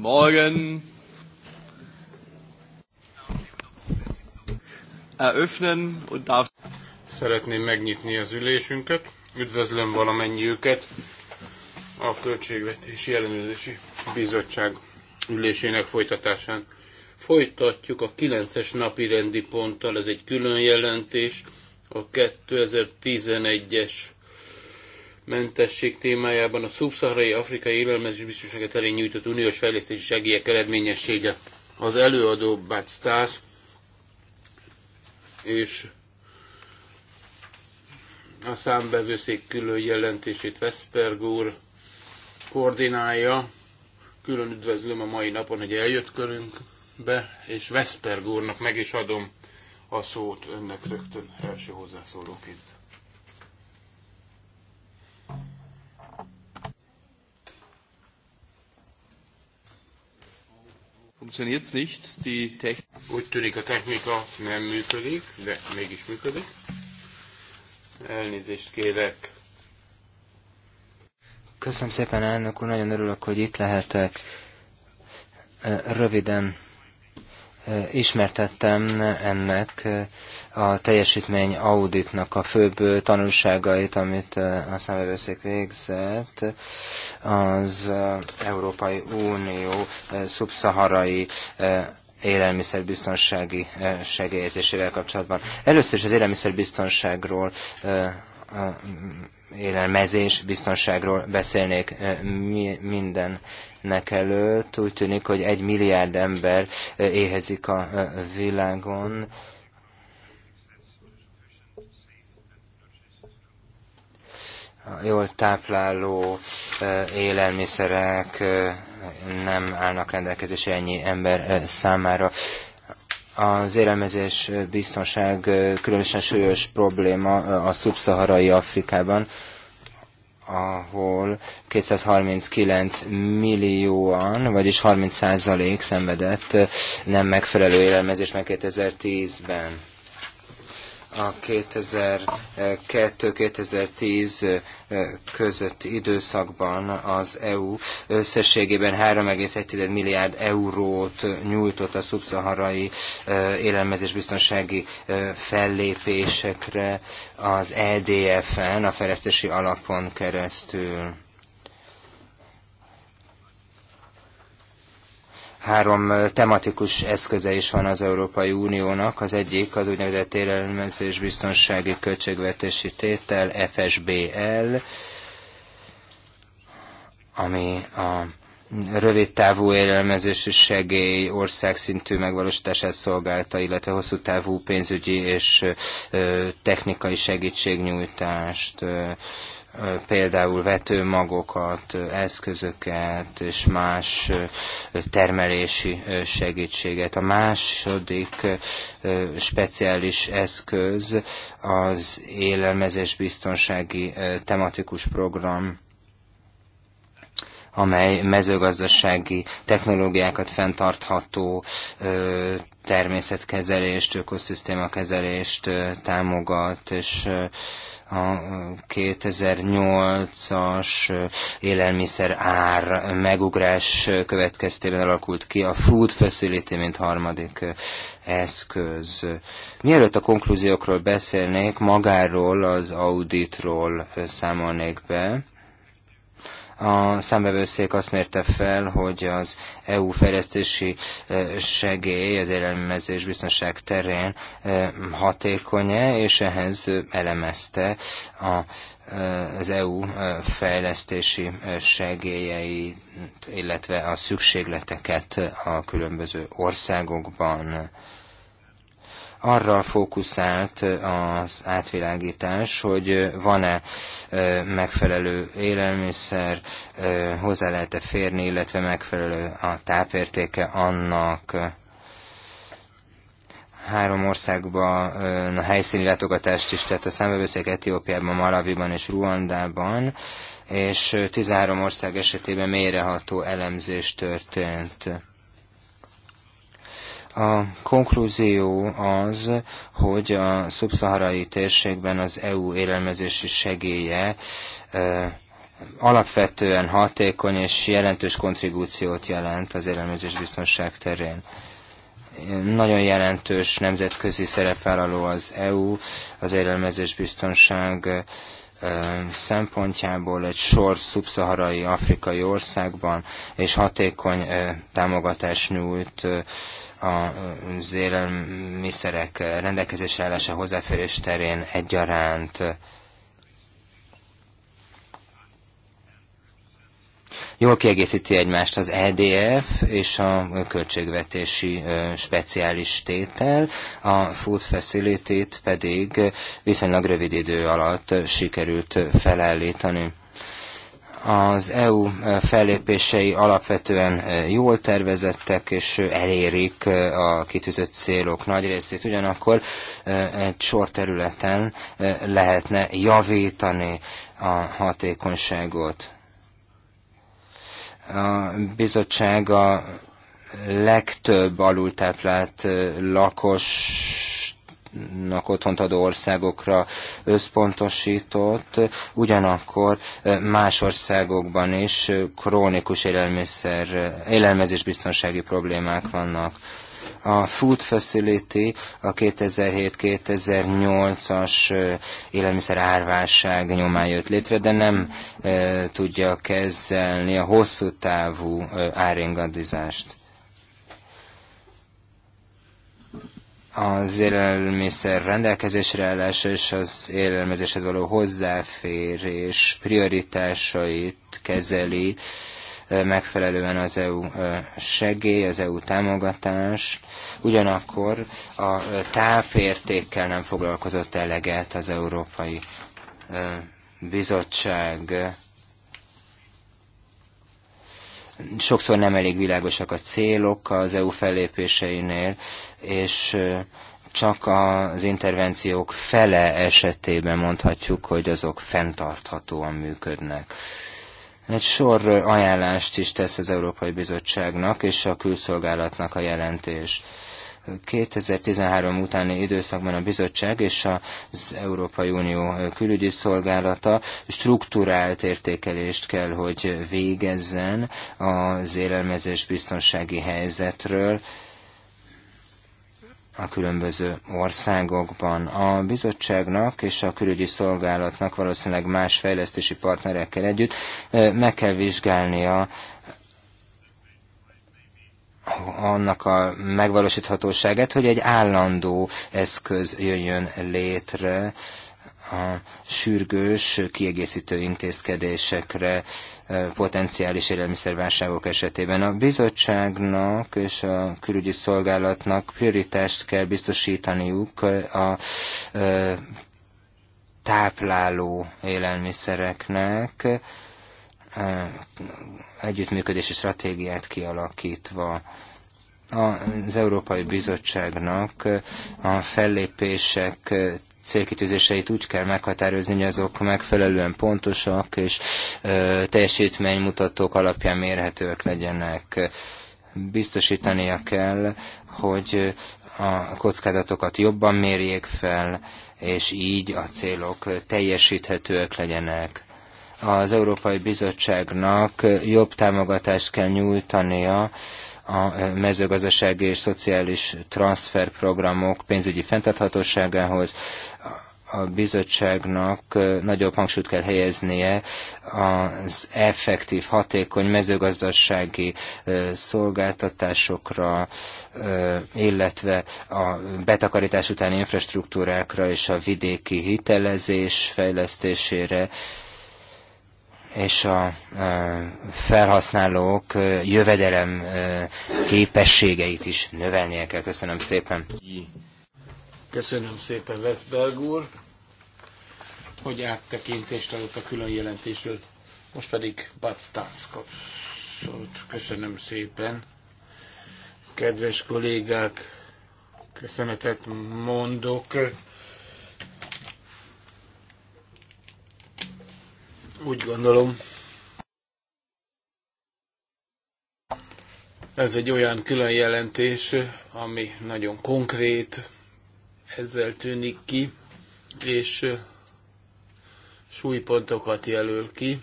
Morgen. Eröffnen und darf... Szeretném megnyitni az ülésünket. Üdvözlöm valamennyiüket a Költségvetési Ellenőrzési Bizottság ülésének folytatásán. Folytatjuk a 9-es napi rendi ponttal, ez egy külön jelentés, a 2011-es mentesség témájában a szubszaharai afrikai élelmezés biztonságot elé nyújtott uniós fejlesztési segélyek eredményessége. Az előadó Bud Stas és a számbevőszék külön jelentését Veszperg úr koordinálja. Külön üdvözlöm a mai napon, hogy eljött körünkbe, és Veszperg úrnak meg is adom a szót önnek rögtön első hozzászólóként. nicht, die Úgy tűnik a technika nem működik, de mégis működik. Elnézést kérek. Köszönöm szépen, elnök úr, nagyon örülök, hogy itt lehetek. Röviden ismertettem ennek a teljesítmény auditnak a főbb tanulságait, amit a számvevőszék végzett, az Európai Unió szubszaharai élelmiszerbiztonsági segélyezésével kapcsolatban. Először is az élelmiszerbiztonságról élelmezés biztonságról beszélnék minden előtt. Úgy tűnik, hogy egy milliárd ember éhezik a világon. jól tápláló élelmiszerek nem állnak rendelkezésre ennyi ember számára az élelmezés biztonság különösen súlyos probléma a szubszaharai Afrikában, ahol 239 millióan, vagyis 30% szenvedett nem megfelelő élelmezés meg 2010-ben a 2002-2010 közötti időszakban az EU összességében 3,1 milliárd eurót nyújtott a szubszaharai élelmezésbiztonsági fellépésekre az EDF-en, a fejlesztési alapon keresztül. Három tematikus eszköze is van az Európai Uniónak. Az egyik az úgynevezett élelmezés biztonsági költségvetési tétel, FSBL, ami a rövid távú élelmezési segély országszintű megvalósítását szolgálta, illetve hosszú távú pénzügyi és technikai segítségnyújtást például vetőmagokat, eszközöket és más termelési segítséget. A második speciális eszköz az élelmezés biztonsági tematikus program amely mezőgazdasági technológiákat fenntartható természetkezelést, ökoszisztémakezelést támogat, és a 2008-as élelmiszer ár megugrás következtében alakult ki a Food Facility, mint harmadik eszköz. Mielőtt a konklúziókról beszélnék, magáról az auditról számolnék be. A számbevőszék azt mérte fel, hogy az EU fejlesztési e, segély az élelmezés biztonság terén e, hatékony-e, és ehhez elemezte a e, az EU fejlesztési segélyeit, illetve a szükségleteket a különböző országokban arra fókuszált az átvilágítás, hogy van-e megfelelő élelmiszer, hozzá lehet-e férni, illetve megfelelő a tápértéke annak, három országban a helyszíni látogatást is tett a számbevőszék Etiópiában, Malaviban és Ruandában, és 13 ország esetében mélyreható elemzés történt. A konklúzió az, hogy a szubszaharai térségben az EU élelmezési segélye alapvetően hatékony és jelentős kontribúciót jelent az élelmezés biztonság terén nagyon jelentős nemzetközi szerepvállaló az EU, az élelmezés biztonság szempontjából egy sor szubszaharai afrikai országban, és hatékony támogatás nyújt az élelmiszerek rendelkezésre állása hozzáférés terén egyaránt. Jól kiegészíti egymást az EDF és a költségvetési speciális tétel, a Food facility pedig viszonylag rövid idő alatt sikerült felállítani. Az EU eh, fellépései alapvetően eh, jól tervezettek, és eh, elérik a kitűzött célok nagy részét. Ugyanakkor egy sor területen lehetne javítani a hatékonyságot. A bizottság a legtöbb alultáplált lakos nak otthont adó országokra összpontosított, ugyanakkor eh, más országokban is eh, krónikus élelmiszer, eh, élelmezésbiztonsági problémák vannak. A Food Facility a 2007-2008-as élelmiszer árválság nyomán jött létre, de nem tudja kezelni a hosszú távú áringadizást az élelmiszer rendelkezésre állása és az élelmezéshez való hozzáférés prioritásait kezeli megfelelően az EU segély, az EU támogatás, ugyanakkor a tápértékkel nem foglalkozott eleget az Európai Bizottság sokszor nem elég világosak a célok az EU fellépéseinél, és csak az intervenciók fele esetében mondhatjuk, hogy azok fenntarthatóan működnek. Egy sor ajánlást is tesz az Európai Bizottságnak és a külszolgálatnak a jelentés 2013 utáni időszakban a bizottság és az Európai Unió külügyi szolgálata struktúrált értékelést kell, hogy végezzen az élelmezés biztonsági helyzetről, a különböző országokban. A bizottságnak és a külügyi szolgálatnak valószínűleg más fejlesztési partnerekkel együtt eh, meg kell vizsgálnia annak a megvalósíthatóságát, hogy egy állandó eszköz jöjjön létre a sürgős kiegészítő intézkedésekre e, potenciális élelmiszerválságok esetében. A bizottságnak és a külügyi szolgálatnak prioritást kell biztosítaniuk a e, tápláló élelmiszereknek, e, együttműködési stratégiát kialakítva az Európai Bizottságnak a fellépések célkitűzéseit úgy kell meghatározni, hogy azok megfelelően pontosak és teljesítménymutatók alapján mérhetőek legyenek. Biztosítania kell, hogy a kockázatokat jobban mérjék fel, és így a célok teljesíthetőek legyenek az Európai Bizottságnak jobb támogatást kell nyújtania a mezőgazdasági és szociális transferprogramok pénzügyi fenntarthatóságához. A bizottságnak nagyobb hangsúlyt kell helyeznie az effektív, hatékony mezőgazdasági szolgáltatásokra, illetve a betakarítás utáni infrastruktúrákra és a vidéki hitelezés fejlesztésére és a e, felhasználók e, jövedelem e, képességeit is növelnie kell. Köszönöm szépen. Köszönöm szépen, Westberg úr, hogy áttekintést adott a külön jelentésről. Most pedig Bac Stans Köszönöm szépen. Kedves kollégák, köszönetet mondok Úgy gondolom, ez egy olyan külön jelentés, ami nagyon konkrét, ezzel tűnik ki, és súlypontokat jelöl ki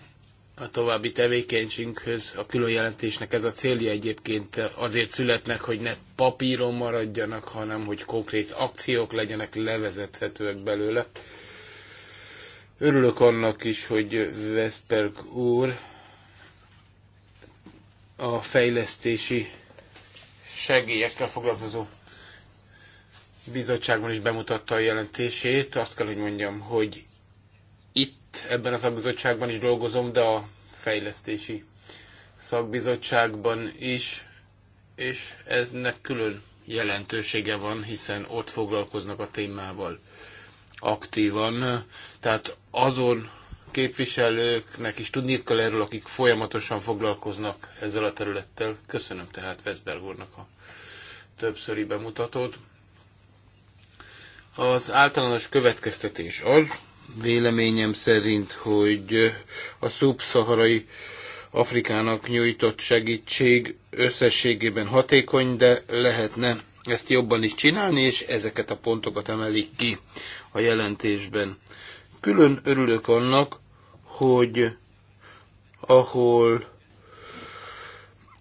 a további tevékenységünkhöz. A külön jelentésnek ez a célja egyébként azért születnek, hogy ne papíron maradjanak, hanem hogy konkrét akciók legyenek levezethetőek belőle. Örülök annak is, hogy Veszperg úr a fejlesztési segélyekkel foglalkozó bizottságban is bemutatta a jelentését. Azt kell, hogy mondjam, hogy itt, ebben a szakbizottságban is dolgozom, de a fejlesztési szakbizottságban is, és eznek külön jelentősége van, hiszen ott foglalkoznak a témával aktívan. Tehát azon képviselőknek is tudni kell erről, akik folyamatosan foglalkoznak ezzel a területtel. Köszönöm tehát Veszberg úrnak a többszöri bemutatót. Az általános következtetés az, véleményem szerint, hogy a szubszaharai Afrikának nyújtott segítség összességében hatékony, de lehetne ezt jobban is csinálni, és ezeket a pontokat emelik ki a jelentésben. Külön örülök annak, hogy ahol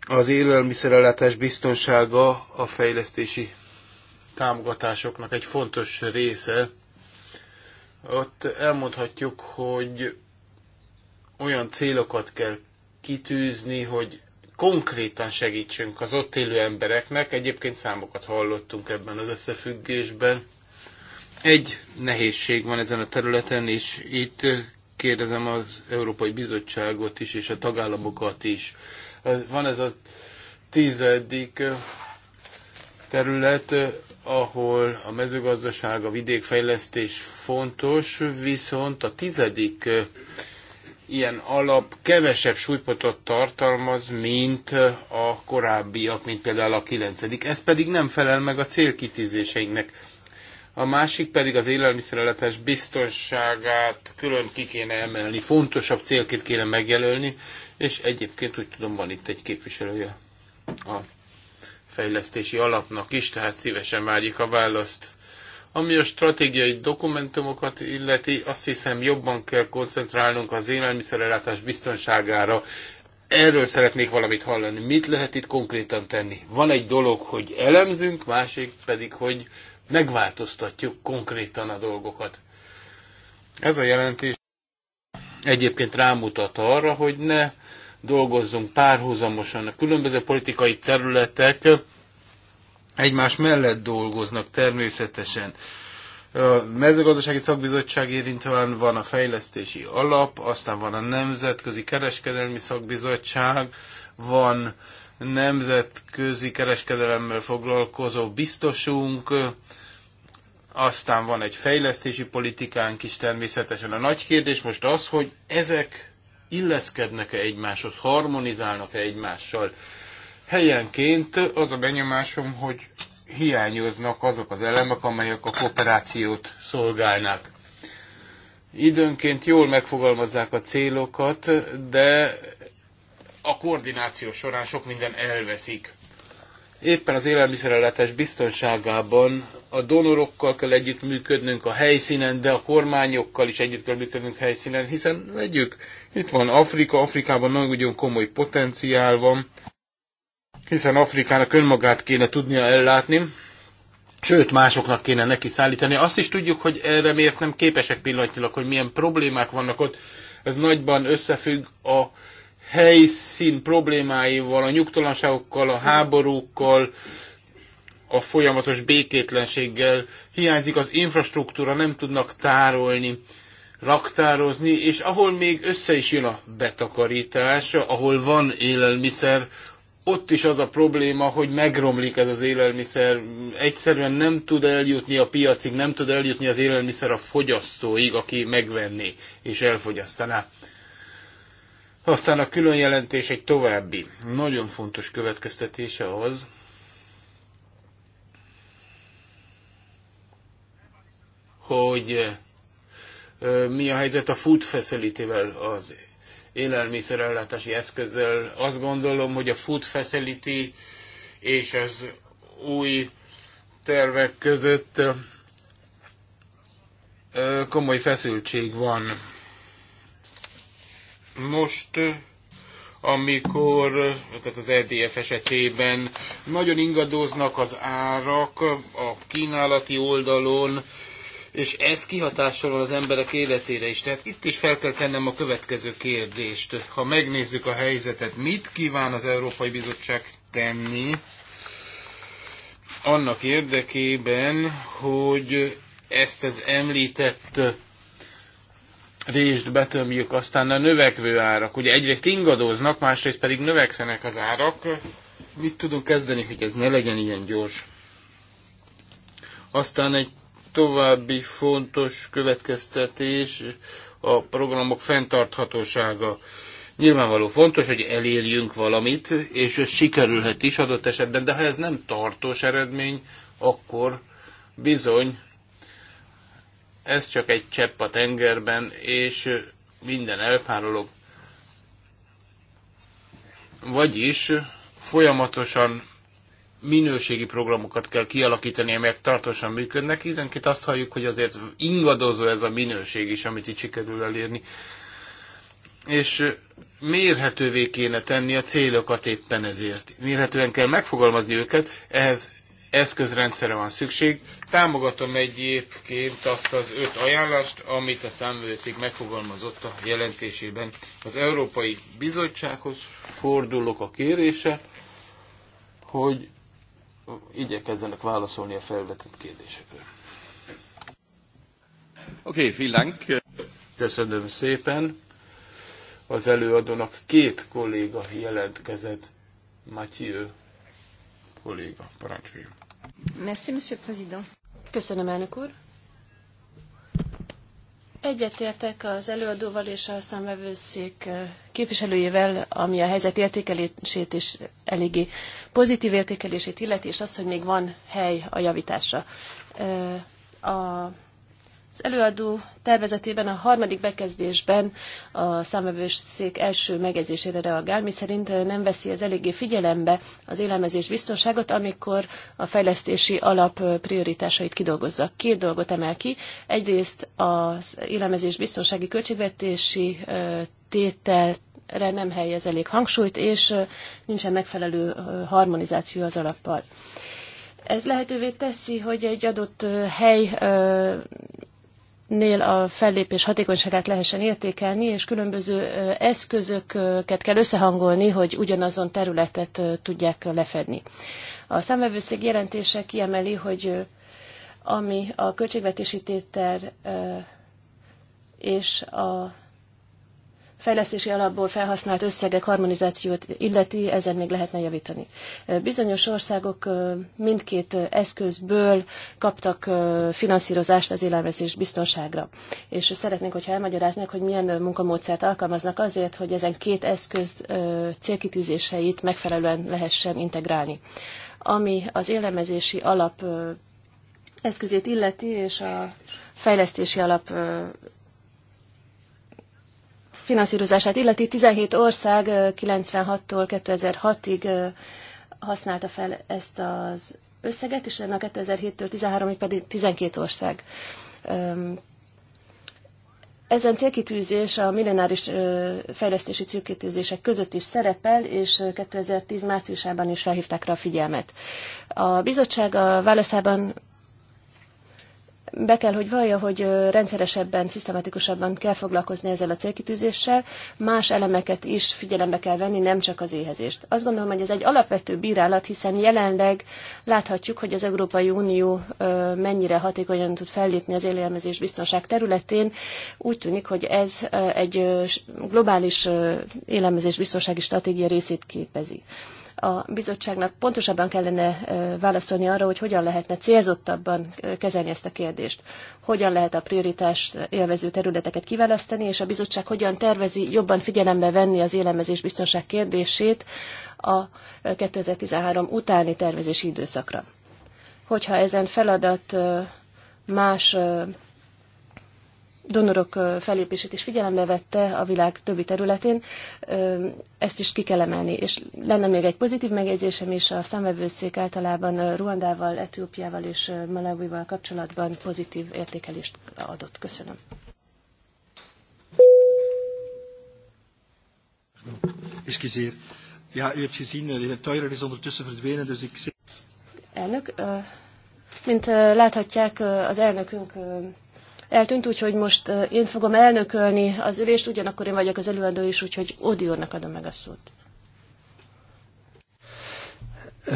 az élelmiszerellátás biztonsága a fejlesztési támogatásoknak egy fontos része, ott elmondhatjuk, hogy olyan célokat kell kitűzni, hogy konkrétan segítsünk az ott élő embereknek. Egyébként számokat hallottunk ebben az összefüggésben. Egy nehézség van ezen a területen, és itt kérdezem az Európai Bizottságot is, és a tagállamokat is. Van ez a tizedik terület, ahol a mezőgazdaság, a vidékfejlesztés fontos, viszont a tizedik ilyen alap kevesebb súlypotot tartalmaz, mint a korábbiak, mint például a kilencedik. Ez pedig nem felel meg a célkitűzéseinknek a másik pedig az élelmiszereletes biztonságát külön ki kéne emelni, fontosabb célként kéne megjelölni, és egyébként úgy tudom, van itt egy képviselője a fejlesztési alapnak is, tehát szívesen várjuk a választ. Ami a stratégiai dokumentumokat illeti, azt hiszem jobban kell koncentrálnunk az élelmiszerellátás biztonságára. Erről szeretnék valamit hallani. Mit lehet itt konkrétan tenni? Van egy dolog, hogy elemzünk, másik pedig, hogy megváltoztatjuk konkrétan a dolgokat. Ez a jelentés egyébként rámutat arra, hogy ne dolgozzunk párhuzamosan. A különböző politikai területek egymás mellett dolgoznak természetesen. A mezőgazdasági szakbizottság érintően van a fejlesztési alap, aztán van a Nemzetközi Kereskedelmi Szakbizottság, van nemzetközi kereskedelemmel foglalkozó biztosunk, aztán van egy fejlesztési politikánk is természetesen. A nagy kérdés most az, hogy ezek illeszkednek-e egymáshoz, harmonizálnak-e egymással. Helyenként az a benyomásom, hogy hiányoznak azok az elemek, amelyek a kooperációt szolgálnak. Időnként jól megfogalmazzák a célokat, de a koordináció során sok minden elveszik. Éppen az élelmiszerelátás biztonságában a donorokkal kell együttműködnünk a helyszínen, de a kormányokkal is együtt kell működnünk helyszínen, hiszen vegyük, itt van Afrika, Afrikában nagyon komoly potenciál van, hiszen Afrikának önmagát kéne tudnia ellátni, sőt másoknak kéne neki szállítani. Azt is tudjuk, hogy erre miért nem képesek pillanatilag, hogy milyen problémák vannak ott. Ez nagyban összefügg a helyszín problémáival, a nyugtalanságokkal, a háborúkkal, a folyamatos békétlenséggel, hiányzik az infrastruktúra, nem tudnak tárolni, raktározni, és ahol még össze is jön a betakarítás, ahol van élelmiszer, ott is az a probléma, hogy megromlik ez az élelmiszer, egyszerűen nem tud eljutni a piacig, nem tud eljutni az élelmiszer a fogyasztóig, aki megvenné és elfogyasztaná. Aztán a külön jelentés egy további, nagyon fontos következtetése az, hogy mi a helyzet a food facility az élelmiszerellátási eszközzel. Azt gondolom, hogy a food facility és az új tervek között komoly feszültség van most amikor, tehát az EDF esetében nagyon ingadoznak az árak a kínálati oldalon, és ez kihatással van az emberek életére is. Tehát itt is fel kell tennem a következő kérdést. Ha megnézzük a helyzetet, mit kíván az Európai Bizottság tenni annak érdekében, hogy ezt az említett rést betömjük, aztán a növekvő árak. Ugye egyrészt ingadoznak, másrészt pedig növekszenek az árak. Mit tudunk kezdeni, hogy ez ne legyen ilyen gyors? Aztán egy további fontos következtetés a programok fenntarthatósága. Nyilvánvaló fontos, hogy elérjünk valamit, és ez sikerülhet is adott esetben, de ha ez nem tartós eredmény, akkor bizony ez csak egy csepp a tengerben, és minden elpárolog. Vagyis folyamatosan minőségi programokat kell kialakítani, amelyek tartósan működnek. Időnként azt halljuk, hogy azért ingadozó ez a minőség is, amit itt sikerül elérni. És mérhetővé kéne tenni a célokat éppen ezért. Mérhetően kell megfogalmazni őket, ehhez eszközrendszerre van szükség. Támogatom egyébként azt az öt ajánlást, amit a számvőszék megfogalmazott a jelentésében. Az Európai Bizottsághoz fordulok a kérése, hogy igyekezzenek válaszolni a felvetett kérdésekre. Oké, okay, Dank. Köszönöm szépen. Az előadónak két kolléga jelentkezett. Mathieu kolléga, parancsoljon. Merci, Monsieur Président. Köszönöm, elnök úr. Egyetértek az előadóval és a számvevőszék eh, képviselőjével, ami a helyzet értékelését és eléggé pozitív értékelését illeti, és az, hogy még van hely a javításra. Eh, a az előadó tervezetében a harmadik bekezdésben a számvevőszék első megjegyzésére reagál, miszerint nem veszi az eléggé figyelembe az élelmezés biztonságot, amikor a fejlesztési alap prioritásait kidolgozza. Két dolgot emel ki. Egyrészt az élelmezés biztonsági költségvetési tételt re nem helyez elég hangsúlyt, és nincsen megfelelő harmonizáció az alappal. Ez lehetővé teszi, hogy egy adott hely nél a fellépés hatékonyságát lehessen értékelni, és különböző eszközöket kell összehangolni, hogy ugyanazon területet tudják lefedni. A számvevőszék jelentése kiemeli, hogy ami a költségvetési tétel és a fejlesztési alapból felhasznált összegek harmonizációt illeti, ezen még lehetne javítani. Bizonyos országok mindkét eszközből kaptak finanszírozást az élelmezés biztonságra. És szeretnénk, hogyha elmagyaráznák, hogy milyen munkamódszert alkalmaznak azért, hogy ezen két eszköz célkitűzéseit megfelelően lehessen integrálni. Ami az élelmezési alap eszközét illeti, és a fejlesztési alap finanszírozását illeti, 17 ország 96-tól 2006-ig használta fel ezt az összeget, és ennek 2007-től 13-ig pedig 12 ország. Ezen célkitűzés a millenáris fejlesztési célkitűzések között is szerepel, és 2010 márciusában is felhívták rá a figyelmet. A bizottság a válaszában be kell, hogy vallja, hogy rendszeresebben, szisztematikusabban kell foglalkozni ezzel a célkitűzéssel, más elemeket is figyelembe kell venni, nem csak az éhezést. Azt gondolom, hogy ez egy alapvető bírálat, hiszen jelenleg láthatjuk, hogy az Európai Unió mennyire hatékonyan tud fellépni az élelmezés biztonság területén. Úgy tűnik, hogy ez egy globális élelmezés biztonsági stratégia részét képezi. A bizottságnak pontosabban kellene válaszolni arra, hogy hogyan lehetne célzottabban kezelni ezt a kérdést. Hogyan lehet a prioritás élvező területeket kiválasztani, és a bizottság hogyan tervezi jobban figyelembe venni az élelmezés biztonság kérdését a 2013 utáni tervezési időszakra. Hogyha ezen feladat más donorok felépését is figyelembe vette a világ többi területén, ezt is ki kell emelni. És lenne még egy pozitív megjegyzésem is, a számvevőszék általában Ruandával, Etiópiával és Malawival kapcsolatban pozitív értékelést adott. Köszönöm. Excuseer. Ja, u hebt gezien, eh, de heer Teurer is ondertussen verdwenen, dus ik... Elnök, mint láthatják, az elnökünk eltűnt, úgyhogy most én fogom elnökölni az ülést, ugyanakkor én vagyok az előadó is, úgyhogy úrnak adom meg a szót.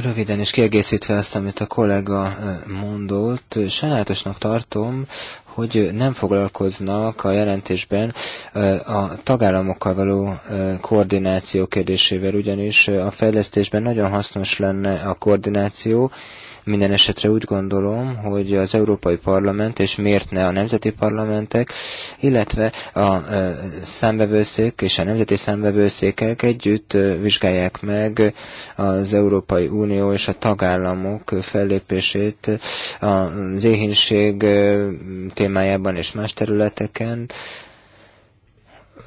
Röviden és kiegészítve azt, amit a kollega mondott, sajnálatosnak tartom, hogy nem foglalkoznak a jelentésben a tagállamokkal való koordináció kérdésével, ugyanis a fejlesztésben nagyon hasznos lenne a koordináció, minden esetre úgy gondolom, hogy az Európai Parlament, és miért ne a nemzeti parlamentek, illetve a számbevőszék és a nemzeti számbevőszékek együtt vizsgálják meg az Európai Unió és a tagállamok fellépését az éhénység témájában és más területeken,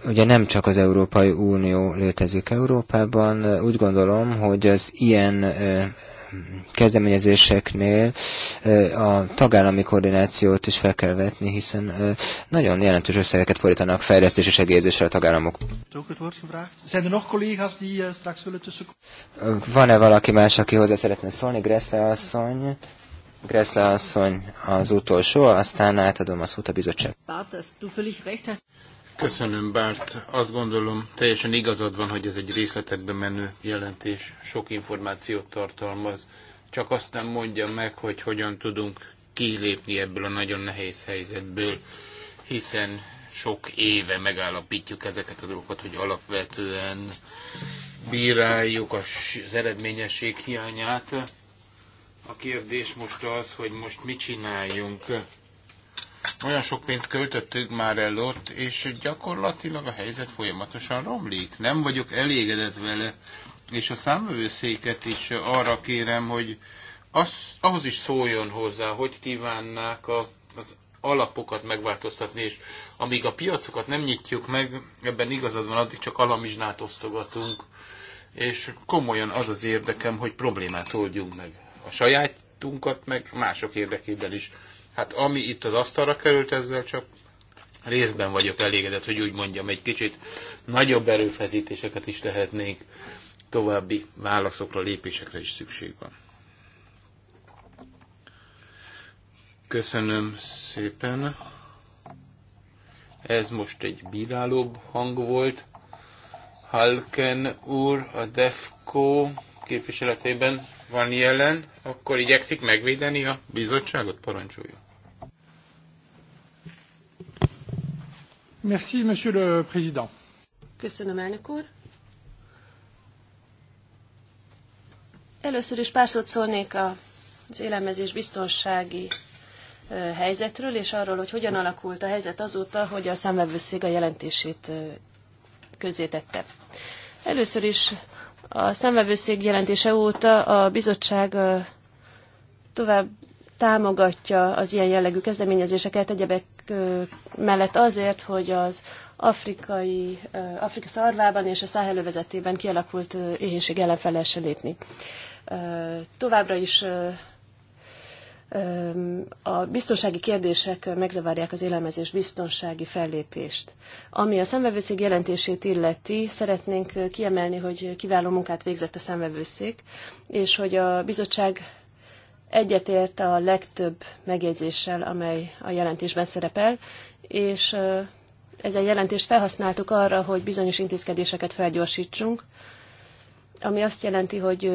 ugye nem csak az Európai Unió létezik Európában, úgy gondolom, hogy az ilyen kezdeményezéseknél a tagállami koordinációt is fel kell vetni, hiszen nagyon jelentős összegeket fordítanak és segélyezésre a tagállamok. Er eh, van-e valaki más, aki hozzá szeretne szólni? Greszle asszony? Greszle asszony az utolsó, aztán átadom a szót a bizottság. Köszönöm, Bárt. Azt gondolom, teljesen igazad van, hogy ez egy részletekbe menő jelentés, sok információt tartalmaz. Csak azt nem mondja meg, hogy hogyan tudunk kilépni ebből a nagyon nehéz helyzetből, hiszen sok éve megállapítjuk ezeket a dolgokat, hogy alapvetően bíráljuk az eredményesség hiányát. A kérdés most az, hogy most mit csináljunk olyan sok pénzt költöttünk már el ott, és gyakorlatilag a helyzet folyamatosan romlik. Nem vagyok elégedett vele, és a számövőszéket is arra kérem, hogy az, ahhoz is szóljon hozzá, hogy kívánnák a, az alapokat megváltoztatni, és amíg a piacokat nem nyitjuk meg, ebben igazad van, addig csak alamizsnát osztogatunk. És komolyan az az érdekem, hogy problémát oldjunk meg. A sajátunkat, meg mások érdekében is. Hát ami itt az asztalra került, ezzel csak részben vagyok elégedett, hogy úgy mondjam, egy kicsit nagyobb erőfeszítéseket is lehetnénk, további válaszokra, lépésekre is szükség van. Köszönöm szépen. Ez most egy bírálóbb hang volt. Halken úr, a DEFCO képviseletében van jelen, akkor igyekszik megvédeni a bizottságot? Parancsoljon. Merci, monsieur le président. Köszönöm, elnök úr. Először is pár szót szólnék az élelmezés biztonsági helyzetről, és arról, hogy hogyan alakult a helyzet azóta, hogy a számvevőszég a jelentését közzétette. Először is a szemvevőszék jelentése óta a bizottság tovább támogatja az ilyen jellegű kezdeményezéseket egyebek mellett azért, hogy az afrikai, Afrika szarvában és a száhelővezetében kialakult éhénység ellen fel lehessen lépni. Továbbra is a biztonsági kérdések megzavarják az élelmezés biztonsági fellépést. Ami a szemvevőszék jelentését illeti, szeretnénk kiemelni, hogy kiváló munkát végzett a szemvevőszék, és hogy a bizottság egyetért a legtöbb megjegyzéssel, amely a jelentésben szerepel, és ezen jelentést felhasználtuk arra, hogy bizonyos intézkedéseket felgyorsítsunk, ami azt jelenti, hogy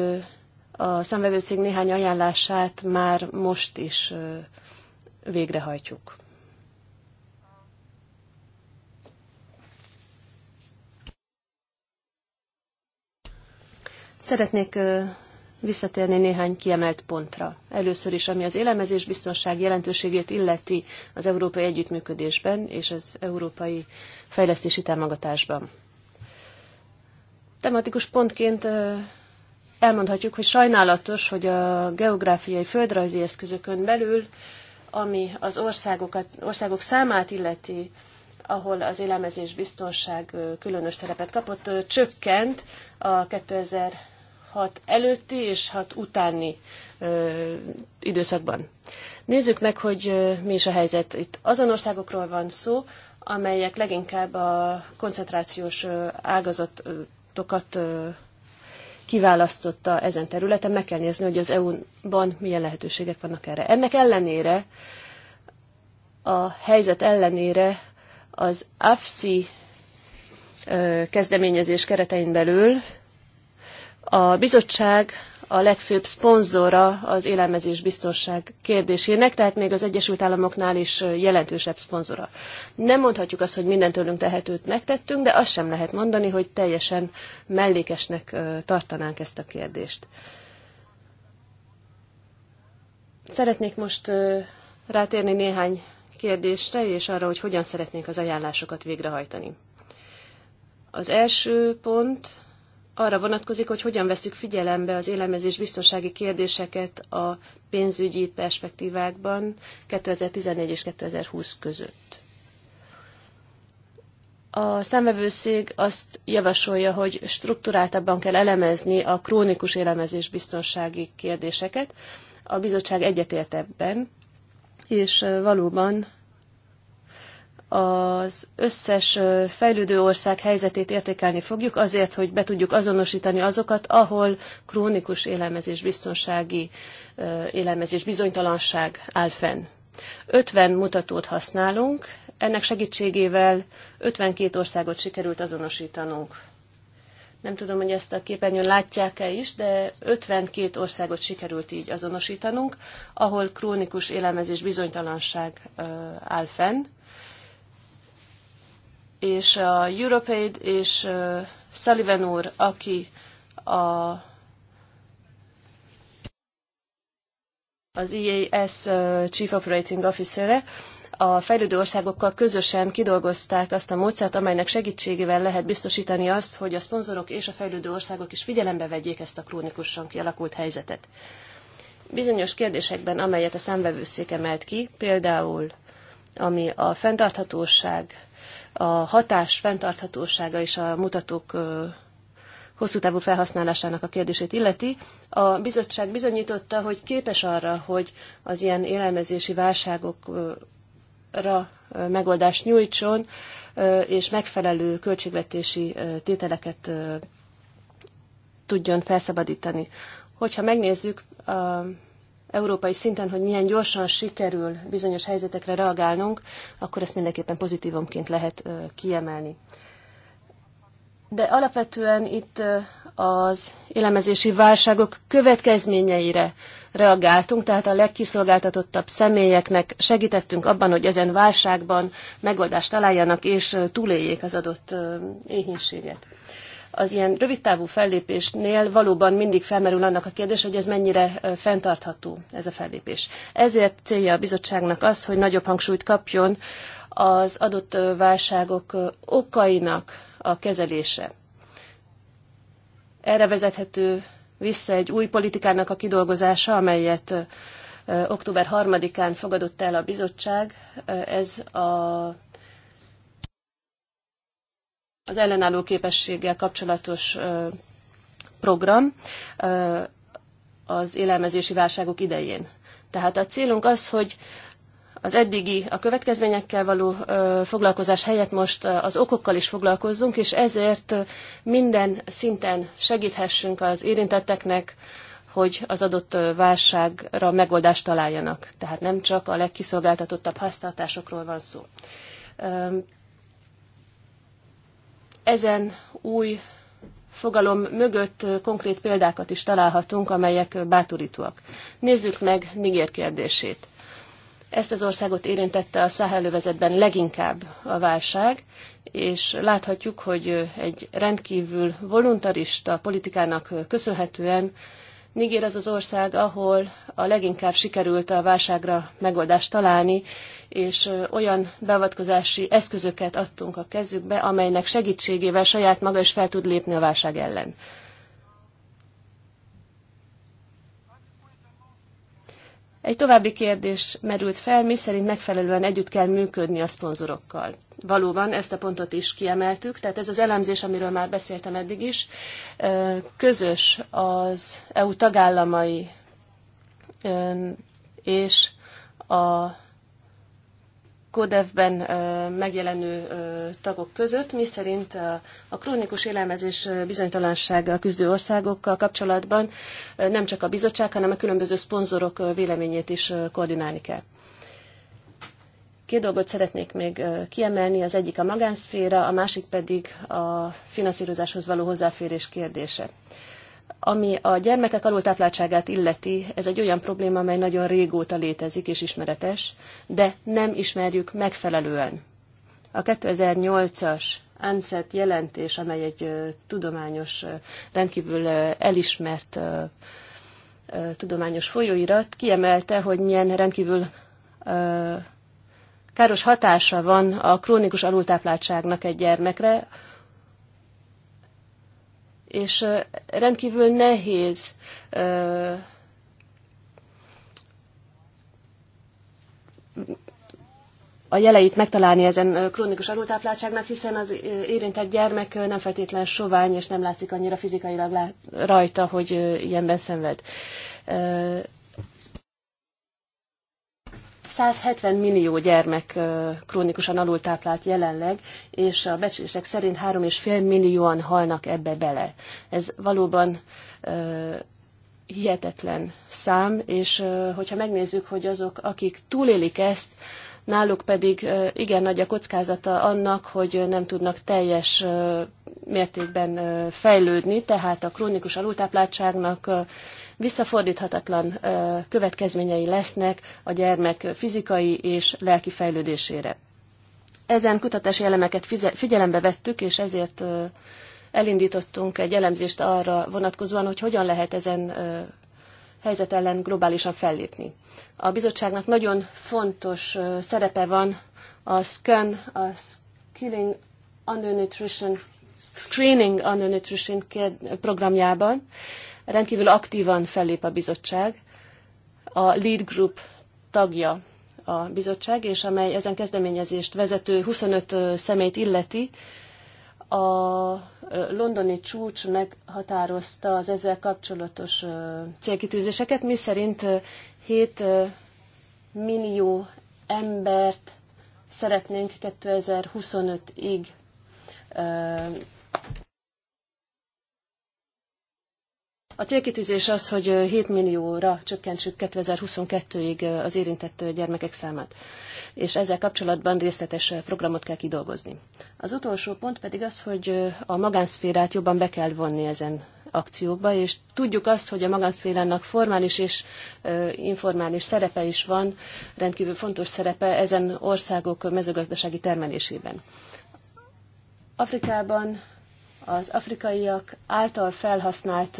a szemvevőszék néhány ajánlását már most is végrehajtjuk. Szeretnék visszatérni néhány kiemelt pontra. Először is, ami az élelmezés biztonság jelentőségét illeti az európai együttműködésben és az európai fejlesztési támogatásban. Tematikus pontként elmondhatjuk, hogy sajnálatos, hogy a geográfiai földrajzi eszközökön belül, ami az országokat, országok számát illeti, ahol az élelmezés biztonság különös szerepet kapott, csökkent a 2006 előtti és 6 utáni időszakban. Nézzük meg, hogy mi is a helyzet. Itt azon országokról van szó, amelyek leginkább a koncentrációs ágazatokat kiválasztotta ezen területen, meg kell nézni, hogy az EU-ban milyen lehetőségek vannak erre. Ennek ellenére, a helyzet ellenére az AFSI kezdeményezés keretein belül a bizottság a legfőbb szponzora az élelmezés biztonság kérdésének, tehát még az Egyesült Államoknál is jelentősebb szponzora. Nem mondhatjuk azt, hogy minden tőlünk tehetőt megtettünk, de azt sem lehet mondani, hogy teljesen mellékesnek tartanánk ezt a kérdést. Szeretnék most rátérni néhány kérdésre, és arra, hogy hogyan szeretnénk az ajánlásokat végrehajtani. Az első pont arra vonatkozik, hogy hogyan veszük figyelembe az élelmezés biztonsági kérdéseket a pénzügyi perspektívákban 2014 és 2020 között. A számvevőszég azt javasolja, hogy struktúráltabban kell elemezni a krónikus élelmezés biztonsági kérdéseket. A bizottság egyetért ebben, és valóban az összes fejlődő ország helyzetét értékelni fogjuk, azért, hogy be tudjuk azonosítani azokat, ahol krónikus élelmezés biztonsági élelmezés bizonytalanság áll fenn. 50 mutatót használunk, ennek segítségével 52 országot sikerült azonosítanunk. Nem tudom, hogy ezt a képernyőn látják-e is, de 52 országot sikerült így azonosítanunk, ahol krónikus élelmezés bizonytalanság áll fenn és a Europaid, és Sullivan úr, aki a az EAS Chief Operating officer -e, a fejlődő országokkal közösen kidolgozták azt a módszert, amelynek segítségével lehet biztosítani azt, hogy a szponzorok és a fejlődő országok is figyelembe vegyék ezt a krónikusan kialakult helyzetet. Bizonyos kérdésekben, amelyet a számvevőszék emelt ki, például ami a fenntarthatóság a hatás fenntarthatósága és a mutatók hosszú távú felhasználásának a kérdését illeti, a bizottság bizonyította, hogy képes arra, hogy az ilyen élelmezési válságokra megoldást nyújtson, és megfelelő költségvetési tételeket tudjon felszabadítani. Hogyha megnézzük európai szinten, hogy milyen gyorsan sikerül bizonyos helyzetekre reagálnunk, akkor ezt mindenképpen pozitívomként lehet kiemelni. De alapvetően itt az élemezési válságok következményeire reagáltunk, tehát a legkiszolgáltatottabb személyeknek segítettünk abban, hogy ezen válságban megoldást találjanak és túléljék az adott éhénységet az ilyen rövidtávú fellépésnél valóban mindig felmerül annak a kérdés, hogy ez mennyire fenntartható ez a fellépés. Ezért célja a bizottságnak az, hogy nagyobb hangsúlyt kapjon az adott válságok okainak a kezelése. Erre vezethető vissza egy új politikának a kidolgozása, amelyet október 3-án fogadott el a bizottság. Ez a az ellenálló képességgel kapcsolatos program az élelmezési válságok idején. Tehát a célunk az, hogy az eddigi a következményekkel való foglalkozás helyett most az okokkal is foglalkozzunk, és ezért minden szinten segíthessünk az érintetteknek, hogy az adott válságra megoldást találjanak. Tehát nem csak a legkiszolgáltatottabb háztartásokról van szó ezen új fogalom mögött konkrét példákat is találhatunk, amelyek bátorítóak. Nézzük meg Niger kérdését. Ezt az országot érintette a Száhelővezetben leginkább a válság, és láthatjuk, hogy egy rendkívül voluntarista politikának köszönhetően Niger az az ország, ahol a leginkább sikerült a válságra megoldást találni, és olyan beavatkozási eszközöket adtunk a kezükbe, amelynek segítségével saját maga is fel tud lépni a válság ellen. Egy további kérdés merült fel, mi szerint megfelelően együtt kell működni a szponzorokkal. Valóban ezt a pontot is kiemeltük, tehát ez az elemzés, amiről már beszéltem eddig is, közös az EU tagállamai és a Kodevben megjelenő tagok között, miszerint a krónikus élelmezés bizonytalansággal küzdő országokkal kapcsolatban nem csak a bizottság, hanem a különböző szponzorok véleményét is koordinálni kell. Két dolgot szeretnék még kiemelni, az egyik a magánszféra, a másik pedig a finanszírozáshoz való hozzáférés kérdése. Ami a gyermekek alultápláltságát illeti, ez egy olyan probléma, amely nagyon régóta létezik és ismeretes, de nem ismerjük megfelelően. A 2008-as ANSET jelentés, amely egy tudományos, rendkívül elismert tudományos folyóirat, kiemelte, hogy milyen rendkívül káros hatása van a krónikus alultápláltságnak egy gyermekre, és rendkívül nehéz a jeleit megtalálni ezen krónikus alultápláltságnak, hiszen az érintett gyermek nem feltétlen sovány, és nem látszik annyira fizikailag rajta, hogy ilyenben szenved. 170 millió gyermek krónikusan alultáplált jelenleg, és a becslések szerint 3,5 millióan halnak ebbe bele. Ez valóban hihetetlen szám, és hogyha megnézzük, hogy azok, akik túlélik ezt, náluk pedig igen nagy a kockázata annak, hogy nem tudnak teljes mértékben fejlődni, tehát a krónikus alultápláltságnak visszafordíthatatlan következményei lesznek a gyermek fizikai és lelki fejlődésére. Ezen kutatási elemeket figyelembe vettük, és ezért elindítottunk egy elemzést arra vonatkozóan, hogy hogyan lehet ezen helyzet ellen globálisan fellépni. A bizottságnak nagyon fontos szerepe van a SCAN, a Skilling Undernutrition Screening Undernutrition programjában, rendkívül aktívan fellép a bizottság. A Lead Group tagja a bizottság, és amely ezen kezdeményezést vezető 25 szemét illeti, a londoni csúcs meghatározta az ezzel kapcsolatos célkitűzéseket, mi szerint 7 millió embert szeretnénk 2025-ig A célkitűzés az, hogy 7 millióra csökkentsük 2022-ig az érintett gyermekek számát, és ezzel kapcsolatban részletes programot kell kidolgozni. Az utolsó pont pedig az, hogy a magánszférát jobban be kell vonni ezen akciókba, és tudjuk azt, hogy a magánszférának formális és informális szerepe is van, rendkívül fontos szerepe ezen országok mezőgazdasági termelésében. Afrikában az afrikaiak által felhasznált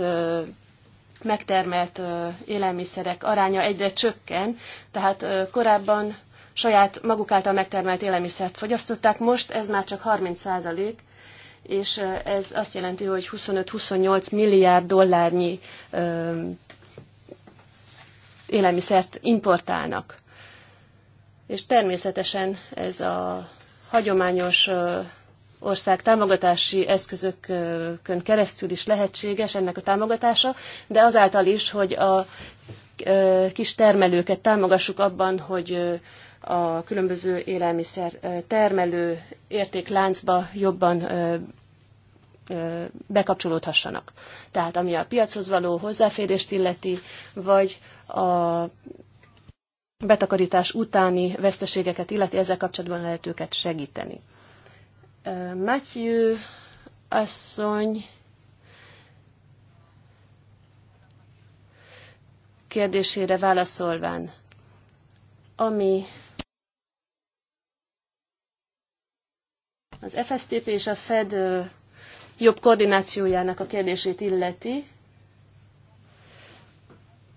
megtermelt élelmiszerek aránya egyre csökken, tehát korábban saját maguk által megtermelt élelmiszert fogyasztották, most ez már csak 30 százalék, és ez azt jelenti, hogy 25-28 milliárd dollárnyi élelmiszert importálnak. És természetesen ez a hagyományos ország támogatási eszközökön keresztül is lehetséges ennek a támogatása, de azáltal is, hogy a kis termelőket támogassuk abban, hogy a különböző élelmiszer termelő értékláncba jobban bekapcsolódhassanak. Tehát ami a piachoz való hozzáférést illeti, vagy a betakarítás utáni veszteségeket illeti, ezzel kapcsolatban lehet őket segíteni. Matthew asszony kérdésére válaszolván, ami az FSTP és a Fed jobb koordinációjának a kérdését illeti,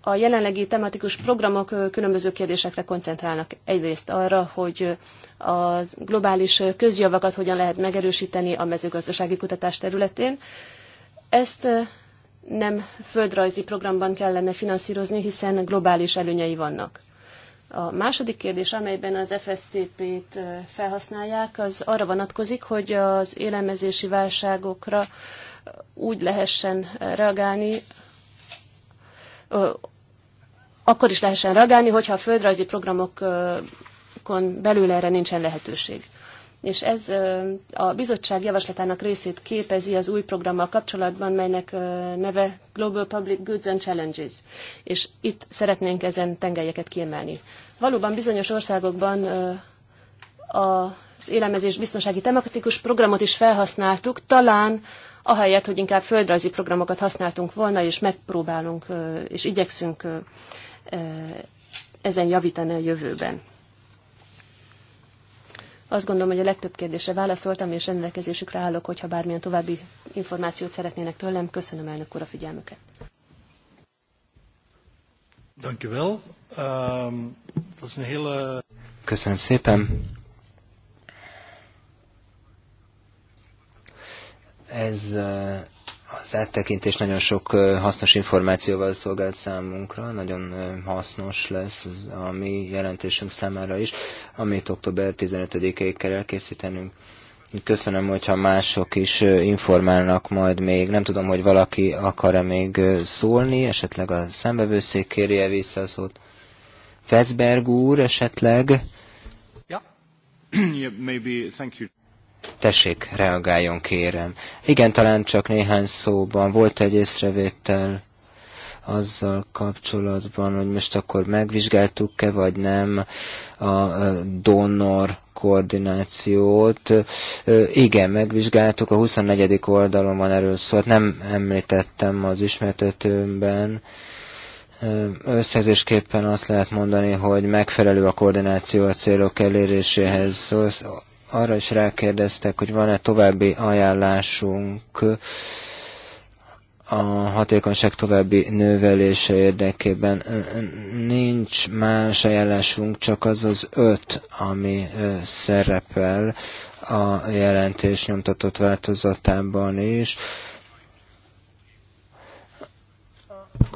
a jelenlegi tematikus programok különböző kérdésekre koncentrálnak. Egyrészt arra, hogy a globális közjavakat hogyan lehet megerősíteni a mezőgazdasági kutatás területén. Ezt nem földrajzi programban kellene finanszírozni, hiszen globális előnyei vannak. A második kérdés, amelyben az FSTP-t felhasználják, az arra vonatkozik, hogy az élelmezési válságokra úgy lehessen reagálni, akkor is lehessen reagálni, hogyha a földrajzi programokon belül erre nincsen lehetőség. És ez a bizottság javaslatának részét képezi az új programmal kapcsolatban, melynek neve Global Public Goods and Challenges. És itt szeretnénk ezen tengelyeket kiemelni. Valóban bizonyos országokban az élelmezés biztonsági tematikus programot is felhasználtuk, talán ahelyett, hogy inkább földrajzi programokat használtunk volna, és megpróbálunk, és igyekszünk ezen javítani a jövőben. Azt gondolom, hogy a legtöbb kérdésre válaszoltam, és rendelkezésükre állok, hogyha bármilyen további információt szeretnének tőlem. Köszönöm elnök úr a figyelmüket. Ehm, Köszönöm szépen. Ez eh, az áttekintés nagyon sok hasznos információval szolgált számunkra, nagyon hasznos lesz a mi jelentésünk számára is, amit október 15-ig kell elkészítenünk. Köszönöm, hogyha mások is informálnak majd még. Nem tudom, hogy valaki akar-e még szólni, esetleg a szembevőszék kérje vissza a szót. Veszberg úr esetleg? Yeah. yeah, maybe, thank you. Tessék, reagáljon kérem. Igen, talán csak néhány szóban. Volt egy észrevétel azzal kapcsolatban, hogy most akkor megvizsgáltuk-e, vagy nem a donor koordinációt. Igen, megvizsgáltuk, a 24. oldalon van erről szó, hát nem említettem az ismertetőmben. Összegzésképpen azt lehet mondani, hogy megfelelő a koordináció a célok eléréséhez arra is rákérdeztek, hogy van-e további ajánlásunk a hatékonyság további növelése érdekében. Nincs más ajánlásunk, csak az az öt, ami szerepel a jelentés nyomtatott változatában is.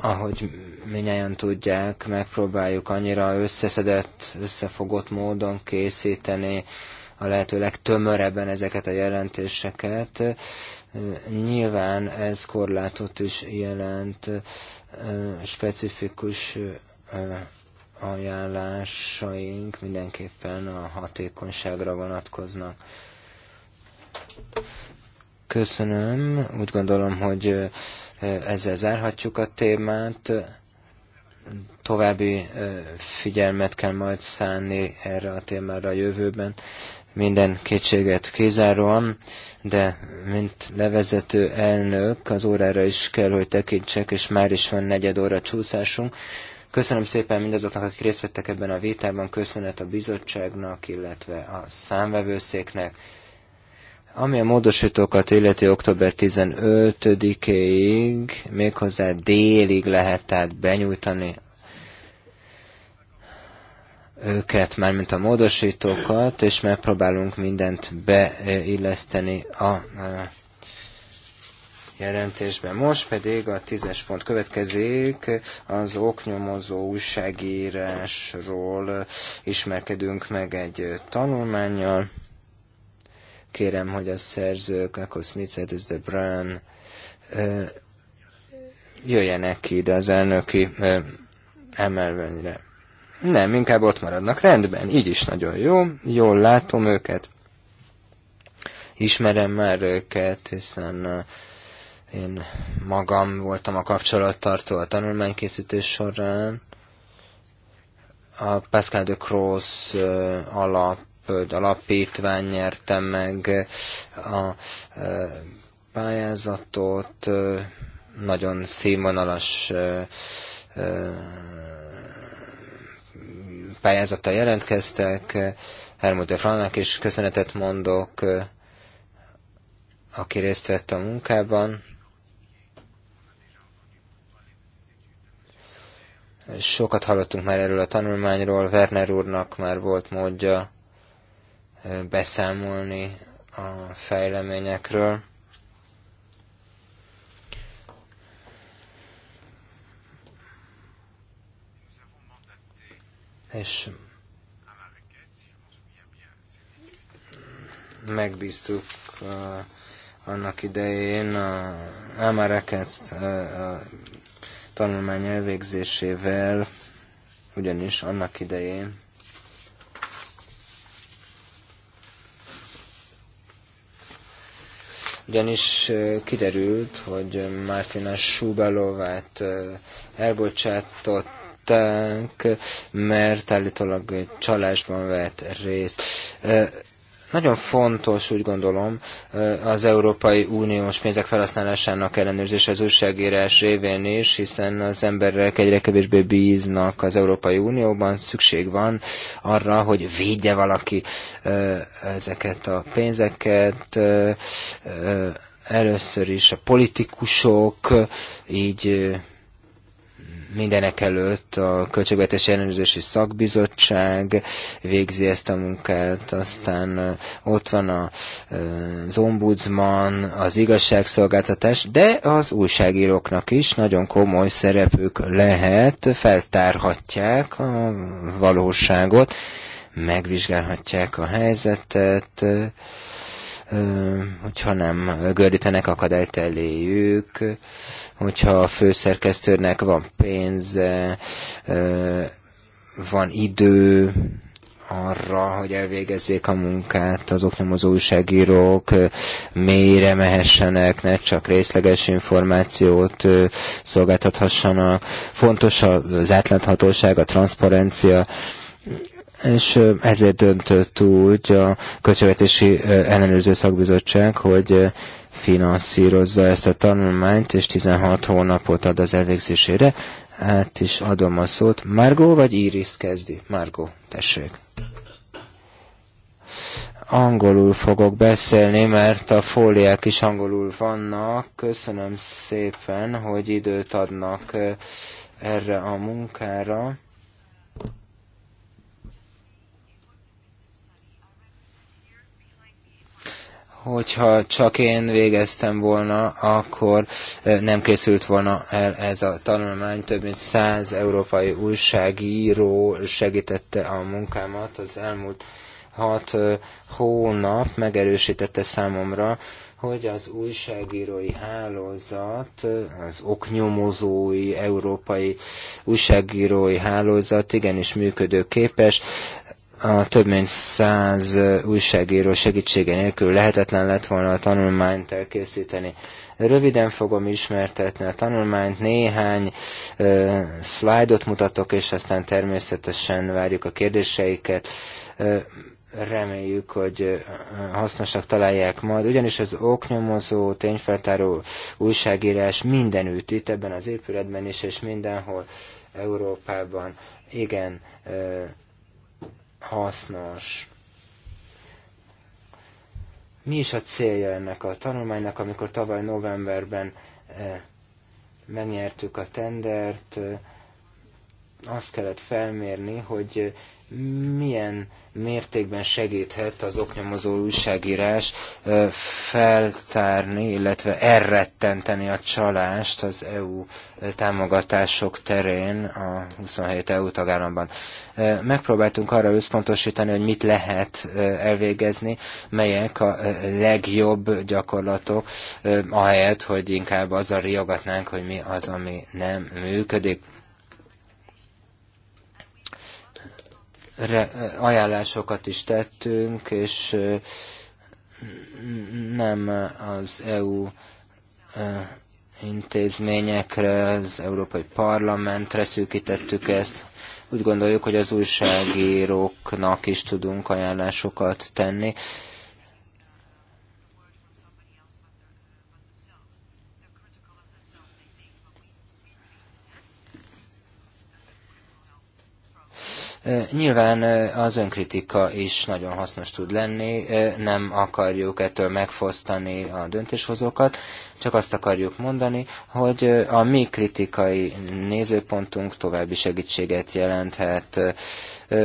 Ahogy minnyáján tudják, megpróbáljuk annyira összeszedett, összefogott módon készíteni a lehető legtömörebben ezeket a jelentéseket. Nyilván ez korlátot is jelent specifikus ajánlásaink mindenképpen a hatékonyságra vonatkoznak. Köszönöm. Úgy gondolom, hogy ezzel zárhatjuk a témát. További figyelmet kell majd szánni erre a témára a jövőben minden kétséget kizáróan, de mint levezető elnök az órára is kell, hogy tekintsek, és már is van negyed óra csúszásunk. Köszönöm szépen mindazoknak, akik részt vettek ebben a vitában, köszönet a bizottságnak, illetve a számvevőszéknek. Ami a módosítókat illeti október 15-ig, méghozzá délig lehet tehát benyújtani őket, mármint a módosítókat, és megpróbálunk mindent beilleszteni a e, jelentésben. Most pedig a tízes pont következik, az oknyomozó újságírásról ismerkedünk meg egy tanulmányjal. Kérem, hogy a szerzők, akkor Smith, Edis de Brun, e, jöjjenek ki ide az elnöki e, emelvényre. Nem, inkább ott maradnak. Rendben, így is nagyon jó. Jól látom őket. Ismerem már őket, hiszen én magam voltam a kapcsolattartó a tanulmánykészítés során. A Pascal de Cross alap, alapítvány nyerte meg a pályázatot, nagyon színvonalas pályázattal jelentkeztek. Eh, Hermut de Frannak is köszönetet mondok, eh, aki részt vett a munkában. Sokat hallottunk már erről a tanulmányról, Werner úrnak már volt módja eh, beszámolni a fejleményekről. és megbíztuk uh, annak idején a Amareket uh, tanulmány elvégzésével, ugyanis annak idején ugyanis uh, kiderült, hogy Martina Subalovát uh, elbocsátott elfogták, mert állítólag csalásban vett részt. Nagyon fontos, úgy gondolom, az Európai Uniós pénzek felhasználásának ellenőrzése az újságírás révén is, hiszen az emberek egyre kevésbé bíznak az Európai Unióban, szükség van arra, hogy védje valaki ezeket a pénzeket, először is a politikusok, így Mindenek előtt a Költségvetési Ellenőrzési Szakbizottság végzi ezt a munkát, aztán ott van a, az ombudsman, az igazságszolgáltatás, de az újságíróknak is nagyon komoly szerepük lehet, feltárhatják a valóságot, megvizsgálhatják a helyzetet, hogyha nem gördítenek akadályt eléjük, hogyha a főszerkesztőnek van pénze, van idő, arra, hogy elvégezzék a munkát, azok nem az újságírók mélyre mehessenek, ne csak részleges információt szolgáltathassanak. Fontos az átláthatóság, a transzparencia, és ezért döntött úgy a Költségvetési Ellenőrző Szakbizottság, hogy finanszírozza ezt a tanulmányt, és 16 hónapot ad az elvégzésére. Hát is adom a szót. Margó vagy Iris kezdi? Margó, tessék. Angolul fogok beszélni, mert a fóliák is angolul vannak. Köszönöm szépen, hogy időt adnak erre a munkára hogyha csak én végeztem volna, akkor nem készült volna el ez a tanulmány. Több mint száz európai újságíró segítette a munkámat az elmúlt hat hónap, megerősítette számomra, hogy az újságírói hálózat, az oknyomozói európai újságírói hálózat igenis működőképes, a több mint száz újságíró segítsége nélkül lehetetlen lett volna a tanulmányt elkészíteni. Röviden fogom ismertetni a tanulmányt, néhány ö, szlájdot mutatok, és aztán természetesen várjuk a kérdéseiket. Ö, reméljük, hogy hasznosak találják majd, ugyanis az oknyomozó, tényfeltáró újságírás mindenütt, itt ebben az épületben is, és mindenhol Európában igen hasznos. Mi is a célja ennek a tanulmánynak, amikor tavaly novemberben eh, megnyertük a tendert, eh, azt kellett felmérni, hogy eh, milyen mértékben segíthet az oknyomozó újságírás feltárni, illetve elrettenteni a csalást az EU támogatások terén a 27 EU tagállamban. Megpróbáltunk arra összpontosítani, hogy mit lehet elvégezni, melyek a legjobb gyakorlatok, ahelyett, hogy inkább azzal riogatnánk, hogy mi az, ami nem működik. ajánlásokat is tettünk, és nem az EU intézményekre, az Európai Parlamentre szűkítettük ezt. Úgy gondoljuk, hogy az újságíróknak is tudunk ajánlásokat tenni, Nyilván az önkritika is nagyon hasznos tud lenni, nem akarjuk ettől megfosztani a döntéshozókat, csak azt akarjuk mondani, hogy a mi kritikai nézőpontunk további segítséget jelenthet.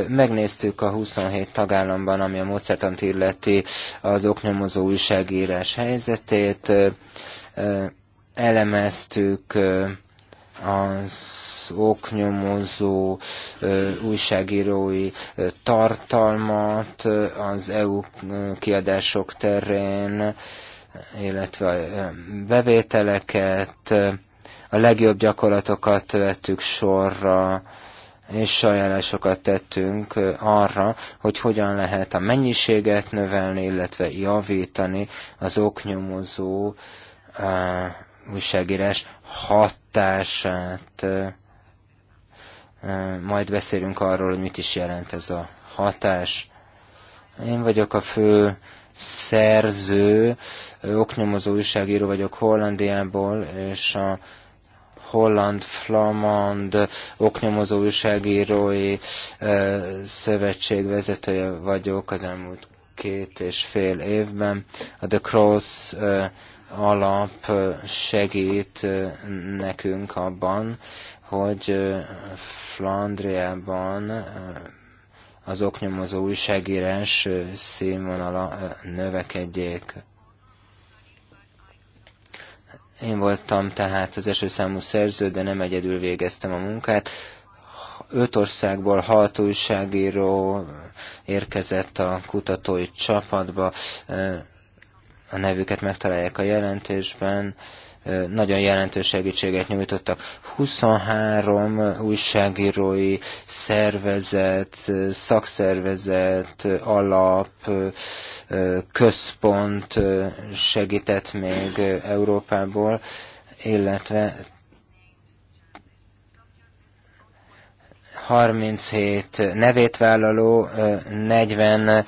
Megnéztük a 27 tagállamban, ami a módszertant illeti az oknyomozó újságírás helyzetét, elemeztük az oknyomozó újságírói tartalmat az EU kiadások terén, illetve a bevételeket, a legjobb gyakorlatokat vettük sorra, és ajánlásokat tettünk arra, hogy hogyan lehet a mennyiséget növelni, illetve javítani az oknyomozó újságírás hatását. Majd beszélünk arról, hogy mit is jelent ez a hatás. Én vagyok a fő szerző, oknyomozó újságíró vagyok Hollandiából, és a holland-flamand oknyomozó újságírói szövetség vezetője vagyok az elmúlt két és fél évben. A The Cross alap segít nekünk abban, hogy Flandriában az oknyomozó újságírás színvonala növekedjék. Én voltam tehát az első számú szerző, de nem egyedül végeztem a munkát. Öt országból hat újságíró érkezett a kutatói csapatba, a nevüket megtalálják a jelentésben, nagyon jelentős segítséget nyújtottak. 23 újságírói szervezet, szakszervezet, alap, központ segített még Európából, illetve 37 nevét vállaló, 40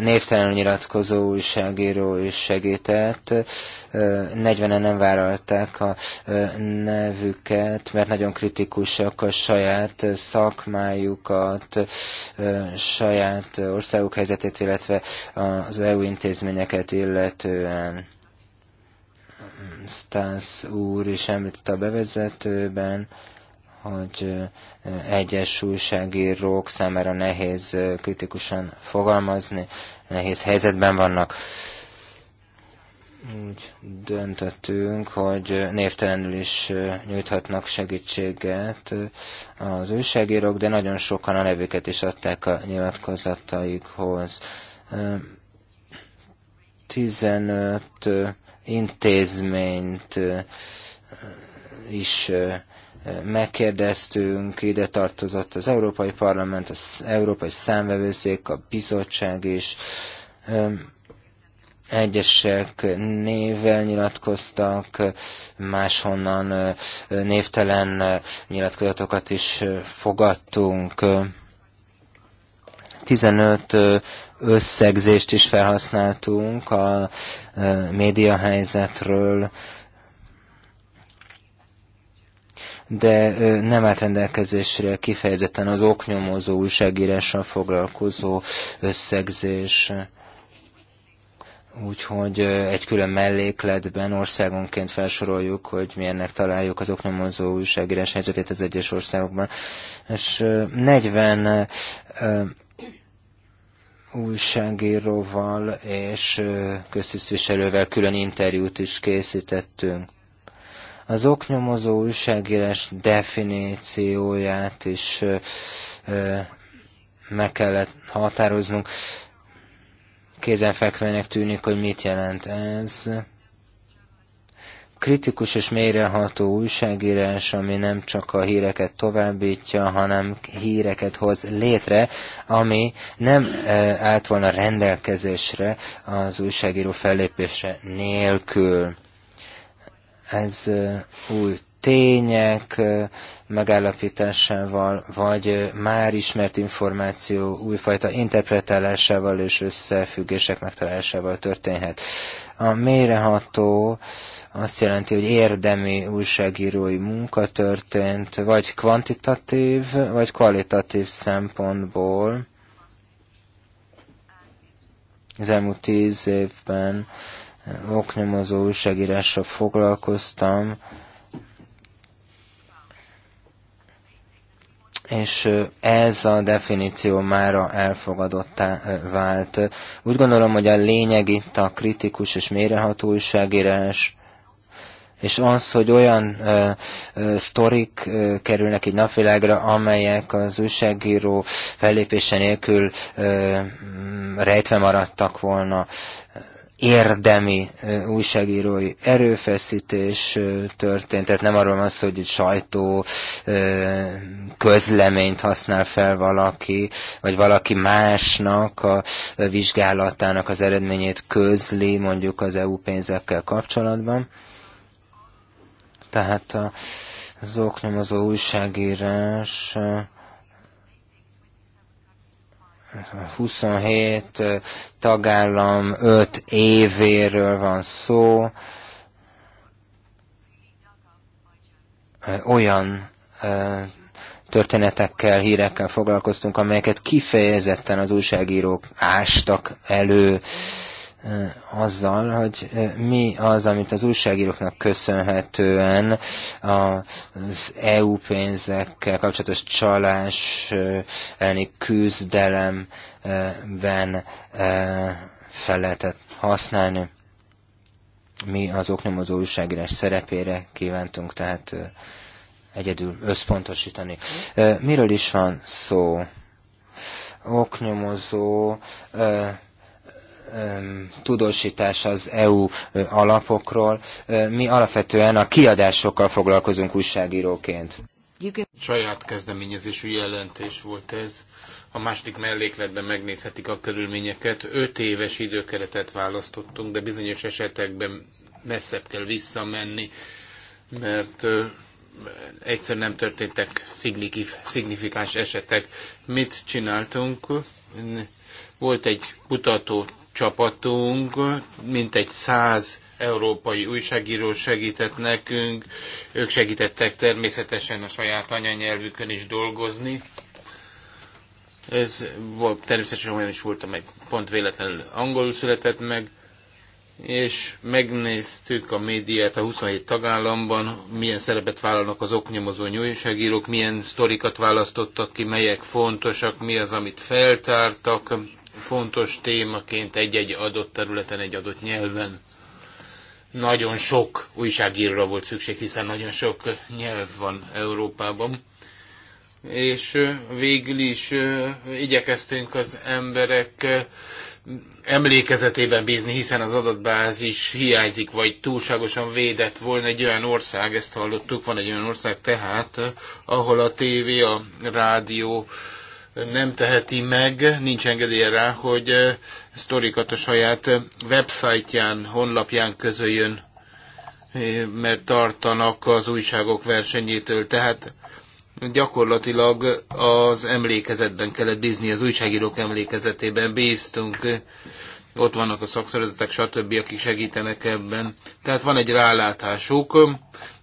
névtelenül nyilatkozó újságíró is segített. 40-en nem vállalták a nevüket, mert nagyon kritikusak a saját szakmájukat, saját országuk helyzetét, illetve az EU intézményeket illetően. Stász úr is említette a bevezetőben, hogy egyes újságírók számára nehéz kritikusan fogalmazni, nehéz helyzetben vannak. Úgy döntöttünk, hogy névtelenül is nyújthatnak segítséget az újságírók, de nagyon sokan a nevüket is adták a nyilatkozataikhoz. 15 intézményt is megkérdeztünk, ide tartozott az Európai Parlament, az Európai Számvevőszék, a bizottság is. Egyesek névvel nyilatkoztak, máshonnan névtelen nyilatkozatokat is fogadtunk. 15 összegzést is felhasználtunk a médiahelyzetről, de nem állt rendelkezésre kifejezetten az oknyomozó újságírással foglalkozó összegzés úgyhogy egy külön mellékletben országonként felsoroljuk, hogy milyennek találjuk az oknyomozó újságírás helyzetét az egyes országokban. És 40 újságíróval és köztisztviselővel külön interjút is készítettünk. Az oknyomozó újságírás definícióját is meg kellett határoznunk. Kézenfekvőnek tűnik, hogy mit jelent ez kritikus és mélyreható újságírás, ami nem csak a híreket továbbítja, hanem híreket hoz létre, ami nem állt volna rendelkezésre az újságíró fellépése nélkül. Ez új tények megállapításával, vagy már ismert információ újfajta interpretálásával és összefüggések megtalálásával történhet. A mélyreható azt jelenti, hogy érdemi újságírói munka történt, vagy kvantitatív, vagy kvalitatív szempontból az elmúlt tíz évben oknyomozó újságírással foglalkoztam, és ez a definíció mára elfogadottá vált. Úgy gondolom, hogy a lényeg itt a kritikus és méreható újságírás, és az, hogy olyan ö, ö, sztorik ö, kerülnek így napvilágra, amelyek az újságíró fellépése nélkül ö, rejtve maradtak volna érdemi újságírói erőfeszítés történt, tehát nem arról van szó, hogy egy sajtó közleményt használ fel valaki, vagy valaki másnak a vizsgálatának az eredményét közli, mondjuk az EU pénzekkel kapcsolatban. Tehát az oknyomozó újságírás 27 tagállam 5 évéről van szó, olyan történetekkel, hírekkel foglalkoztunk, amelyeket kifejezetten az újságírók ástak elő, azzal, hogy mi az, amit az újságíróknak köszönhetően az EU pénzekkel kapcsolatos csalás elleni küzdelemben fel lehetett használni. Mi az oknyomozó újságírás szerepére kívántunk tehát egyedül összpontosítani. Miről is van szó? Oknyomozó tudósítás az EU alapokról. Mi alapvetően a kiadásokkal foglalkozunk újságíróként. Saját kezdeményezésű jelentés volt ez. A második mellékletben megnézhetik a körülményeket. Öt éves időkeretet választottunk, de bizonyos esetekben messzebb kell visszamenni, mert egyszer nem történtek szignifikáns esetek. Mit csináltunk? Volt egy kutató csapatunk, mintegy száz európai újságíró segített nekünk, ők segítettek természetesen a saját anyanyelvükön is dolgozni. Ez volt, természetesen olyan is voltam, egy pont véletlenül angolul született meg, és megnéztük a médiát a 27 tagállamban, milyen szerepet vállalnak az oknyomozó újságírók, milyen sztorikat választottak ki, melyek fontosak, mi az, amit feltártak, fontos témaként egy-egy adott területen, egy adott nyelven. Nagyon sok újságíróra volt szükség, hiszen nagyon sok nyelv van Európában. És végül is igyekeztünk az emberek emlékezetében bízni, hiszen az adatbázis hiányzik, vagy túlságosan védett volna egy olyan ország, ezt hallottuk, van egy olyan ország tehát, ahol a tévé, a rádió, nem teheti meg, nincs engedélye rá, hogy eh, sztorikat a saját eh, websájtján, honlapján közöljön, eh, mert tartanak az újságok versenyétől. Tehát gyakorlatilag az emlékezetben kellett bízni, az újságírók emlékezetében bíztunk, ott vannak a szakszervezetek, stb., akik segítenek ebben. Tehát van egy rálátásuk,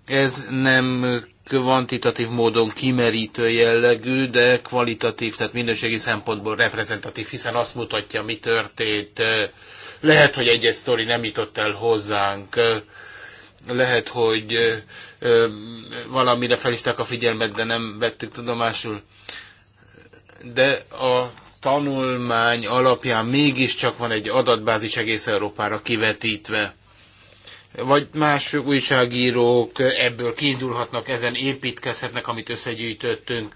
ez nem kvantitatív módon kimerítő jellegű, de kvalitatív, tehát minőségi szempontból reprezentatív, hiszen azt mutatja, mi történt. Lehet, hogy egy-egy sztori nem jutott el hozzánk, lehet, hogy valamire felhívták a figyelmet, de nem vettük tudomásul. De a tanulmány alapján mégiscsak van egy adatbázis egész Európára kivetítve vagy más újságírók ebből kiindulhatnak, ezen építkezhetnek, amit összegyűjtöttünk,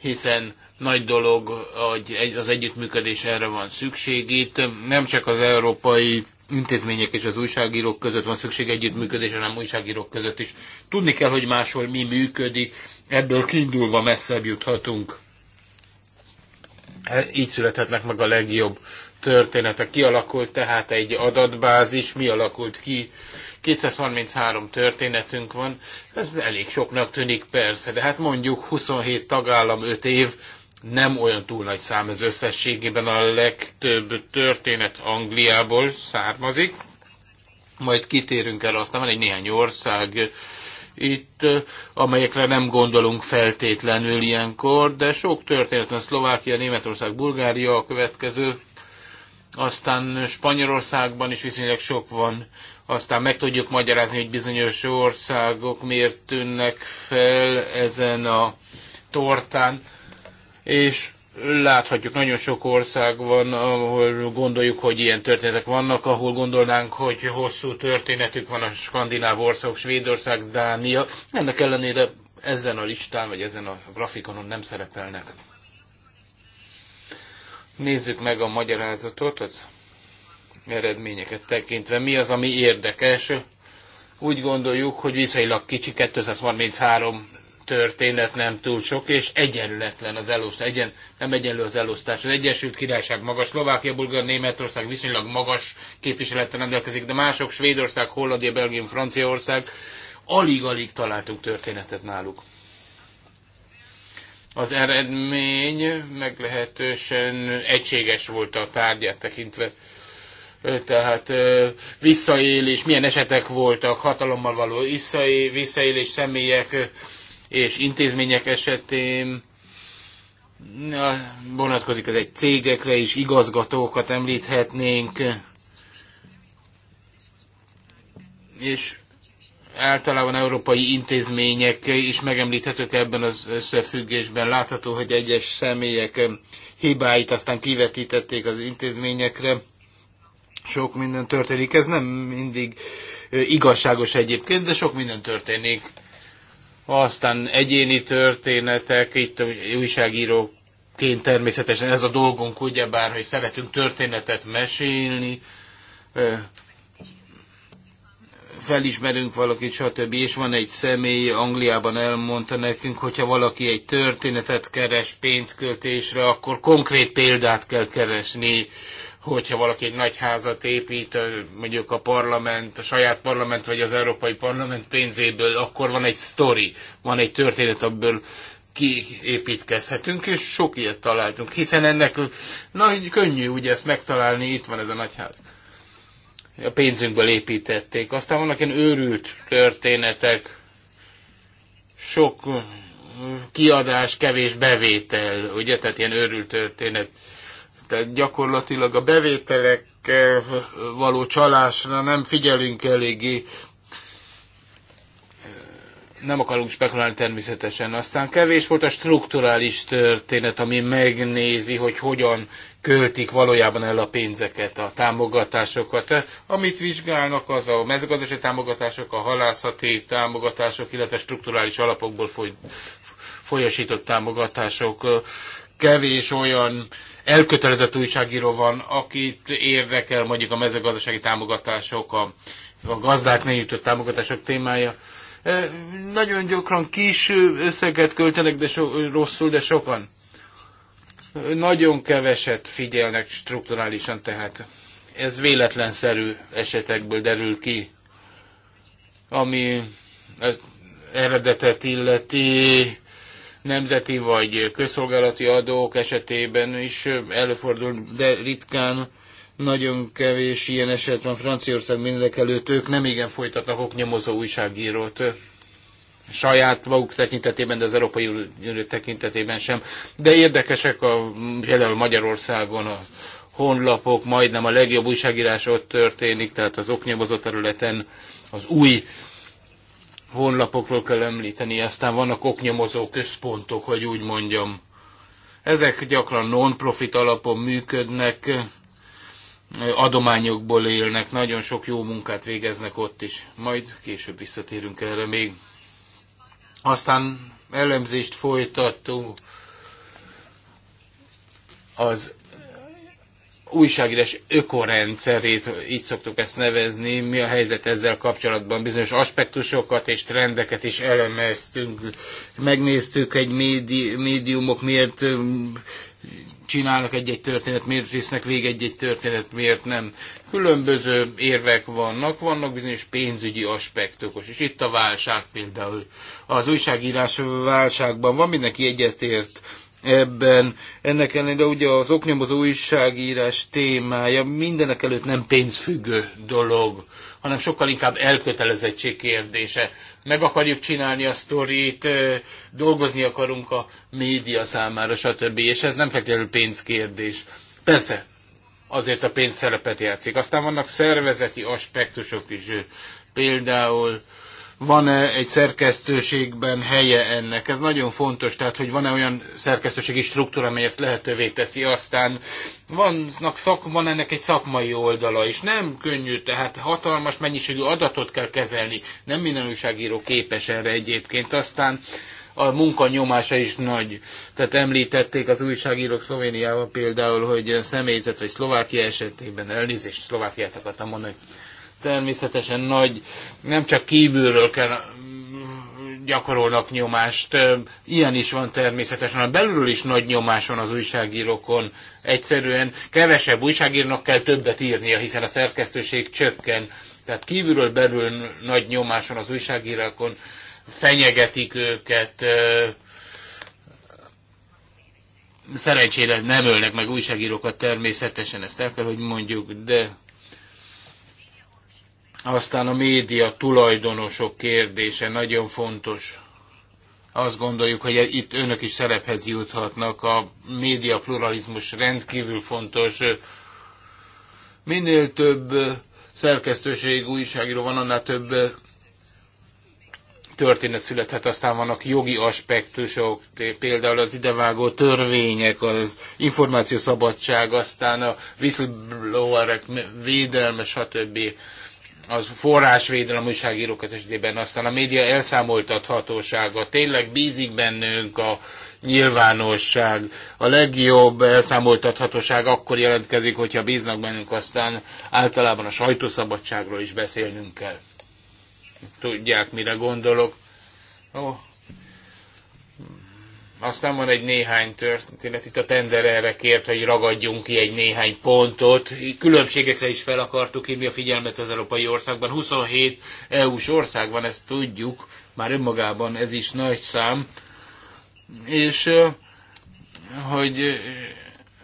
hiszen nagy dolog, hogy az együttműködés erre van szükség itt. Nem csak az európai intézmények és az újságírók között van szükség együttműködés, hanem újságírók között is. Tudni kell, hogy máshol mi működik, ebből kiindulva messzebb juthatunk. Így születhetnek meg a legjobb történetek. Kialakult tehát egy adatbázis, mi alakult ki 233 történetünk van, ez elég soknak tűnik persze, de hát mondjuk 27 tagállam 5 év, nem olyan túl nagy szám ez összességében, a legtöbb történet Angliából származik, majd kitérünk el, aztán van egy néhány ország, itt, amelyekre nem gondolunk feltétlenül ilyenkor, de sok történet, Szlovákia, Németország, Bulgária a következő, aztán Spanyolországban is viszonylag sok van, aztán meg tudjuk magyarázni, hogy bizonyos országok miért tűnnek fel ezen a tortán, és láthatjuk, nagyon sok ország van, ahol gondoljuk, hogy ilyen történetek vannak, ahol gondolnánk, hogy hosszú történetük van a skandináv országok, Svédország, Dánia. Ennek ellenére ezen a listán, vagy ezen a grafikonon nem szerepelnek. Nézzük meg a magyarázatot, az eredményeket tekintve. Mi az, ami érdekes? Úgy gondoljuk, hogy viszonylag kicsi 233 történet nem túl sok, és egyenletlen az elosztás, egyen, nem egyenlő az elosztás. Az Egyesült Királyság magas, Szlovákia, Bulgária, Németország viszonylag magas képviselettel rendelkezik, de mások, Svédország, Hollandia, Belgium, Franciaország, alig-alig találtunk történetet náluk. Az eredmény meglehetősen egységes volt a tárgyát tekintve tehát visszaélés, milyen esetek voltak, hatalommal való visszaélés személyek és intézmények esetén, vonatkozik ez egy cégekre is, igazgatókat említhetnénk, és általában európai intézmények is megemlíthetők ebben az összefüggésben. Látható, hogy egyes személyek hibáit aztán kivetítették az intézményekre sok minden történik, ez nem mindig igazságos egyébként, de sok minden történik. Aztán egyéni történetek, itt újságíróként természetesen ez a dolgunk, ugyebár, hogy szeretünk történetet mesélni, felismerünk valakit, stb. És van egy személy, Angliában elmondta nekünk, hogyha valaki egy történetet keres pénzköltésre, akkor konkrét példát kell keresni hogyha valaki egy nagy házat épít, mondjuk a parlament, a saját parlament vagy az Európai Parlament pénzéből, akkor van egy sztori, van egy történet, abból kiépítkezhetünk, és sok ilyet találtunk, hiszen ennek nagy könnyű ugye ezt megtalálni, itt van ez a nagyház. A pénzünkből építették. Aztán vannak ilyen őrült történetek, sok kiadás, kevés bevétel, ugye, tehát ilyen őrült történet. Tehát gyakorlatilag a bevételek való csalásra nem figyelünk eléggé. Nem akarunk spekulálni természetesen. Aztán kevés volt a strukturális történet, ami megnézi, hogy hogyan költik valójában el a pénzeket, a támogatásokat. Amit vizsgálnak, az a mezőgazdasági támogatások, a halászati támogatások, illetve strukturális alapokból foly, folyosított támogatások. Kevés olyan elkötelezett újságíró van, akit érdekel mondjuk a mezőgazdasági támogatások, a, a gazdáknak jutott támogatások témája. E, nagyon gyakran kis összeget költenek de so, rosszul, de sokan. Nagyon keveset figyelnek strukturálisan, tehát ez véletlenszerű esetekből derül ki, ami eredetet illeti nemzeti vagy közszolgálati adók esetében is előfordul, de ritkán nagyon kevés ilyen eset van Franciaország mindenek előtt, ők nem igen folytatnak oknyomozó újságírót saját maguk tekintetében, de az Európai Unió tekintetében sem. De érdekesek a, például Magyarországon a honlapok, majdnem a legjobb újságírás ott történik, tehát az oknyomozott területen az új honlapokról kell említeni, aztán vannak oknyomozó központok, hogy úgy mondjam. Ezek gyakran non-profit alapon működnek, adományokból élnek, nagyon sok jó munkát végeznek ott is. Majd később visszatérünk erre még. Aztán elemzést folytattunk az újságírás ökorendszerét, így szoktuk ezt nevezni, mi a helyzet ezzel kapcsolatban, bizonyos aspektusokat és trendeket is elemeztünk, megnéztük egy médi, médiumok miért csinálnak egy-egy történet, miért visznek vég egy-egy történet, miért nem. Különböző érvek vannak, vannak bizonyos pénzügyi aspektusok, és itt a válság például. Az újságírás válságban van, mindenki egyetért ebben. Ennek ellenére ugye az oknyomozó újságírás témája mindenek előtt nem pénzfüggő dolog, hanem sokkal inkább elkötelezettség kérdése. Meg akarjuk csinálni a sztorit, dolgozni akarunk a média számára, stb. És ez nem feltétlenül pénzkérdés. Persze, azért a pénz szerepet játszik. Aztán vannak szervezeti aspektusok is, például van-e egy szerkesztőségben helye ennek. Ez nagyon fontos, tehát hogy van-e olyan szerkesztőségi struktúra, amely ezt lehetővé teszi. Aztán vannak szak, van ennek egy szakmai oldala is. Nem könnyű, tehát hatalmas mennyiségű adatot kell kezelni. Nem minden újságíró képes erre egyébként. Aztán a munka nyomása is nagy. Tehát említették az újságírók Szlovéniában például, hogy személyzet vagy Szlovákia esetében, elnézést, Szlovákiát akartam mondani, hogy természetesen nagy, nem csak kívülről kell mm, gyakorolnak nyomást. Ilyen is van természetesen. A belülről is nagy nyomás van az újságírókon. Egyszerűen kevesebb újságírnak kell többet írnia, hiszen a szerkesztőség csökken. Tehát kívülről belül nagy nyomás van az újságírókon, fenyegetik őket, szerencsére nem ölnek meg újságírókat természetesen, ezt el kell, hogy mondjuk, de aztán a média tulajdonosok kérdése nagyon fontos. Azt gondoljuk, hogy itt önök is szerephez juthatnak. A média pluralizmus rendkívül fontos. Minél több szerkesztőség, újságíró van, annál több történet születhet, aztán vannak jogi aspektusok, például az idevágó törvények, az információszabadság, aztán a whistleblowerek védelme, stb az forrásvédelem újságírók esetében, aztán a média elszámoltathatósága, tényleg bízik bennünk a nyilvánosság. A legjobb elszámoltathatóság akkor jelentkezik, hogyha bíznak bennünk, aztán általában a sajtószabadságról is beszélnünk kell. Tudják, mire gondolok. Oh. Aztán van egy néhány történet, itt a tender erre kért, hogy ragadjunk ki egy néhány pontot. Különbségekre is fel akartuk írni a figyelmet az európai országban. 27 EU-s ország van, ezt tudjuk, már önmagában ez is nagy szám. És hogy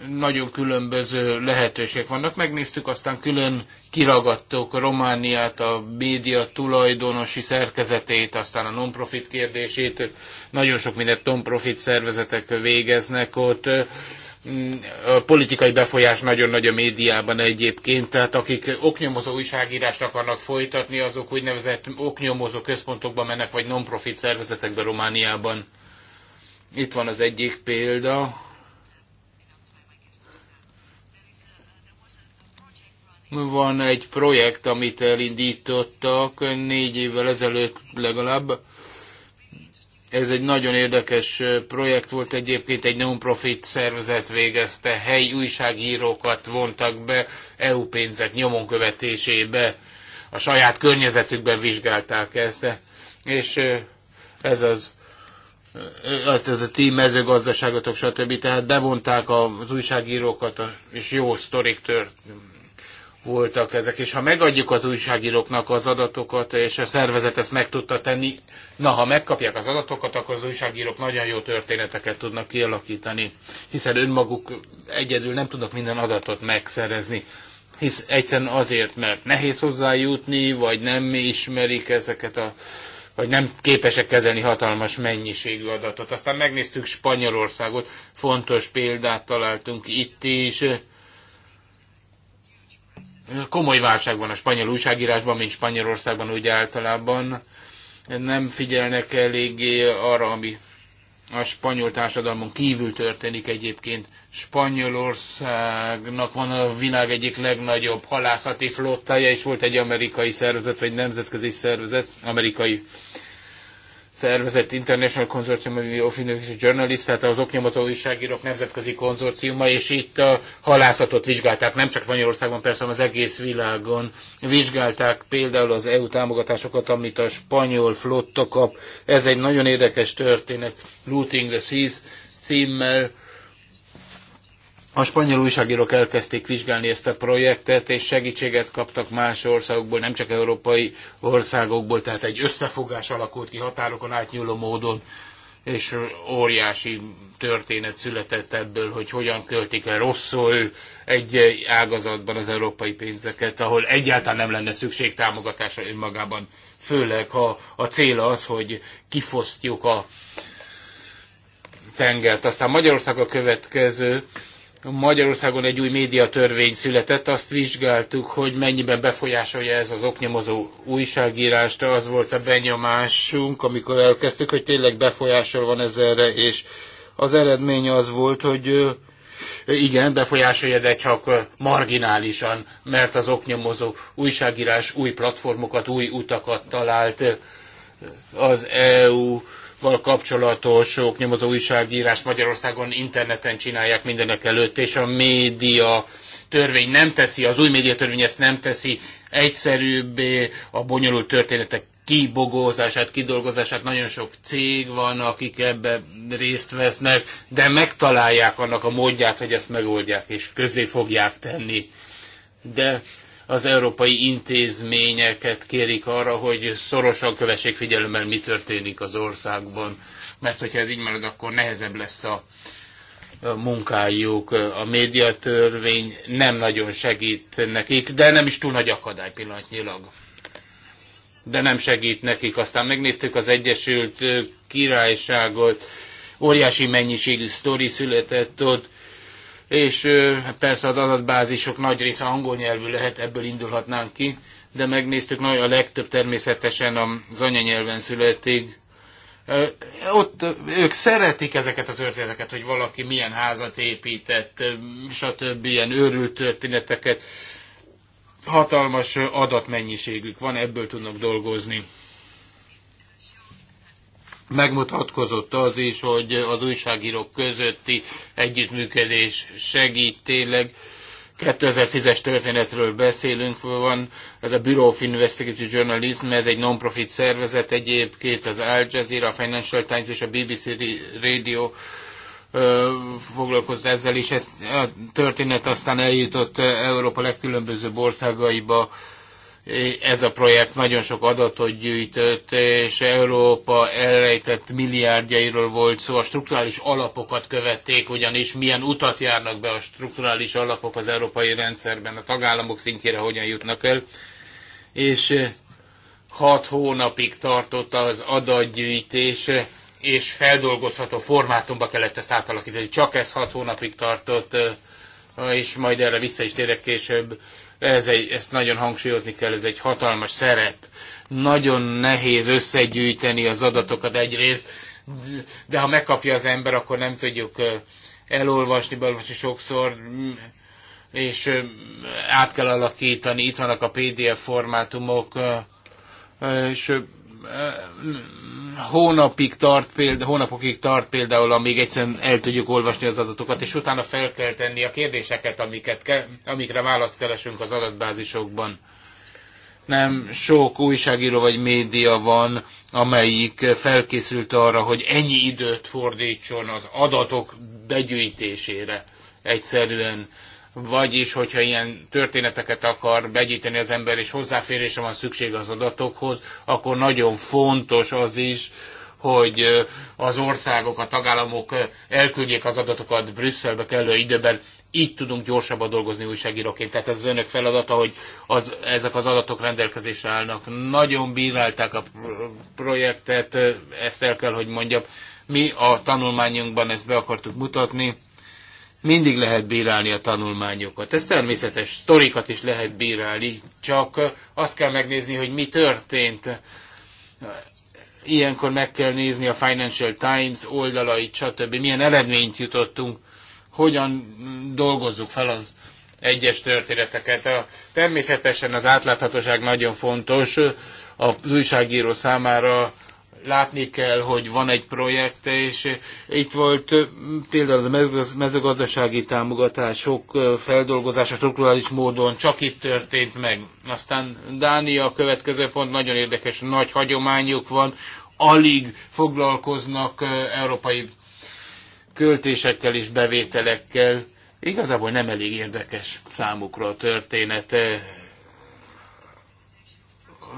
nagyon különböző lehetőségek vannak. Megnéztük, aztán külön kiragadtuk Romániát, a média tulajdonosi szerkezetét, aztán a non-profit kérdését. Nagyon sok mindent non-profit szervezetek végeznek ott. A politikai befolyás nagyon nagy a médiában egyébként, tehát akik oknyomozó újságírást akarnak folytatni, azok úgynevezett oknyomozó központokba mennek, vagy non-profit szervezetekbe Romániában. Itt van az egyik példa, Van egy projekt, amit elindítottak négy évvel ezelőtt legalább. Ez egy nagyon érdekes projekt volt egyébként, egy non-profit szervezet végezte, helyi újságírókat vontak be EU pénzek nyomon követésébe, a saját környezetükben vizsgálták ezt, és ez az azt ez a ti mezőgazdaságotok, stb. Tehát bevonták az újságírókat, és jó sztorik tört, voltak ezek, és ha megadjuk az újságíróknak az adatokat, és a szervezet ezt meg tudta tenni, na, ha megkapják az adatokat, akkor az újságírók nagyon jó történeteket tudnak kialakítani, hiszen önmaguk egyedül nem tudnak minden adatot megszerezni, hisz egyszerűen azért, mert nehéz hozzájutni, vagy nem ismerik ezeket a vagy nem képesek kezelni hatalmas mennyiségű adatot. Aztán megnéztük Spanyolországot, fontos példát találtunk itt is, komoly válság van a spanyol újságírásban, mint Spanyolországban úgy általában. Nem figyelnek eléggé arra, ami a spanyol társadalmon kívül történik egyébként. Spanyolországnak van a világ egyik legnagyobb halászati flottája, és volt egy amerikai szervezet, vagy nemzetközi szervezet, amerikai szervezett International Consortium of University Journalists, tehát az oknyomozó újságírók nemzetközi konzorciuma, és itt a halászatot vizsgálták, nem csak Magyarországon, persze, hanem az egész világon. Vizsgálták például az EU támogatásokat, amit a spanyol flotta kap. Ez egy nagyon érdekes történet, Looting the Seas címmel a spanyol újságírók elkezdték vizsgálni ezt a projektet, és segítséget kaptak más országokból, nem csak európai országokból, tehát egy összefogás alakult ki határokon átnyúló módon, és óriási történet született ebből, hogy hogyan költik el rosszul egy ágazatban az európai pénzeket, ahol egyáltalán nem lenne szükség támogatásra önmagában, főleg ha a cél az, hogy kifosztjuk a tengert. Aztán Magyarország a következő, Magyarországon egy új médiatörvény született, azt vizsgáltuk, hogy mennyiben befolyásolja ez az oknyomozó újságírást. Az volt a benyomásunk, amikor elkezdtük, hogy tényleg befolyásol van ez erre, és az eredmény az volt, hogy igen, befolyásolja, de csak marginálisan, mert az oknyomozó újságírás új platformokat, új utakat talált az EU nyomozásokkal kapcsolatos oknyomozó nyomozó újságírás Magyarországon interneten csinálják mindenek előtt, és a média törvény nem teszi, az új média törvény ezt nem teszi egyszerűbbé a bonyolult történetek kibogózását, kidolgozását. Nagyon sok cég van, akik ebbe részt vesznek, de megtalálják annak a módját, hogy ezt megoldják, és közé fogják tenni. De az európai intézményeket kérik arra, hogy szorosan kövessék figyelemmel, mi történik az országban. Mert hogyha ez így marad, akkor nehezebb lesz a munkájuk. A médiatörvény nem nagyon segít nekik, de nem is túl nagy akadály pillanatnyilag. De nem segít nekik. Aztán megnéztük az Egyesült Királyságot, óriási mennyiségű sztori született ott, és hát persze az adatbázisok nagy része angol nyelvű lehet, ebből indulhatnánk ki, de megnéztük, nagy a legtöbb természetesen az anyanyelven születik. Ott ők szeretik ezeket a történeteket, hogy valaki milyen házat épített, stb. ilyen őrült történeteket. Hatalmas adatmennyiségük van, ebből tudnak dolgozni megmutatkozott az is, hogy az újságírók közötti együttműködés segít tényleg. 2010-es történetről beszélünk, van ez a Bureau of Investigative Journalism, ez egy non-profit szervezet egyébként, az Al Jazeera, a Financial Times és a BBC Radio foglalkozott ezzel, és ez a történet aztán eljutott Európa legkülönbözőbb országaiba, ez a projekt nagyon sok adatot gyűjtött, és Európa elrejtett milliárdjairól volt szó. A strukturális alapokat követték, ugyanis milyen utat járnak be a strukturális alapok az európai rendszerben, a tagállamok szintjére hogyan jutnak el. És eh, hat hónapig tartott az adatgyűjtés, eh, és feldolgozható formátumba kellett ezt átalakítani. Csak ez hat hónapig tartott, eh, és majd erre vissza is térek később ez egy, ezt nagyon hangsúlyozni kell, ez egy hatalmas szerep. Nagyon nehéz összegyűjteni az adatokat egyrészt, de ha megkapja az ember, akkor nem tudjuk elolvasni, beolvasni sokszor, mm, és át kell alakítani, itt vannak a PDF formátumok, és hónapig tart példa, hónapokig tart például, amíg egyszerűen el tudjuk olvasni az adatokat, és utána fel kell tenni a kérdéseket, amiket ke, amikre választ keresünk az adatbázisokban. Nem sok újságíró vagy média van, amelyik felkészült arra, hogy ennyi időt fordítson az adatok begyűjtésére. Egyszerűen vagyis, hogyha ilyen történeteket akar begyíteni az ember, és hozzáférésre van szükség az adatokhoz, akkor nagyon fontos az is, hogy az országok, a tagállamok elküldjék az adatokat Brüsszelbe kellő időben, így tudunk gyorsabban dolgozni újságíróként. Tehát ez az önök feladata, hogy az, ezek az adatok rendelkezésre állnak. Nagyon bírálták a projektet, ezt el kell, hogy mondjam. Mi a tanulmányunkban ezt be akartuk mutatni. Mindig lehet bírálni a tanulmányokat. Ez természetes. Sztorikat is lehet bírálni, csak azt kell megnézni, hogy mi történt. Ilyenkor meg kell nézni a Financial Times oldalait, stb. Milyen eredményt jutottunk, hogyan dolgozzuk fel az egyes történeteket. A, természetesen az átláthatóság nagyon fontos az újságíró számára, látni kell, hogy van egy projekt, és itt volt például a mezőgazdasági támogatások feldolgozása strukturális módon csak itt történt meg. Aztán Dánia a következő pont nagyon érdekes, nagy hagyományuk van, alig foglalkoznak európai költésekkel és bevételekkel. Igazából nem elég érdekes számukra a történet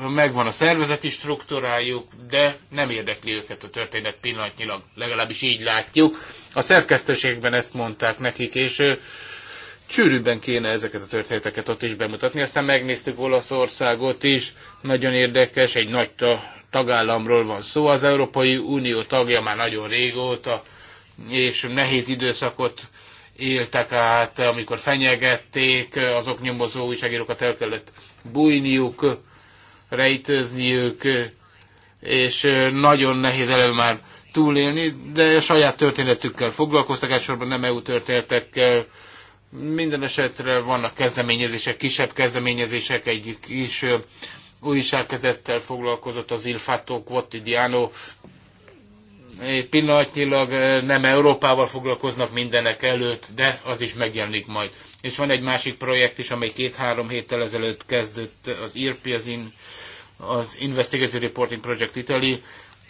megvan a szervezeti struktúrájuk, de nem érdekli őket a történet pillanatnyilag, legalábbis így látjuk. A szerkesztőségben ezt mondták nekik, és csűrűbben kéne ezeket a történeteket ott is bemutatni. Aztán megnéztük Olaszországot is, nagyon érdekes, egy nagy tagállamról van szó. Az Európai Unió tagja már nagyon régóta, és nehéz időszakot éltek át, amikor fenyegették, azok nyomozó újságírókat el kellett bújniuk, ők, és nagyon nehéz elő már túlélni, de a saját történetükkel foglalkoztak, elsősorban nem EU történetekkel. Minden esetre vannak kezdeményezések, kisebb kezdeményezések, egy kis újságkezettel foglalkozott az Il Fatto Quotidiano. Pillanatnyilag nem Európával foglalkoznak mindenek előtt, de az is megjelenik majd. És van egy másik projekt is, amely két-három héttel ezelőtt kezdődött, az IRPI, az In- az Investigative Reporting Project Italy,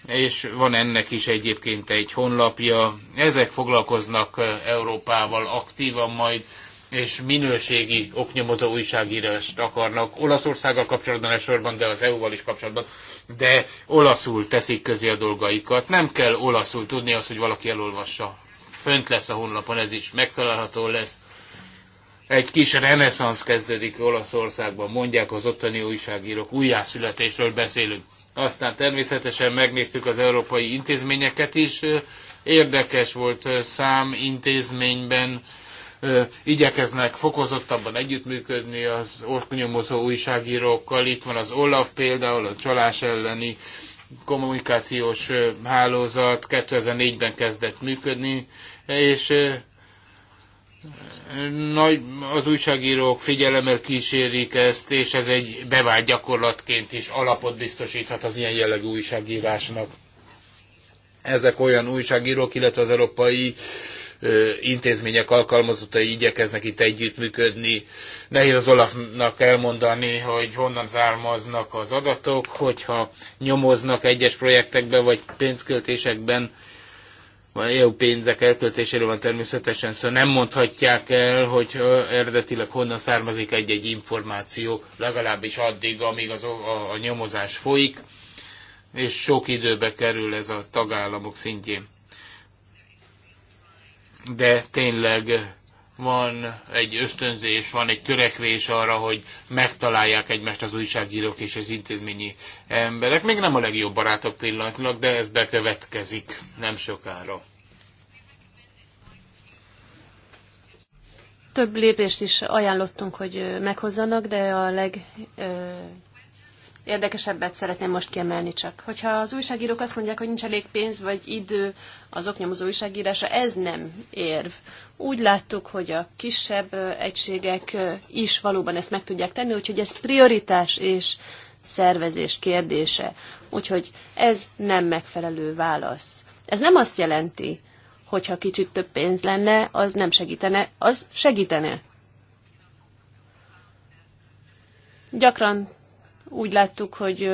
és van ennek is egyébként egy honlapja. Ezek foglalkoznak Európával aktívan majd, és minőségi oknyomozó újságírást akarnak. Olaszországgal kapcsolatban elsősorban, de az EU-val is kapcsolatban, de olaszul teszik közé a dolgaikat. Nem kell olaszul tudni azt, hogy valaki elolvassa. Fönt lesz a honlapon, ez is megtalálható lesz. Egy kis reneszánsz kezdődik Olaszországban, mondják az ottani újságírók, újjászületésről beszélünk. Aztán természetesen megnéztük az európai intézményeket is. Érdekes volt szám intézményben, igyekeznek fokozottabban együttműködni az orkonyomozó újságírókkal. Itt van az OLAF például, a csalás elleni kommunikációs hálózat 2004-ben kezdett működni, és nagy, az újságírók figyelemmel kísérik ezt, és ez egy bevált gyakorlatként is alapot biztosíthat az ilyen jellegű újságírásnak. Ezek olyan újságírók, illetve az európai ö, intézmények alkalmazottai igyekeznek itt együttműködni. Nehéz az Olafnak elmondani, hogy honnan származnak az adatok, hogyha nyomoznak egyes projektekben vagy pénzköltésekben, EU pénzek elköltéséről van természetesen, szóval nem mondhatják el, hogy eredetileg honnan származik egy-egy információ, legalábbis addig, amíg az, a, a nyomozás folyik, és sok időbe kerül ez a tagállamok szintjén. De tényleg van egy ösztönzés, van egy törekvés arra, hogy megtalálják egymást az újságírók és az intézményi emberek. Még nem a legjobb barátok pillanatnak, de ez bekövetkezik nem sokára. Több lépést is ajánlottunk, hogy meghozzanak, de a leg érdekesebbet szeretném most kiemelni csak. Hogyha az újságírók azt mondják, hogy nincs elég pénz vagy idő az oknyomozó újságírása, ez nem érv. Úgy láttuk, hogy a kisebb egységek is valóban ezt meg tudják tenni, úgyhogy ez prioritás és szervezés kérdése. Úgyhogy ez nem megfelelő válasz. Ez nem azt jelenti, hogyha kicsit több pénz lenne, az nem segítene, az segítene. Gyakran úgy láttuk, hogy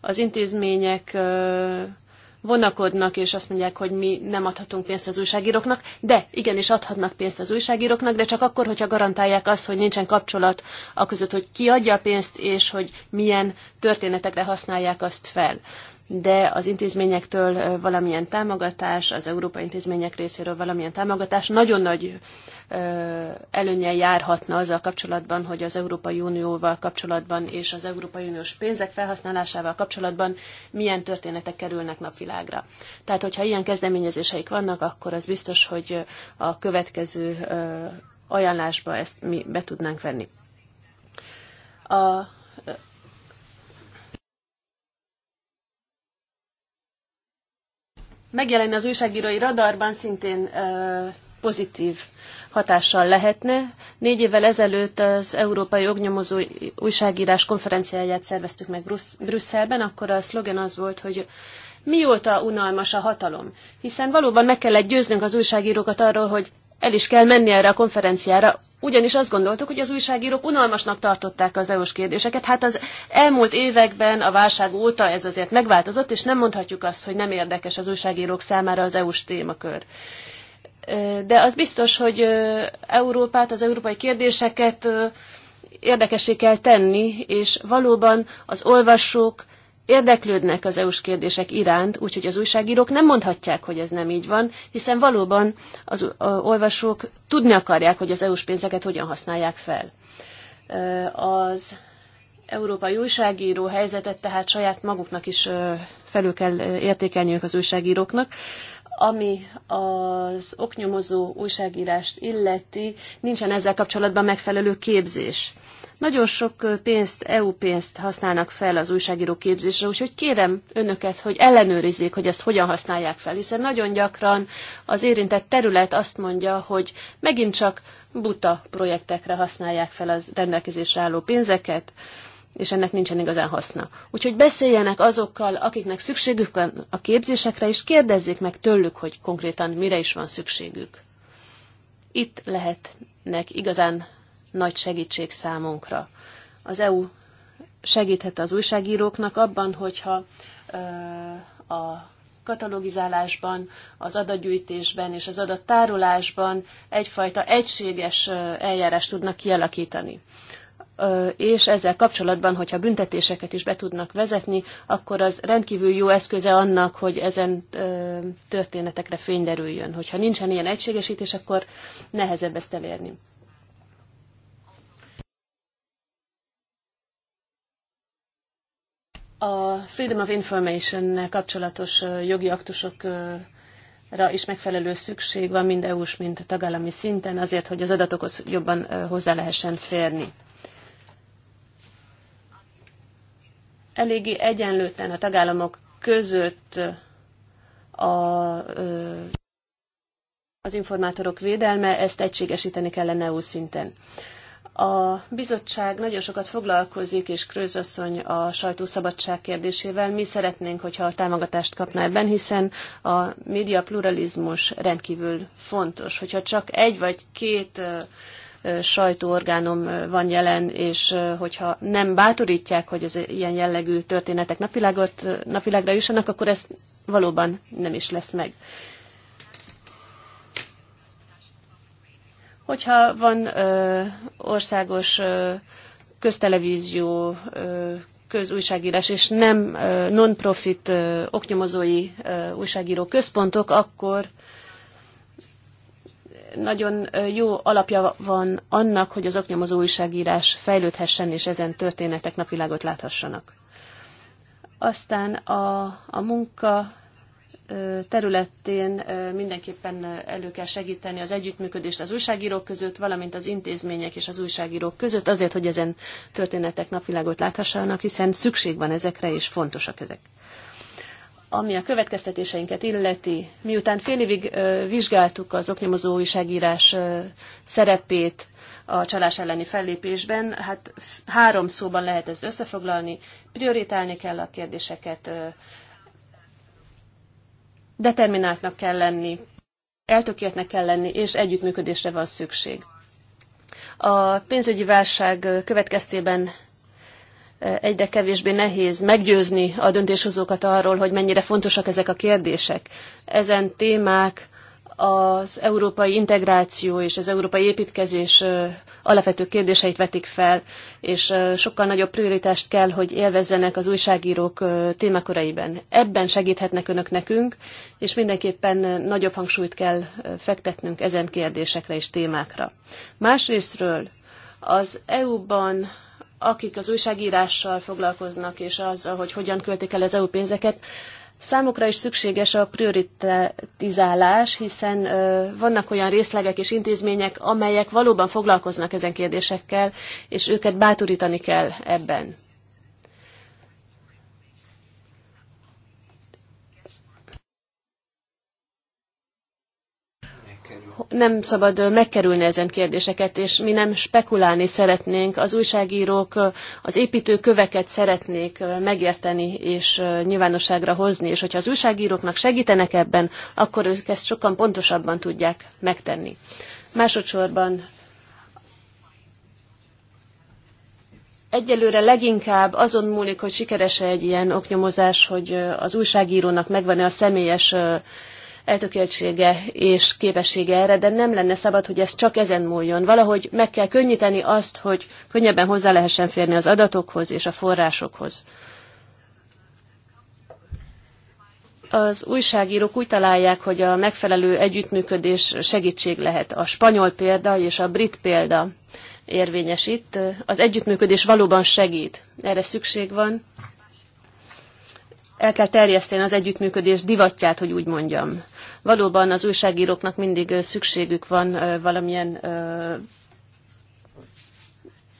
az intézmények vonakodnak, és azt mondják, hogy mi nem adhatunk pénzt az újságíróknak, de igenis adhatnak pénzt az újságíróknak, de csak akkor, hogyha garantálják azt, hogy nincsen kapcsolat a között, hogy ki adja a pénzt, és hogy milyen történetekre használják azt fel de az intézményektől valamilyen támogatás, az európai intézmények részéről valamilyen támogatás nagyon nagy előnyel járhatna azzal kapcsolatban, hogy az Európai Unióval kapcsolatban és az Európai Uniós pénzek felhasználásával kapcsolatban milyen történetek kerülnek napvilágra. Tehát, hogyha ilyen kezdeményezéseik vannak, akkor az biztos, hogy a következő ajánlásba ezt mi be tudnánk venni. A megjelenni az újságírói radarban szintén pozitív hatással lehetne. Négy évvel ezelőtt az Európai Ognyomozó Újságírás konferenciáját szerveztük meg Brüsszelben, akkor a szlogen az volt, hogy mióta unalmas a hatalom. Hiszen valóban meg kellett győznünk az újságírókat arról, hogy el is kell menni erre a konferenciára, ugyanis azt gondoltuk, hogy az újságírók unalmasnak tartották az EU-s kérdéseket. Hát az elmúlt években, a válság óta ez azért megváltozott, és nem mondhatjuk azt, hogy nem érdekes az újságírók számára az EU-s témakör. De az biztos, hogy Európát, az európai kérdéseket érdekessé kell tenni, és valóban az olvasók, érdeklődnek az EU-s kérdések iránt, úgyhogy az újságírók nem mondhatják, hogy ez nem így van, hiszen valóban az olvasók tudni akarják, hogy az EU-s pénzeket hogyan használják fel. Az európai újságíró helyzetet tehát saját maguknak is felül kell értékelniük az újságíróknak. Ami az oknyomozó újságírást illeti, nincsen ezzel kapcsolatban megfelelő képzés. Nagyon sok pénzt, EU pénzt használnak fel az újságíró képzésre, úgyhogy kérem önöket, hogy ellenőrizzék, hogy ezt hogyan használják fel, hiszen nagyon gyakran az érintett terület azt mondja, hogy megint csak buta projektekre használják fel az rendelkezésre álló pénzeket, és ennek nincsen igazán haszna. Úgyhogy beszéljenek azokkal, akiknek szükségük van a képzésekre, és kérdezzék meg tőlük, hogy konkrétan mire is van szükségük. Itt lehetnek igazán nagy segítség számunkra. Az EU segíthet az újságíróknak abban, hogyha a katalogizálásban, az adatgyűjtésben és az adattárolásban egyfajta egységes eljárást tudnak kialakítani. És ezzel kapcsolatban, hogyha büntetéseket is be tudnak vezetni, akkor az rendkívül jó eszköze annak, hogy ezen történetekre fény derüljön. Hogyha nincsen ilyen egységesítés, akkor nehezebb ezt elérni. a Freedom of information kapcsolatos jogi aktusokra is megfelelő szükség van mind EU-s, mind tagállami szinten, azért, hogy az adatokhoz jobban hozzá lehessen férni. Eléggé egyenlőtlen a tagállamok között a, az informátorok védelme, ezt egységesíteni kellene EU szinten. A bizottság nagyon sokat foglalkozik, és Krőzasszony a sajtószabadság kérdésével. Mi szeretnénk, hogyha a támogatást kapná ebben, hiszen a média pluralizmus rendkívül fontos. Hogyha csak egy vagy két sajtóorgánom van jelen, és hogyha nem bátorítják, hogy az ilyen jellegű történetek napvilágot, napvilágra jussanak, akkor ez valóban nem is lesz meg. Hogyha van ö, országos ö, köztelevízió, ö, közújságírás és nem non-profit oknyomozói újságíró központok, akkor nagyon jó alapja van annak, hogy az oknyomozó újságírás fejlődhessen, és ezen történetek napvilágot láthassanak. Aztán a, a munka területén mindenképpen elő kell segíteni az együttműködést az újságírók között, valamint az intézmények és az újságírók között, azért, hogy ezen történetek napvilágot láthassanak, hiszen szükség van ezekre, és fontosak ezek. Ami a következtetéseinket illeti, miután fél évig vizsgáltuk az oknyomozó újságírás szerepét, a csalás elleni fellépésben. Hát három szóban lehet ezt összefoglalni. Prioritálni kell a kérdéseket, determináltnak kell lenni, eltökéltnek kell lenni, és együttműködésre van szükség. A pénzügyi válság következtében eh, egyre kevésbé nehéz meggyőzni a döntéshozókat arról, hogy mennyire fontosak ezek a kérdések. Ezen témák az európai integráció és az európai építkezés alapvető kérdéseit vetik fel, és sokkal nagyobb prioritást kell, hogy élvezzenek az újságírók témaköreiben. Ebben segíthetnek önök nekünk, és mindenképpen nagyobb hangsúlyt kell fektetnünk ezen kérdésekre és témákra. Másrésztről az EU-ban akik az újságírással foglalkoznak, és azzal, hogy hogyan költik el az EU pénzeket, Számukra is szükséges a prioritizálás, hiszen vannak olyan részlegek és intézmények, amelyek valóban foglalkoznak ezen kérdésekkel, és őket bátorítani kell ebben. nem szabad megkerülni ezen kérdéseket, és mi nem spekulálni szeretnénk. Az újságírók az köveket szeretnék megérteni és nyilvánosságra hozni, és hogyha az újságíróknak segítenek ebben, akkor ők ezt sokkal pontosabban tudják megtenni. Másodszorban egyelőre leginkább azon múlik, hogy sikeres -e egy ilyen oknyomozás, hogy az újságírónak megvan-e a személyes eltökéltsége és képessége erre, de nem lenne szabad, hogy ez csak ezen múljon. Valahogy meg kell könnyíteni azt, hogy könnyebben hozzá lehessen férni az adatokhoz és a forrásokhoz. az újságírók úgy találják, hogy a megfelelő együttműködés segítség lehet. A spanyol példa és a brit példa érvényes itt. Az együttműködés valóban segít. Erre szükség van. El kell terjeszteni az együttműködés divatját, hogy úgy mondjam. Valóban az újságíróknak mindig szükségük van valamilyen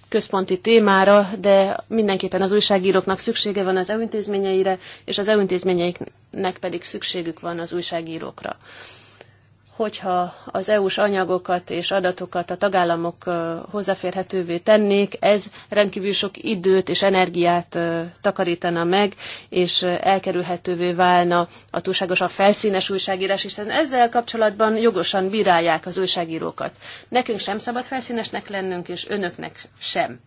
központi témára, de mindenképpen az újságíróknak szüksége van az EU intézményeire, és az EU intézményeiknek pedig szükségük van az újságírókra hogyha az EU-s anyagokat és adatokat a tagállamok hozzáférhetővé tennék, ez rendkívül sok időt és energiát takarítana meg, és elkerülhetővé válna a túlságosan felszínes újságírás, hiszen ezzel kapcsolatban jogosan bírálják az újságírókat. Nekünk sem szabad felszínesnek lennünk, és önöknek sem.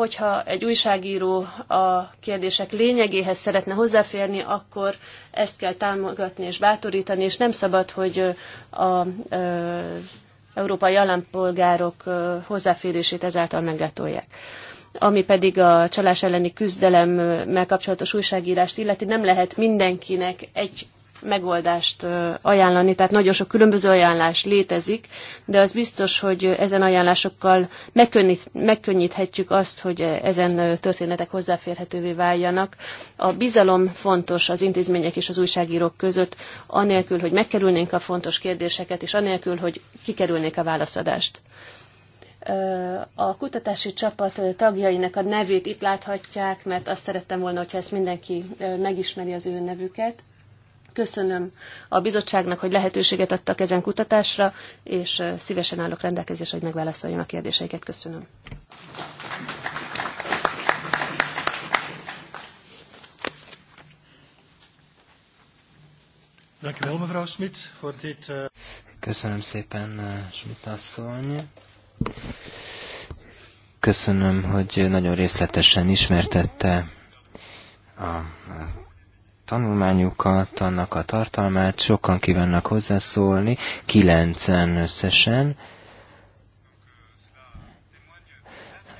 hogyha egy újságíró a kérdések lényegéhez szeretne hozzáférni, akkor ezt kell támogatni és bátorítani, és nem szabad, hogy az európai állampolgárok hozzáférését ezáltal meggátolják ami pedig a csalás elleni küzdelemmel kapcsolatos újságírást illeti, nem lehet mindenkinek egy megoldást ajánlani, tehát nagyon sok különböző ajánlás létezik, de az biztos, hogy ezen ajánlásokkal megkönnyít, megkönnyíthetjük azt, hogy ezen történetek hozzáférhetővé váljanak. A bizalom fontos az intézmények és az újságírók között, anélkül, hogy megkerülnénk a fontos kérdéseket, és anélkül, hogy kikerülnék a válaszadást. A kutatási csapat tagjainak a nevét itt láthatják, mert azt szerettem volna, hogyha ezt mindenki megismeri az ő nevüket Köszönöm a bizottságnak, hogy lehetőséget adtak ezen kutatásra, és szívesen állok rendelkezésre, hogy megválaszoljam a kérdéseiket. Köszönöm. Eh, Köszönöm szépen, eh, Schmidt asszony. Köszönöm, hogy nagyon részletesen ismertette a tanulmányukat, annak a tartalmát, sokan kívánnak hozzászólni, kilencen összesen.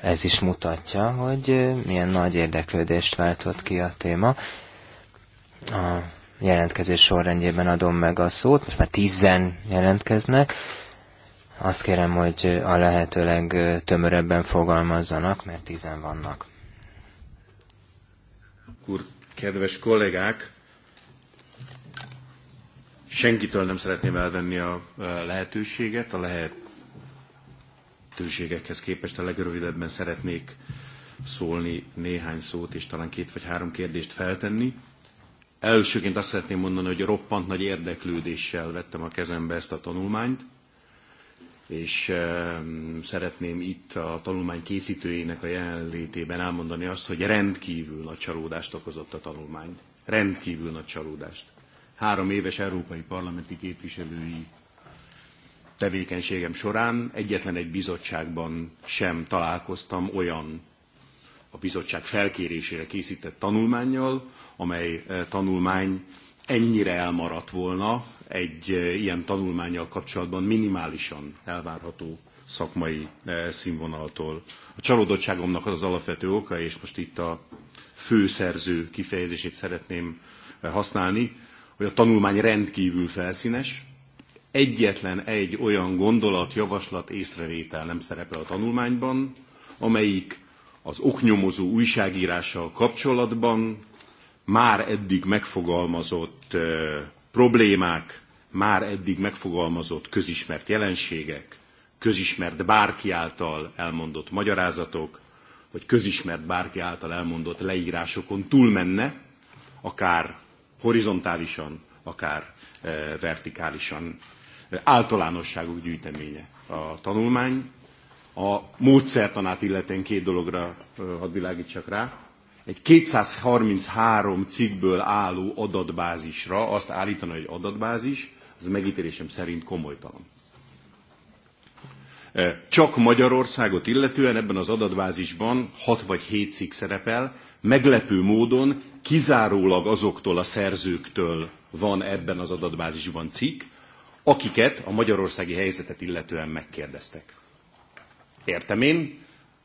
Ez is mutatja, hogy milyen nagy érdeklődést váltott ki a téma. A jelentkezés sorrendjében adom meg a szót, most már tizen jelentkeznek. Azt kérem, hogy a lehetőleg tömörebben fogalmazzanak, mert tizen vannak. Kur Kedves kollégák, senkitől nem szeretném elvenni a lehetőséget. A lehetőségekhez képest a legrövidebben szeretnék szólni néhány szót, és talán két vagy három kérdést feltenni. Elsőként azt szeretném mondani, hogy roppant nagy érdeklődéssel vettem a kezembe ezt a tanulmányt és szeretném itt a tanulmány készítőjének a jelenlétében elmondani azt, hogy rendkívül nagy csalódást okozott a tanulmány. Rendkívül nagy csalódást. Három éves európai parlamenti képviselői tevékenységem során egyetlen egy bizottságban sem találkoztam olyan a bizottság felkérésére készített tanulmányjal, amely eh, tanulmány ennyire elmaradt volna egy eh, ilyen tanulmányjal kapcsolatban minimálisan elvárható szakmai eh, színvonaltól. A csalódottságomnak az az alapvető oka, és most itt a főszerző kifejezését szeretném eh, használni, hogy a tanulmány rendkívül felszínes, egyetlen egy olyan gondolat, javaslat, észrevétel nem szerepel a tanulmányban, amelyik az oknyomozó újságírással kapcsolatban már eddig megfogalmazott problémák, már eddig megfogalmazott közismert jelenségek, közismert bárki által elmondott magyarázatok, vagy közismert bárki által elmondott leírásokon túlmenne, akár horizontálisan, akár vertikálisan általánosságok gyűjteménye a tanulmány. A módszertanát illetően két dologra hadd világítsak rá egy 233 cikkből álló adatbázisra azt állítani, hogy adatbázis, az megítélésem szerint komolytalan. E, csak Magyarországot illetően ebben az adatbázisban 6 vagy 7 cikk szerepel, meglepő módon kizárólag azoktól a szerzőktől van ebben az adatbázisban cikk, akiket a magyarországi helyzetet illetően megkérdeztek. Értem én,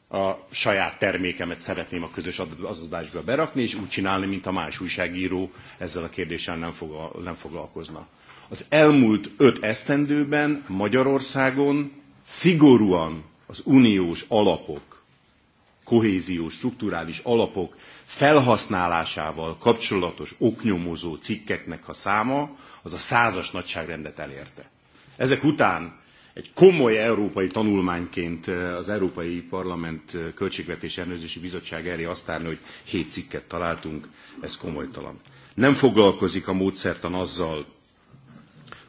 a saját termékemet szeretném a közös adatbázisba berakni, és úgy csinálni, mint a más újságíró ezzel a kérdéssel nem, fog, nem foglalkozna. Az elmúlt öt esztendőben Magyarországon szigorúan az uniós alapok, kohéziós, strukturális alapok felhasználásával kapcsolatos oknyomozó cikkeknek a száma az a százas nagyságrendet elérte. Ezek után egy komoly európai tanulmányként eh, az Európai Parlament eh, Költségvetési Ellenőrzési Bizottság elé azt árni, hogy hét cikket találtunk, ez komolytalan. Nem foglalkozik a módszertan azzal,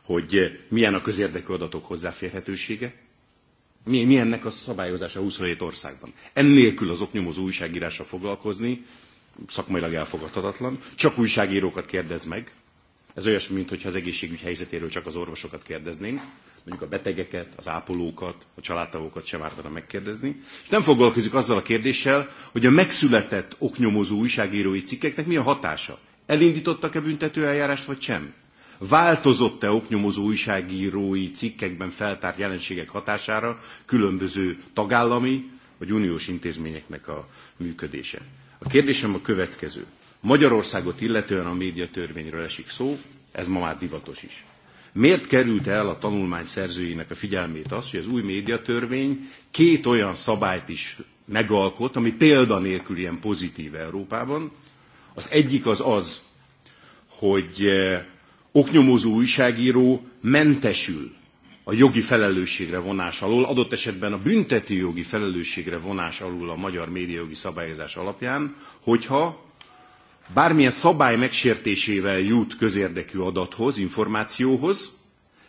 hogy eh, milyen a közérdekű adatok hozzáférhetősége, milyennek a szabályozása 27 országban. Ennélkül az oknyomozó újságírásra foglalkozni szakmailag elfogadhatatlan. Csak újságírókat kérdez meg, ez olyasmi, mintha az egészségügy helyzetéről csak az orvosokat kérdeznénk, mondjuk a betegeket, az ápolókat, a családtagokat sem ártana megkérdezni. És nem foglalkozik azzal a kérdéssel, hogy a megszületett oknyomozó újságírói cikkeknek mi a hatása. Elindítottak-e büntetőeljárást, vagy sem? Változott-e oknyomozó újságírói cikkekben feltárt jelenségek hatására különböző tagállami vagy uniós intézményeknek a működése? A kérdésem a következő. Magyarországot illetően a médiatörvényről esik szó, ez ma már divatos is. Miért került el a tanulmány szerzőjének a figyelmét az, hogy az új médiatörvény két olyan szabályt is megalkot, ami példanélkül ilyen pozitív Európában. Az egyik az az, hogy eh, oknyomozó újságíró mentesül a jogi felelősségre vonás alól, adott esetben a büntető jogi felelősségre vonás alól a magyar médiajogi szabályozás alapján, hogyha bármilyen szabály megsértésével jut közérdekű adathoz, információhoz,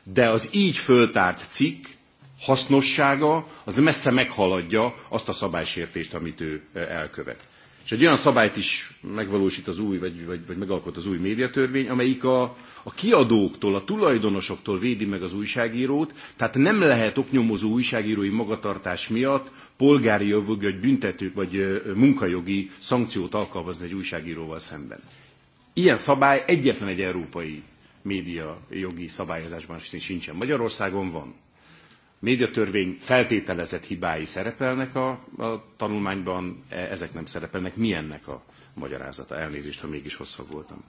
de az így föltárt cikk hasznossága az messze meghaladja azt a szabálysértést, amit ő elkövet. És egy olyan szabályt is megvalósít az új, vagy, vagy, vagy megalkot az új médiatörvény, amelyik a, a kiadóktól, a tulajdonosoktól védi meg az újságírót, tehát nem lehet oknyomozó újságírói magatartás miatt polgári jogú, vagy büntető, vagy munkajogi szankciót alkalmazni egy újságíróval szemben. Ilyen szabály egyetlen egy európai média jogi szabályozásban sincsen. Magyarországon van médiatörvény feltételezett hibái szerepelnek a, a tanulmányban, e, ezek nem szerepelnek. milyennek a magyarázata? Elnézést, ha mégis hosszabb voltam.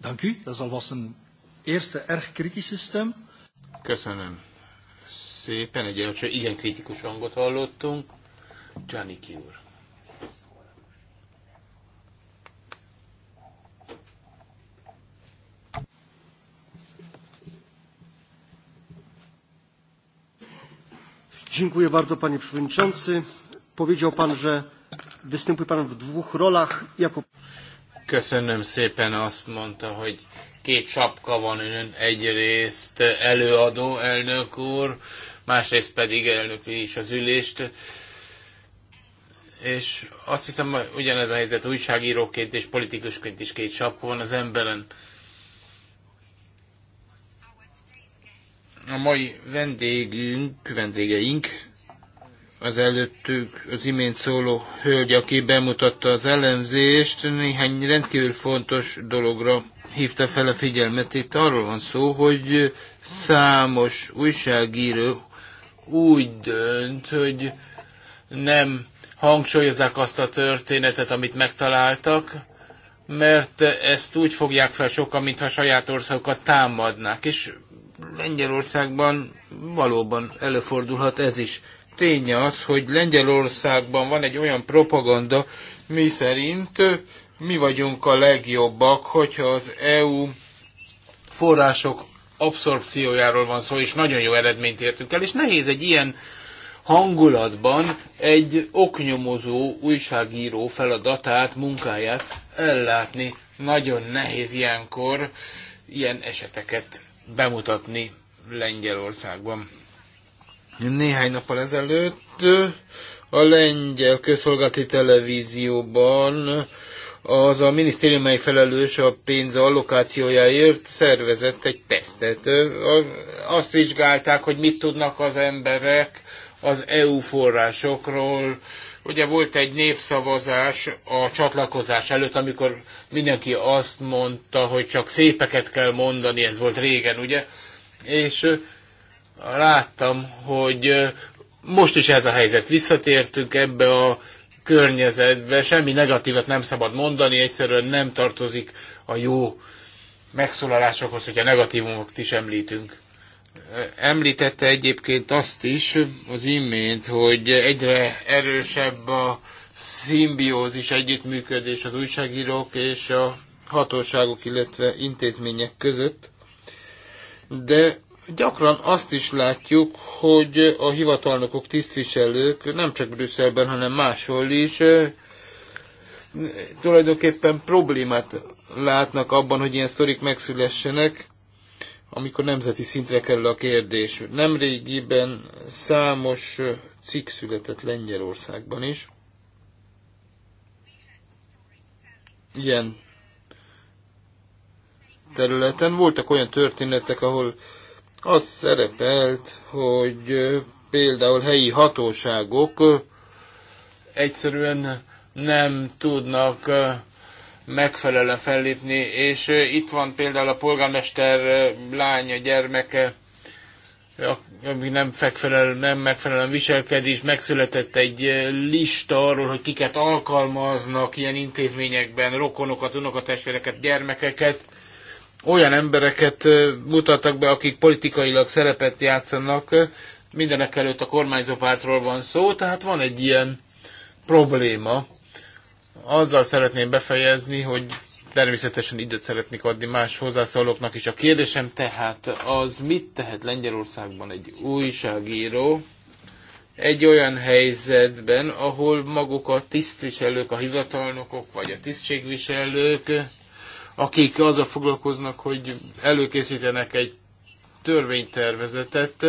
Dank u. Dat is alvast een eerste erg kritische stem. Köszönöm szépen. Egy hogy igen kritikus hangot hallottunk. Gianni úr. Dziękuję bardzo panie przewodniczący. Powiedział pan, że występuje pan w dwóch rolach jako Köszönöm szépen, azt mondta, hogy két sapka van ön, egyrészt előadó elnök úr, másrészt pedig elnök is az ülést. És azt hiszem, hogy ugyanez a helyzet újságíróként és politikusként is két sapka van az emberen. A mai vendégünk, vendégeink az előttük az imént szóló hölgy, aki bemutatta az elemzést, néhány rendkívül fontos dologra hívta fel a figyelmet. Itt arról van szó, hogy számos újságíró úgy dönt, hogy nem hangsúlyozzák azt a történetet, amit megtaláltak, mert ezt úgy fogják fel sokan, mintha saját országokat támadnák. És Lengyelországban valóban előfordulhat ez is tény az, hogy Lengyelországban van egy olyan propaganda, mi szerint mi vagyunk a legjobbak, hogyha az EU források abszorpciójáról van szó, és nagyon jó eredményt értünk el, és nehéz egy ilyen hangulatban egy oknyomozó újságíró feladatát, munkáját ellátni. Nagyon nehéz ilyenkor ilyen eseteket bemutatni Lengyelországban. Néhány nappal ezelőtt a lengyel közszolgálati televízióban az a minisztérium, mely felelős a pénz allokációjáért szervezett egy tesztet. Azt vizsgálták, hogy mit tudnak az emberek az EU forrásokról. Ugye volt egy népszavazás a csatlakozás előtt, amikor mindenki azt mondta, hogy csak szépeket kell mondani, ez volt régen, ugye? És láttam, hogy most is ez a helyzet. Visszatértünk ebbe a környezetbe, semmi negatívat nem szabad mondani, egyszerűen nem tartozik a jó megszólalásokhoz, hogyha negatívumokat is említünk. Említette egyébként azt is az imént, hogy egyre erősebb a szimbiózis együttműködés az újságírók és a hatóságok, illetve intézmények között, de Gyakran azt is látjuk, hogy a hivatalnokok, tisztviselők nem csak Brüsszelben, hanem máshol is tulajdonképpen problémát látnak abban, hogy ilyen sztorik megszülessenek, amikor nemzeti szintre kerül a kérdés. Nemrégiben számos cikk született Lengyelországban is. Ilyen területen voltak olyan történetek, ahol az szerepelt, hogy például helyi hatóságok egyszerűen nem tudnak megfelelően fellépni, és itt van például a polgármester lánya, gyermeke, ami nem, megfelelően, nem megfelelően viselkedés, megszületett egy lista arról, hogy kiket alkalmaznak ilyen intézményekben, rokonokat, unokatestvéreket, gyermekeket, olyan embereket mutattak be, akik politikailag szerepet játszanak, mindenek előtt a kormányzó pártról van szó, tehát van egy ilyen probléma. Azzal szeretném befejezni, hogy természetesen időt szeretnék adni más hozzászólóknak is. A kérdésem tehát az, mit tehet Lengyelországban egy újságíró egy olyan helyzetben, ahol maguk a tisztviselők, a hivatalnokok vagy a tisztségviselők akik azzal foglalkoznak, hogy előkészítenek egy törvénytervezetet,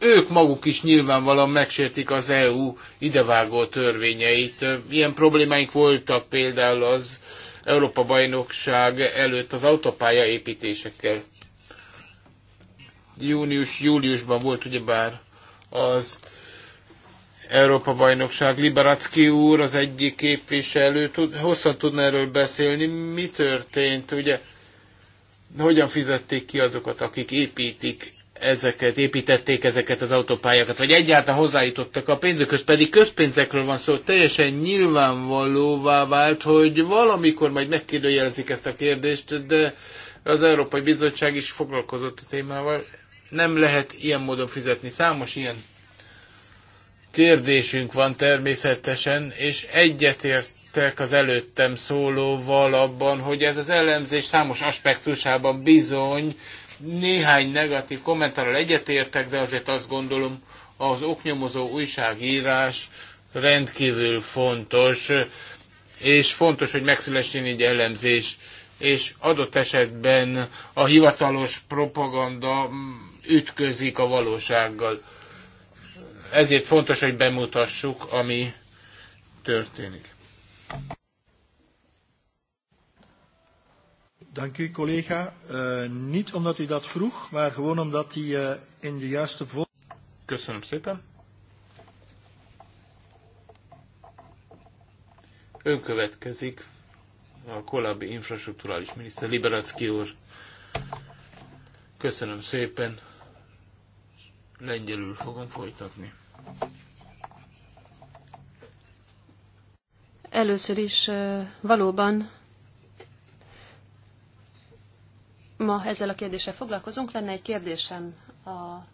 ők maguk is nyilvánvalóan megsértik az EU idevágó törvényeit. Ilyen problémáink voltak például az Európa bajnokság előtt az autópálya építésekkel. Június-júliusban volt ugyebár az Európa-bajnokság. Liberacki úr, az egyik képviselő, tud, hosszan tudna erről beszélni, mi történt, ugye, hogyan fizették ki azokat, akik építik ezeket, építették ezeket az autópályákat, vagy egyáltalán hozzájutottak a pénzökhöz, pedig közpénzekről van szó, teljesen nyilvánvalóvá vált, hogy valamikor majd megkérdőjelezik ezt a kérdést, de az Európai Bizottság is foglalkozott a témával. Nem lehet ilyen módon fizetni. Számos ilyen kérdésünk van természetesen, és egyetértek az előttem szólóval abban, hogy ez az elemzés számos aspektusában bizony néhány negatív kommentárral egyetértek, de azért azt gondolom, az oknyomozó újságírás rendkívül fontos, és fontos, hogy megszülessen egy elemzés, és adott esetben a hivatalos propaganda ütközik a valósággal ezért fontos, hogy bemutassuk, ami történik. Dank u, collega. Uh, niet omdat u dat vroeg, maar gewoon omdat die uh, in de juiste volgorde. Köszönöm szépen. Ön következik a korábbi infrastruktúrális miniszter Liberacki úr. Köszönöm szépen. Lengyelül fogom folytatni. Először is valóban ma ezzel a kérdéssel foglalkozunk. Lenne egy kérdésem a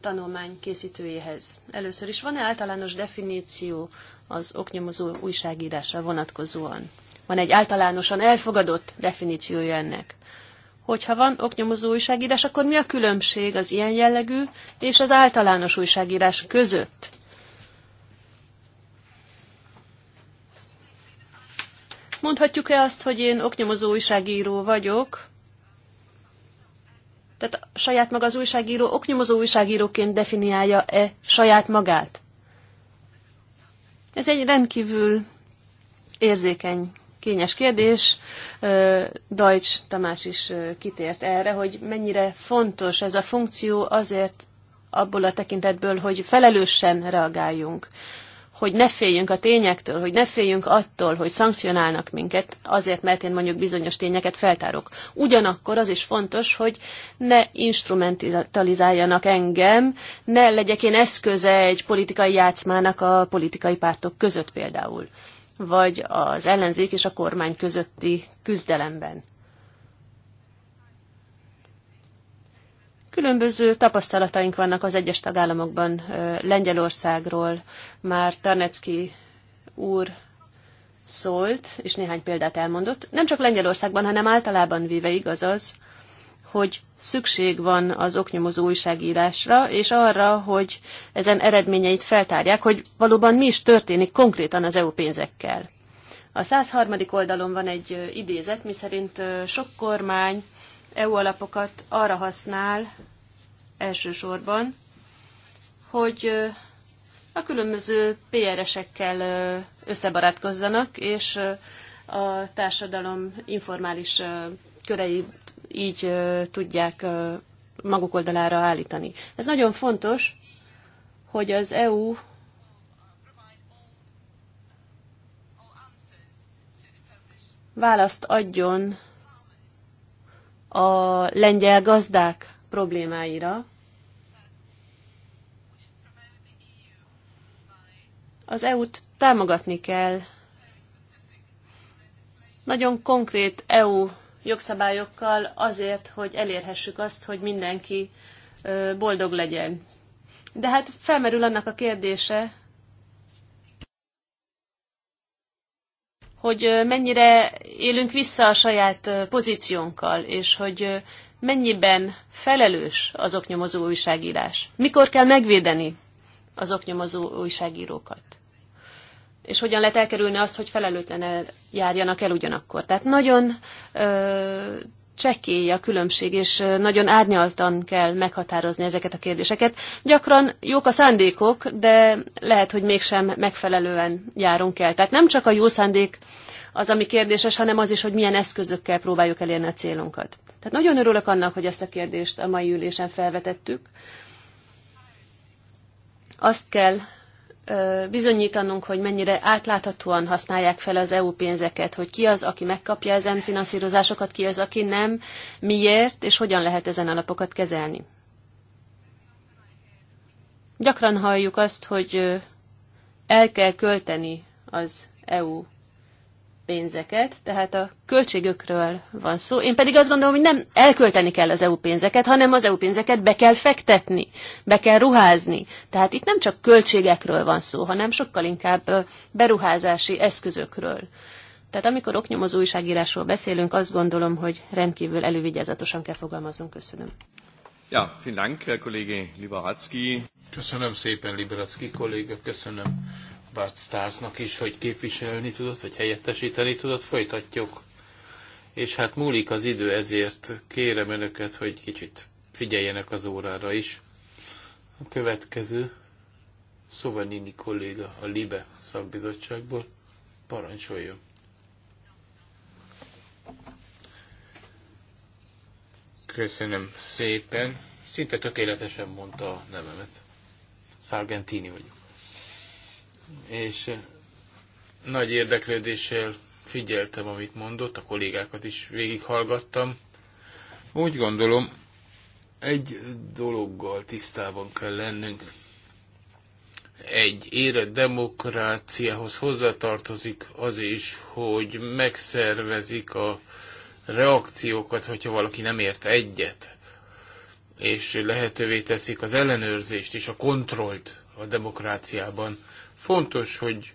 tanulmány készítőjéhez. Először is van-e általános definíció az oknyomozó újságírásra vonatkozóan? Van egy általánosan elfogadott definíciója ennek? hogyha van oknyomozó újságírás, akkor mi a különbség az ilyen jellegű és az általános újságírás között? Mondhatjuk-e azt, hogy én oknyomozó újságíró vagyok? Tehát saját maga az újságíró oknyomozó újságíróként definiálja-e saját magát? Ez egy rendkívül érzékeny kényes kérdés. Deutsch Tamás is kitért erre, hogy mennyire fontos ez a funkció azért abból a tekintetből, hogy felelősen reagáljunk, hogy ne féljünk a tényektől, hogy ne féljünk attól, hogy szankcionálnak minket, azért, mert én mondjuk bizonyos tényeket feltárok. Ugyanakkor az is fontos, hogy ne instrumentalizáljanak engem, ne legyek én eszköze egy politikai játszmának a politikai pártok között például vagy az ellenzék és a kormány közötti küzdelemben. Különböző tapasztalataink vannak az egyes tagállamokban Lengyelországról. Már Tarnecki úr szólt, és néhány példát elmondott. Nem csak Lengyelországban, hanem általában véve igaz az, hogy szükség van az oknyomozó újságírásra, és arra, hogy ezen eredményeit feltárják, hogy valóban mi is történik konkrétan az EU pénzekkel. A 103. oldalon van egy idézet, miszerint sok kormány EU alapokat arra használ elsősorban, hogy a különböző PR-esekkel összebarátkozzanak, és a társadalom informális körei így tudják maguk oldalára állítani. Ez nagyon fontos, hogy az EU választ adjon a lengyel gazdák problémáira. Az EU-t támogatni kell. Nagyon konkrét EU jogszabályokkal azért, hogy elérhessük azt, hogy mindenki boldog legyen. De hát felmerül annak a kérdése, hogy mennyire élünk vissza a saját pozíciónkkal, és hogy mennyiben felelős az oknyomozó újságírás. Mikor kell megvédeni az oknyomozó újságírókat? és hogyan lehet elkerülni azt, hogy felelőtlen járjanak el ugyanakkor. Tehát nagyon ö, csekély a különbség, és nagyon árnyaltan kell meghatározni ezeket a kérdéseket. Gyakran jók a szándékok, de lehet, hogy mégsem megfelelően járunk el. Tehát nem csak a jó szándék az, ami kérdéses, hanem az is, hogy milyen eszközökkel próbáljuk elérni a célunkat. Tehát nagyon örülök annak, hogy ezt a kérdést a mai ülésen felvetettük. Azt kell bizonyítanunk, hogy mennyire átláthatóan használják fel az EU pénzeket, hogy ki az, aki megkapja ezen finanszírozásokat, ki az, aki nem, miért, és hogyan lehet ezen alapokat kezelni. Gyakran halljuk azt, hogy el kell költeni az EU pénzeket, tehát a költségökről van szó. Én pedig azt gondolom, hogy nem elkölteni kell az EU pénzeket, hanem az EU pénzeket be kell fektetni, be kell ruházni. Tehát itt nem csak költségekről van szó, hanem sokkal inkább beruházási eszközökről. Tehát amikor oknyomozó újságírásról beszélünk, azt gondolom, hogy rendkívül elővigyázatosan kell fogalmaznunk. Köszönöm. Ja, vielen Dank, Herr Kollege Liberacki. Köszönöm szépen, Liberacki kolléga, köszönöm Bart Starsnak is, hogy képviselni tudott, vagy helyettesíteni tudott, folytatjuk. És hát múlik az idő, ezért kérem önöket, hogy kicsit figyeljenek az órára is. A következő Szovanini kolléga a LIBE szakbizottságból. Parancsoljon! Köszönöm szépen. Szinte tökéletesen mondta a nevemet. Sargentini vagyok és eh, nagy érdeklődéssel figyeltem, amit mondott, a kollégákat is végighallgattam. Úgy gondolom, egy dologgal tisztában kell lennünk. Egy érett demokráciához hozzátartozik az is, hogy megszervezik a reakciókat, hogyha valaki nem ért egyet, és lehetővé teszik az ellenőrzést és a kontrollt a demokráciában Fontos, hogy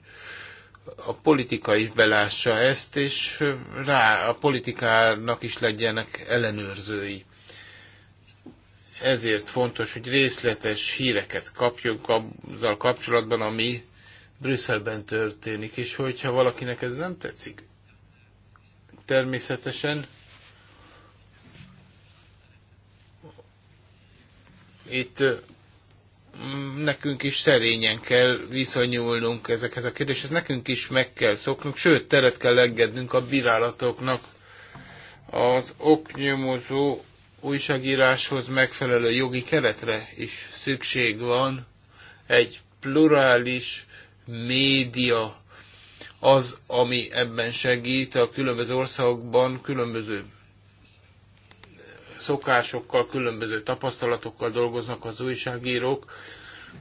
a politika is belássa ezt, és rá a politikának is legyenek ellenőrzői. Ezért fontos, hogy részletes híreket kapjunk azzal kapcsolatban, ami Brüsszelben történik, és hogyha valakinek ez nem tetszik, természetesen itt nekünk is szerényen kell viszonyulnunk ezekhez a kérdéshez, nekünk is meg kell szoknunk, sőt, teret kell engednünk a bírálatoknak. Az oknyomozó újságíráshoz megfelelő jogi keretre is szükség van. Egy plurális média az, ami ebben segít a különböző országokban, különböző szokásokkal, különböző tapasztalatokkal dolgoznak az újságírók.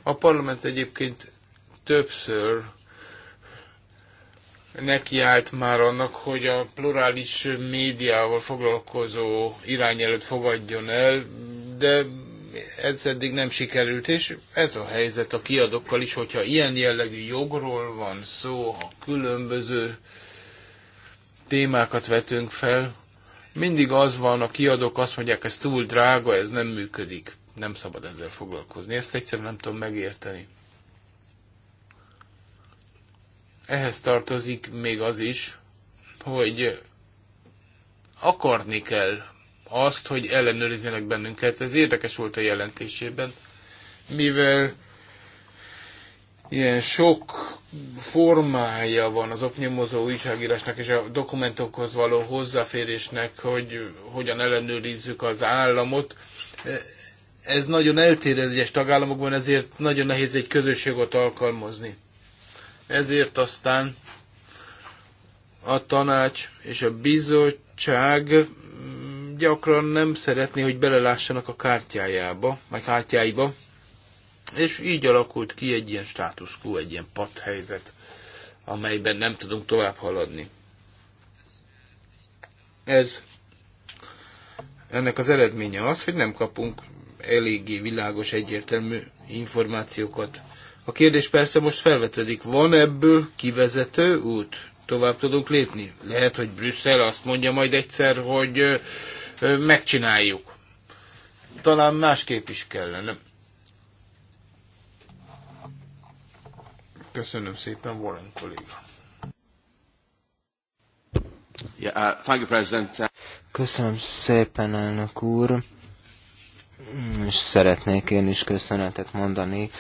A parlament egyébként többször nekiállt már annak, hogy a plurális médiával foglalkozó irányelőt fogadjon el, de ez eddig nem sikerült, és ez a helyzet a kiadókkal is, hogyha ilyen jellegű jogról van szó, ha különböző témákat vetünk fel, mindig az van, a kiadók azt mondják, ez túl drága, ez nem működik. Nem szabad ezzel foglalkozni. Ezt egyszerűen nem tudom megérteni. Ehhez tartozik még az is, hogy akarni kell azt, hogy ellenőrizzenek bennünket. Ez érdekes volt a jelentésében, mivel ilyen sok formája van az oknyomozó újságírásnak és a dokumentokhoz való hozzáférésnek, hogy hogyan ellenőrizzük az államot. Ez nagyon eltér az egyes tagállamokban, ezért nagyon nehéz egy közösségot alkalmazni. Ezért aztán a tanács és a bizottság gyakran nem szeretné, hogy belelássanak a kártyájába, vagy kártyáiba, és így alakult ki egy ilyen status quo, egy ilyen helyzet, amelyben nem tudunk tovább haladni. Ez ennek az eredménye az, hogy nem kapunk eléggé világos, egyértelmű információkat. A kérdés persze most felvetődik, van ebből kivezető út? Tovább tudunk lépni? Lehet, hogy Brüsszel azt mondja majd egyszer, hogy megcsináljuk. Talán másképp is kellene. Köszönöm szépen, Warren kolléga. Yeah, uh, thank you, President. Köszönöm szépen, elnök úr. És szeretnék én is köszönetet mondani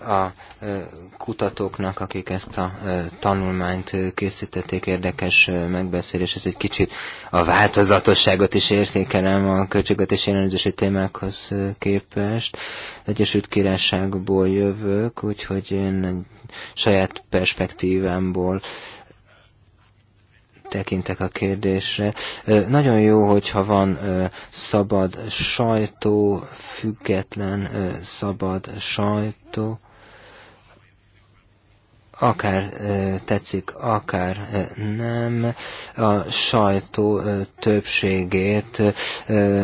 a e, kutatóknak, akik ezt a e, tanulmányt e, készítették, érdekes megbeszélés. Ez egy kicsit a változatosságot is értékelem a költségvetési ellenőrzési témákhoz képest. Egyesült Királyságból jövök, úgyhogy én egy saját perspektívámból tekintek a kérdésre. Nagyon jó, hogyha van szabad sajtó, független szabad sajtó, akár tetszik, akár nem, a sajtó többségét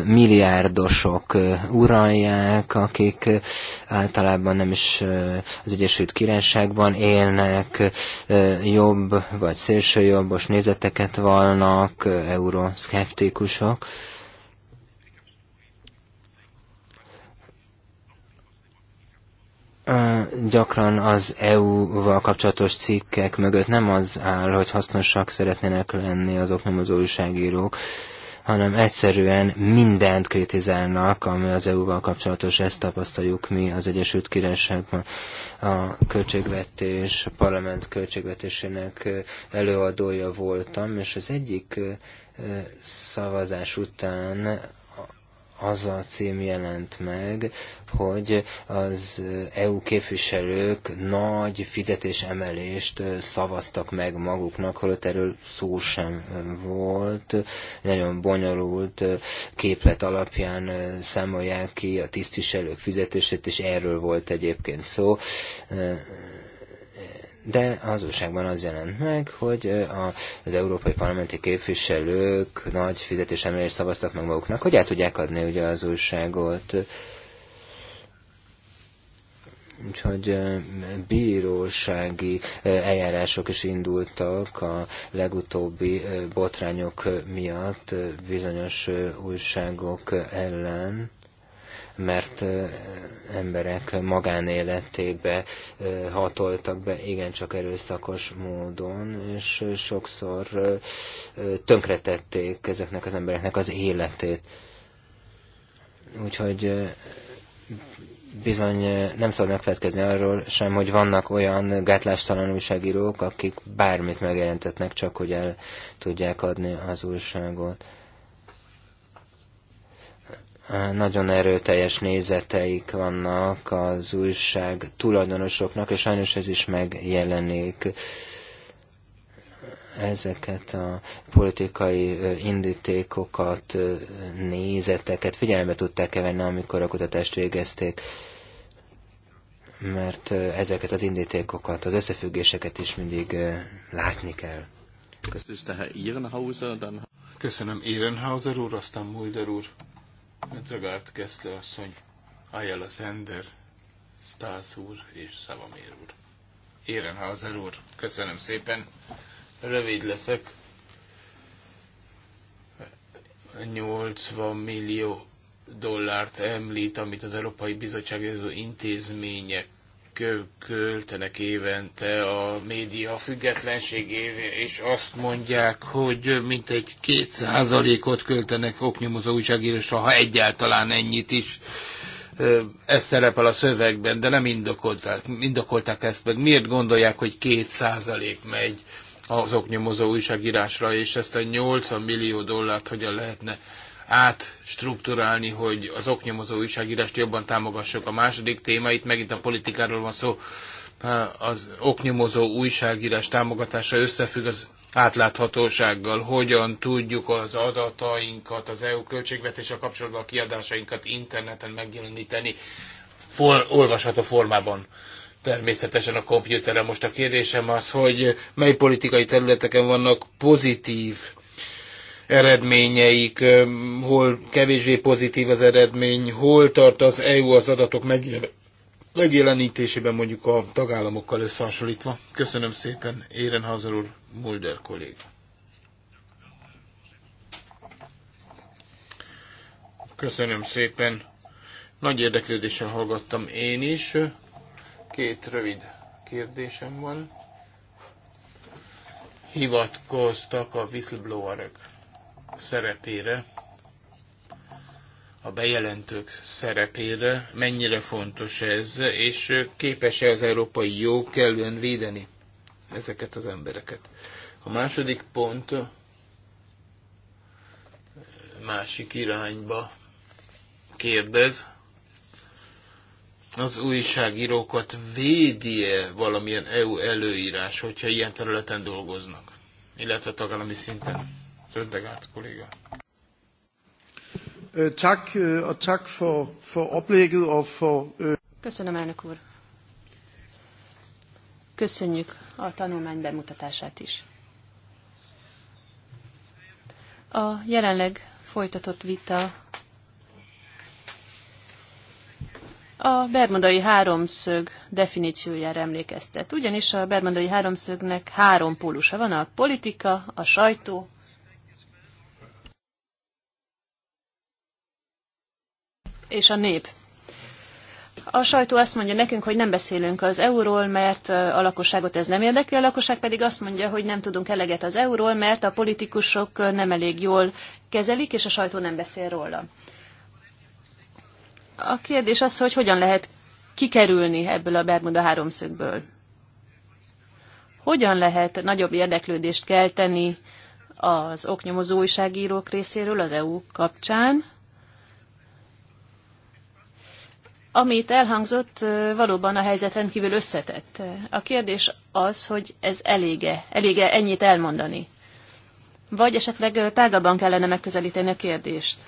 milliárdosok uralják, akik általában nem is az Egyesült Királyságban élnek, jobb vagy szélsőjobbos nézeteket vallnak, euroszkeptikusok. Gyakran az EU-val kapcsolatos cikkek mögött nem az áll, hogy hasznosak szeretnének lenni azok, nem az újságírók, hanem egyszerűen mindent kritizálnak, ami az EU-val kapcsolatos, ezt tapasztaljuk mi az Egyesült Királyságban. A költségvetés, a parlament költségvetésének előadója voltam, és az egyik szavazás után az a cím jelent meg, hogy az EU képviselők nagy fizetésemelést szavaztak meg maguknak, holott erről szó sem volt. Nagyon bonyolult képlet alapján számolják ki a tisztviselők fizetését, és erről volt egyébként szó de az újságban az jelent meg, hogy a az európai parlamenti képviselők nagy fizetésemelést szavaztak meg maguknak, hogy el tudják adni ugye az újságot. Úgyhogy bírósági eljárások is indultak a legutóbbi botrányok miatt bizonyos újságok ellen mert emberek magánéletébe hatoltak be igencsak erőszakos módon, és sokszor tönkretették ezeknek az embereknek az életét. Úgyhogy bizony nem szabad megfelelkezni arról sem, hogy vannak olyan gátlástalan újságírók, akik bármit megjelentetnek, csak hogy el tudják adni az újságot nagyon erőteljes nézeteik vannak az újság tulajdonosoknak, és sajnos ez is megjelenik ezeket a politikai indítékokat, nézeteket figyelembe tudták-e venni, amikor a kutatást végezték, mert ezeket az indítékokat, az összefüggéseket is mindig látni kell. Köszönöm, Ehrenhauser úr, aztán Mulder úr. Tragart kezdte asszony, a Szender, Stász úr és Szavamér úr. Érenházer úr, köszönöm szépen. Rövid leszek. 80 millió dollárt említ, amit az Európai Bizottság intézmények költenek évente a média függetlenségére, és azt mondják, hogy mintegy két százalékot költenek oknyomozó újságírásra, ha egyáltalán ennyit is. Ez szerepel a szövegben, de nem indokolták, indokolták ezt meg. Miért gondolják, hogy két százalék megy az oknyomozó újságírásra, és ezt a 80 millió dollárt hogyan lehetne átstruktúrálni, hogy az oknyomozó újságírást jobban támogassuk. A második téma, itt megint a politikáról van szó, az oknyomozó újságírás támogatása összefügg az átláthatósággal, hogyan tudjuk az adatainkat, az EU költségvetése kapcsolatban a kiadásainkat interneten megjeleníteni, for, olvasható formában. Természetesen a kompjúterre. Most a kérdésem az, hogy mely politikai területeken vannak pozitív eredményeik, hol kevésbé pozitív az eredmény, hol tart az EU az adatok megjelenítésében mondjuk a tagállamokkal összehasonlítva. Köszönöm szépen, Érenhauser úr, Mulder kolléga. Köszönöm szépen. Nagy érdeklődéssel hallgattam én is. Két rövid kérdésem van hivatkoztak a whistleblowerek szerepére, a bejelentők szerepére, mennyire fontos ez, és képes-e az európai jó kellően védeni ezeket az embereket. A második pont másik irányba kérdez, az újságírókat védi-e valamilyen EU előírás, hogyha ilyen területen dolgoznak, illetve tagállami szinten? kollega. Øh, tak, øh, og tak for, for oplægget og for... Øh, Köszönöm, elnök úr. Köszönjük a tanulmány bemutatását is. A jelenleg folytatott vita a bermudai háromszög definíciójára emlékeztet. Ugyanis a bermudai háromszögnek három pólusa van, a politika, a sajtó és a nép. A sajtó azt mondja nekünk, hogy nem beszélünk az euról, mert a lakosságot ez nem érdekli, a lakosság pedig azt mondja, hogy nem tudunk eleget az euról, mert a politikusok nem elég jól kezelik, és a sajtó nem beszél róla. A kérdés az, hogy hogyan lehet kikerülni ebből a Bermuda háromszögből. Hogyan lehet nagyobb érdeklődést kelteni az oknyomozó újságírók részéről az EU kapcsán, Amit elhangzott, valóban a helyzet rendkívül összetett. A kérdés az, hogy ez elége, elége ennyit elmondani. Vagy esetleg tágabban kellene megközelíteni a kérdést.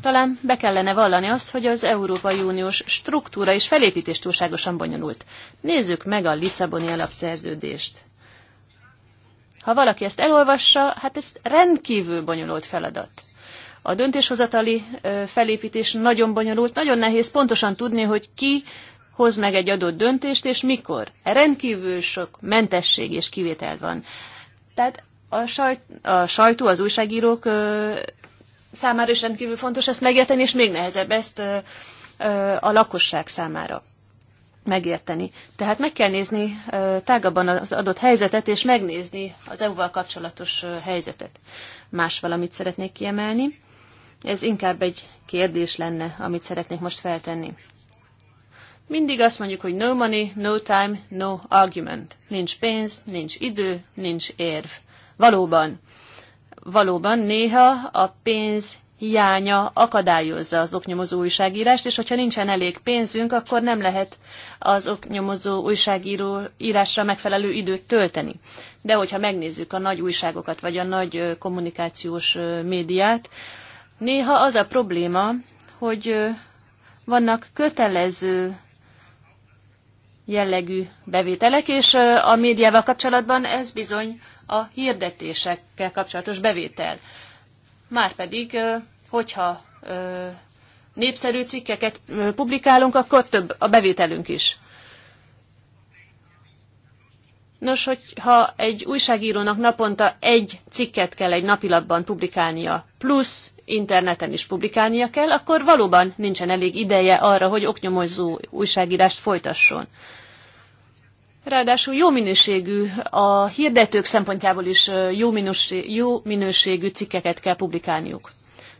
Talán be kellene vallani azt, hogy az Európai Uniós struktúra és felépítés túlságosan bonyolult. Nézzük meg a Lisszaboni alapszerződést. Ha valaki ezt elolvassa, hát ez rendkívül bonyolult feladat. A döntéshozatali felépítés nagyon bonyolult, nagyon nehéz pontosan tudni, hogy ki hoz meg egy adott döntést, és mikor. E rendkívül sok mentesség és kivétel van. Tehát a, sajt, a sajtó, az újságírók ö, számára is rendkívül fontos ezt megérteni, és még nehezebb ezt ö, ö, a lakosság számára megérteni. Tehát meg kell nézni ö, tágabban az adott helyzetet, és megnézni az EU-val kapcsolatos ö, helyzetet. Más valamit szeretnék kiemelni. Ez inkább egy kérdés lenne, amit szeretnék most feltenni. Mindig azt mondjuk, hogy no money, no time, no argument. Nincs pénz, nincs idő, nincs érv. Valóban. Valóban néha a pénz hiánya akadályozza az oknyomozó újságírást, és hogyha nincsen elég pénzünk, akkor nem lehet az oknyomozó újságíró írásra megfelelő időt tölteni. De hogyha megnézzük a nagy újságokat, vagy a nagy kommunikációs médiát, Néha az a probléma, hogy vannak kötelező jellegű bevételek, és a médiával kapcsolatban ez bizony a hirdetésekkel kapcsolatos bevétel. Márpedig, hogyha népszerű cikkeket publikálunk, akkor több a bevételünk is. Nos, hogyha egy újságírónak naponta egy cikket kell egy napilapban publikálnia, plusz interneten is publikálnia kell, akkor valóban nincsen elég ideje arra, hogy oknyomozó újságírást folytasson. Ráadásul jó minőségű, a hirdetők szempontjából is jó, minőségű, jó minőségű cikkeket kell publikálniuk.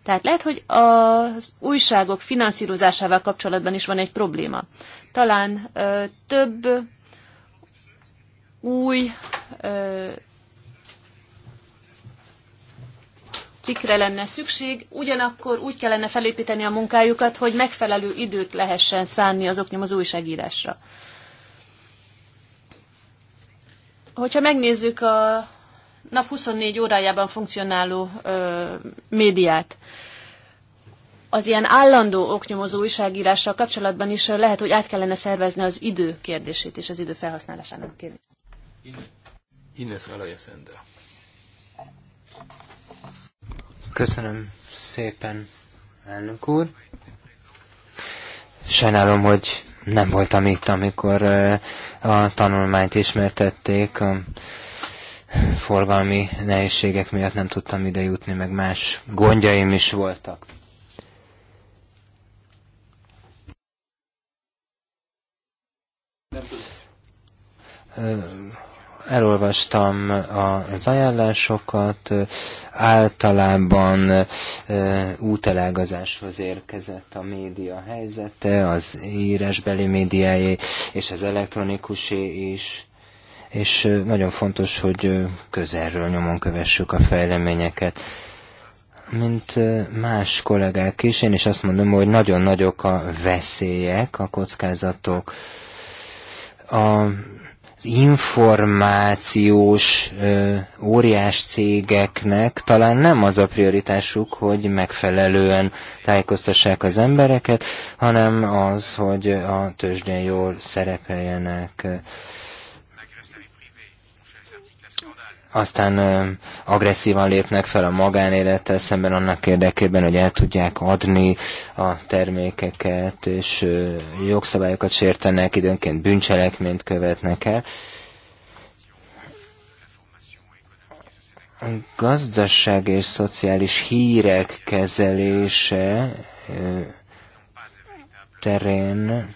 Tehát lehet, hogy az újságok finanszírozásával kapcsolatban is van egy probléma. Talán ö, több új ö, cikkre lenne szükség, ugyanakkor úgy kellene felépíteni a munkájukat, hogy megfelelő időt lehessen szánni azoknyom az újságírásra. Hogyha megnézzük a nap 24 órájában funkcionáló ö, médiát, az ilyen állandó oknyomozó újságírással kapcsolatban is lehet, hogy át kellene szervezni az idő kérdését és az idő felhasználásának kérdését. Ines Alaya Szendel. Köszönöm szépen, elnök úr. Sajnálom, hogy nem voltam itt, amikor eh, a tanulmányt ismertették. A forgalmi nehézségek miatt nem tudtam ide jutni, meg más gondjaim is voltak. Nem tudom elolvastam az ajánlásokat, általában útelágazáshoz érkezett a média helyzete, az írásbeli médiájé és az elektronikusé is, és nagyon fontos, hogy közelről nyomon kövessük a fejleményeket mint más kollégák is, én is azt mondom, hogy nagyon nagyok a veszélyek, a kockázatok. A információs ö, óriás cégeknek talán nem az a prioritásuk, hogy megfelelően tájékoztassák az embereket, hanem az, hogy a tőzsdén jól szerepeljenek. Ö, aztán agresszívan lépnek fel a magánélettel szemben annak érdekében, hogy el tudják adni a termékeket, és jogszabályokat sértenek, időnként bűncselekményt követnek el. A gazdaság és szociális hírek kezelése terén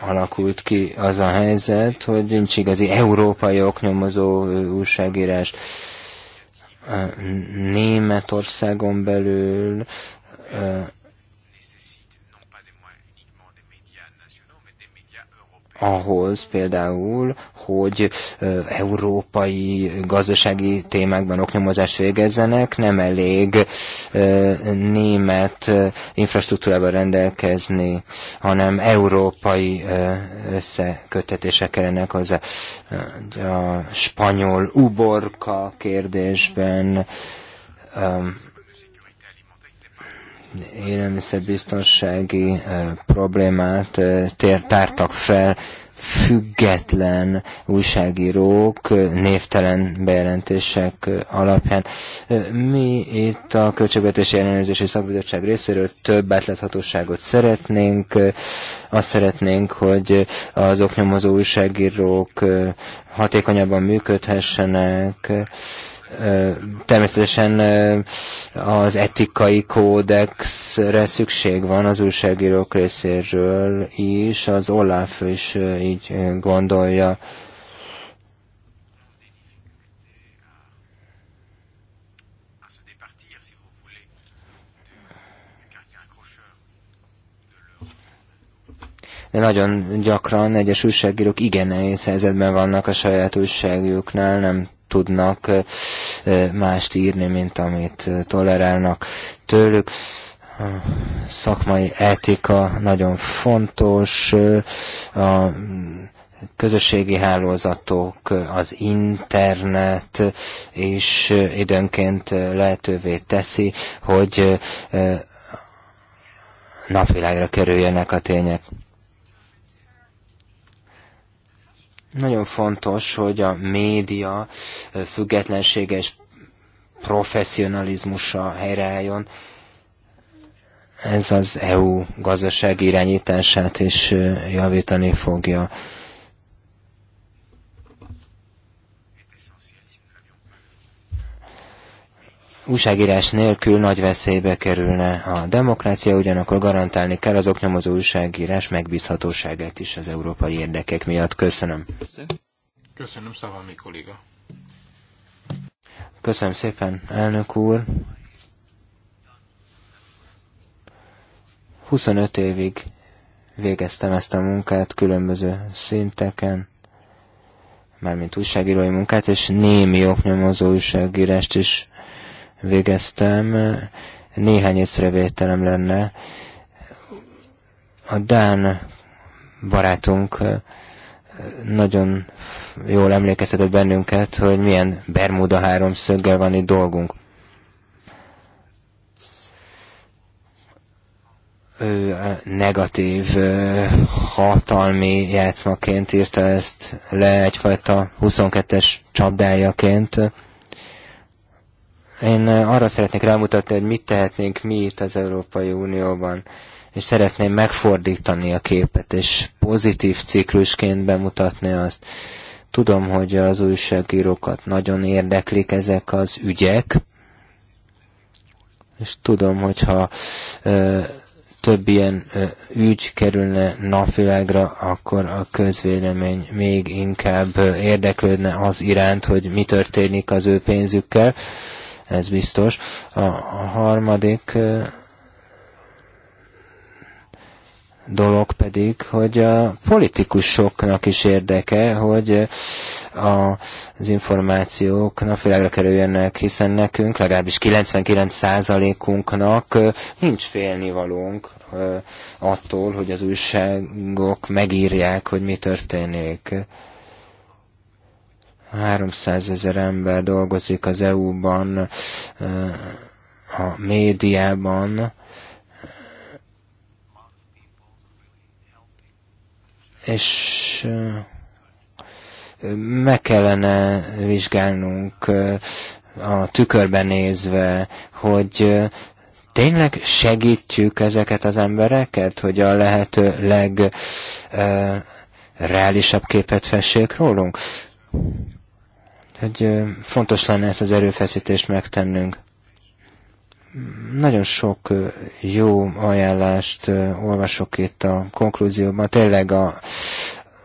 alakult ki az a helyzet, hogy nincs igazi európai oknyomozó újságírás Németországon belül ahhoz például, hogy európai gazdasági témákban oknyomozást végezzenek, nem elég német infrastruktúrával rendelkezni, hanem európai összekötetések kellenek hozzá. A spanyol uborka kérdésben élelmiszerbiztonsági problémát tártak fel független újságírók névtelen bejelentések alapján. Mi itt a Költségvetési Ellenőrzési Szakbizottság részéről több átláthatóságot szeretnénk. Azt szeretnénk, hogy az oknyomozó újságírók hatékonyabban működhessenek, Természetesen az etikai kódexre szükség van az újságírók részéről is, az Olaf is így gondolja. de nagyon gyakran egyes újságírók igen nehéz helyzetben vannak a saját újságjuknál, nem tudnak mást írni, mint amit tolerálnak tőlük. A szakmai etika nagyon fontos, a közösségi hálózatok, az internet is időnként lehetővé teszi, hogy napvilágra kerüljenek a tények. Nagyon fontos, hogy a média függetlensége és professzionalizmusa helyreálljon. Ez az EU gazdasági irányítását is javítani fogja. újságírás nélkül nagy veszélybe kerülne a demokrácia, ugyanakkor garantálni kell az oknyomozó újságírás megbízhatóságát is az európai érdekek miatt. Köszönöm. Köszönöm, Szavami kolléga. Köszönöm szépen, elnök úr. 25 évig végeztem ezt a munkát különböző szinteken, mármint újságírói munkát, és némi oknyomozó újságírást is végeztem, néhány észrevételem lenne. A Dán barátunk nagyon jól emlékeztetett bennünket, hogy milyen Bermuda háromszöggel van itt dolgunk. Ő negatív, hatalmi játszmaként írta ezt le egyfajta 22-es csapdájaként én eh, arra szeretnék rámutatni, hogy mit tehetnénk mi itt az Európai Unióban, és szeretném megfordítani a képet, és pozitív ciklusként bemutatni azt. Tudom, hogy az újságírókat nagyon érdeklik ezek az ügyek, és tudom, hogyha ö, több ilyen ö, ügy kerülne napvilágra, akkor a közvélemény még inkább érdeklődne az iránt, hogy mi történik az ő pénzükkel. Ö, ez biztos. A harmadik dolog pedig, hogy a politikusoknak is érdeke, hogy a az információk napvilágra kerüljenek, hiszen nekünk, legalábbis 99%-unknak nincs félnivalónk attól, hogy az újságok megírják, hogy mi történik. 300 ezer ember dolgozik az EU-ban, eh, a médiában, és eh, meg kellene vizsgálnunk eh, a tükörben nézve, hogy tényleg segítjük ezeket az embereket, hogy a lehető legreálisabb képet fessék rólunk? Hogy fontos lenne ezt az erőfeszítést megtennünk. Nagyon sok jó ajánlást olvasok itt a konklúzióban. Tényleg a,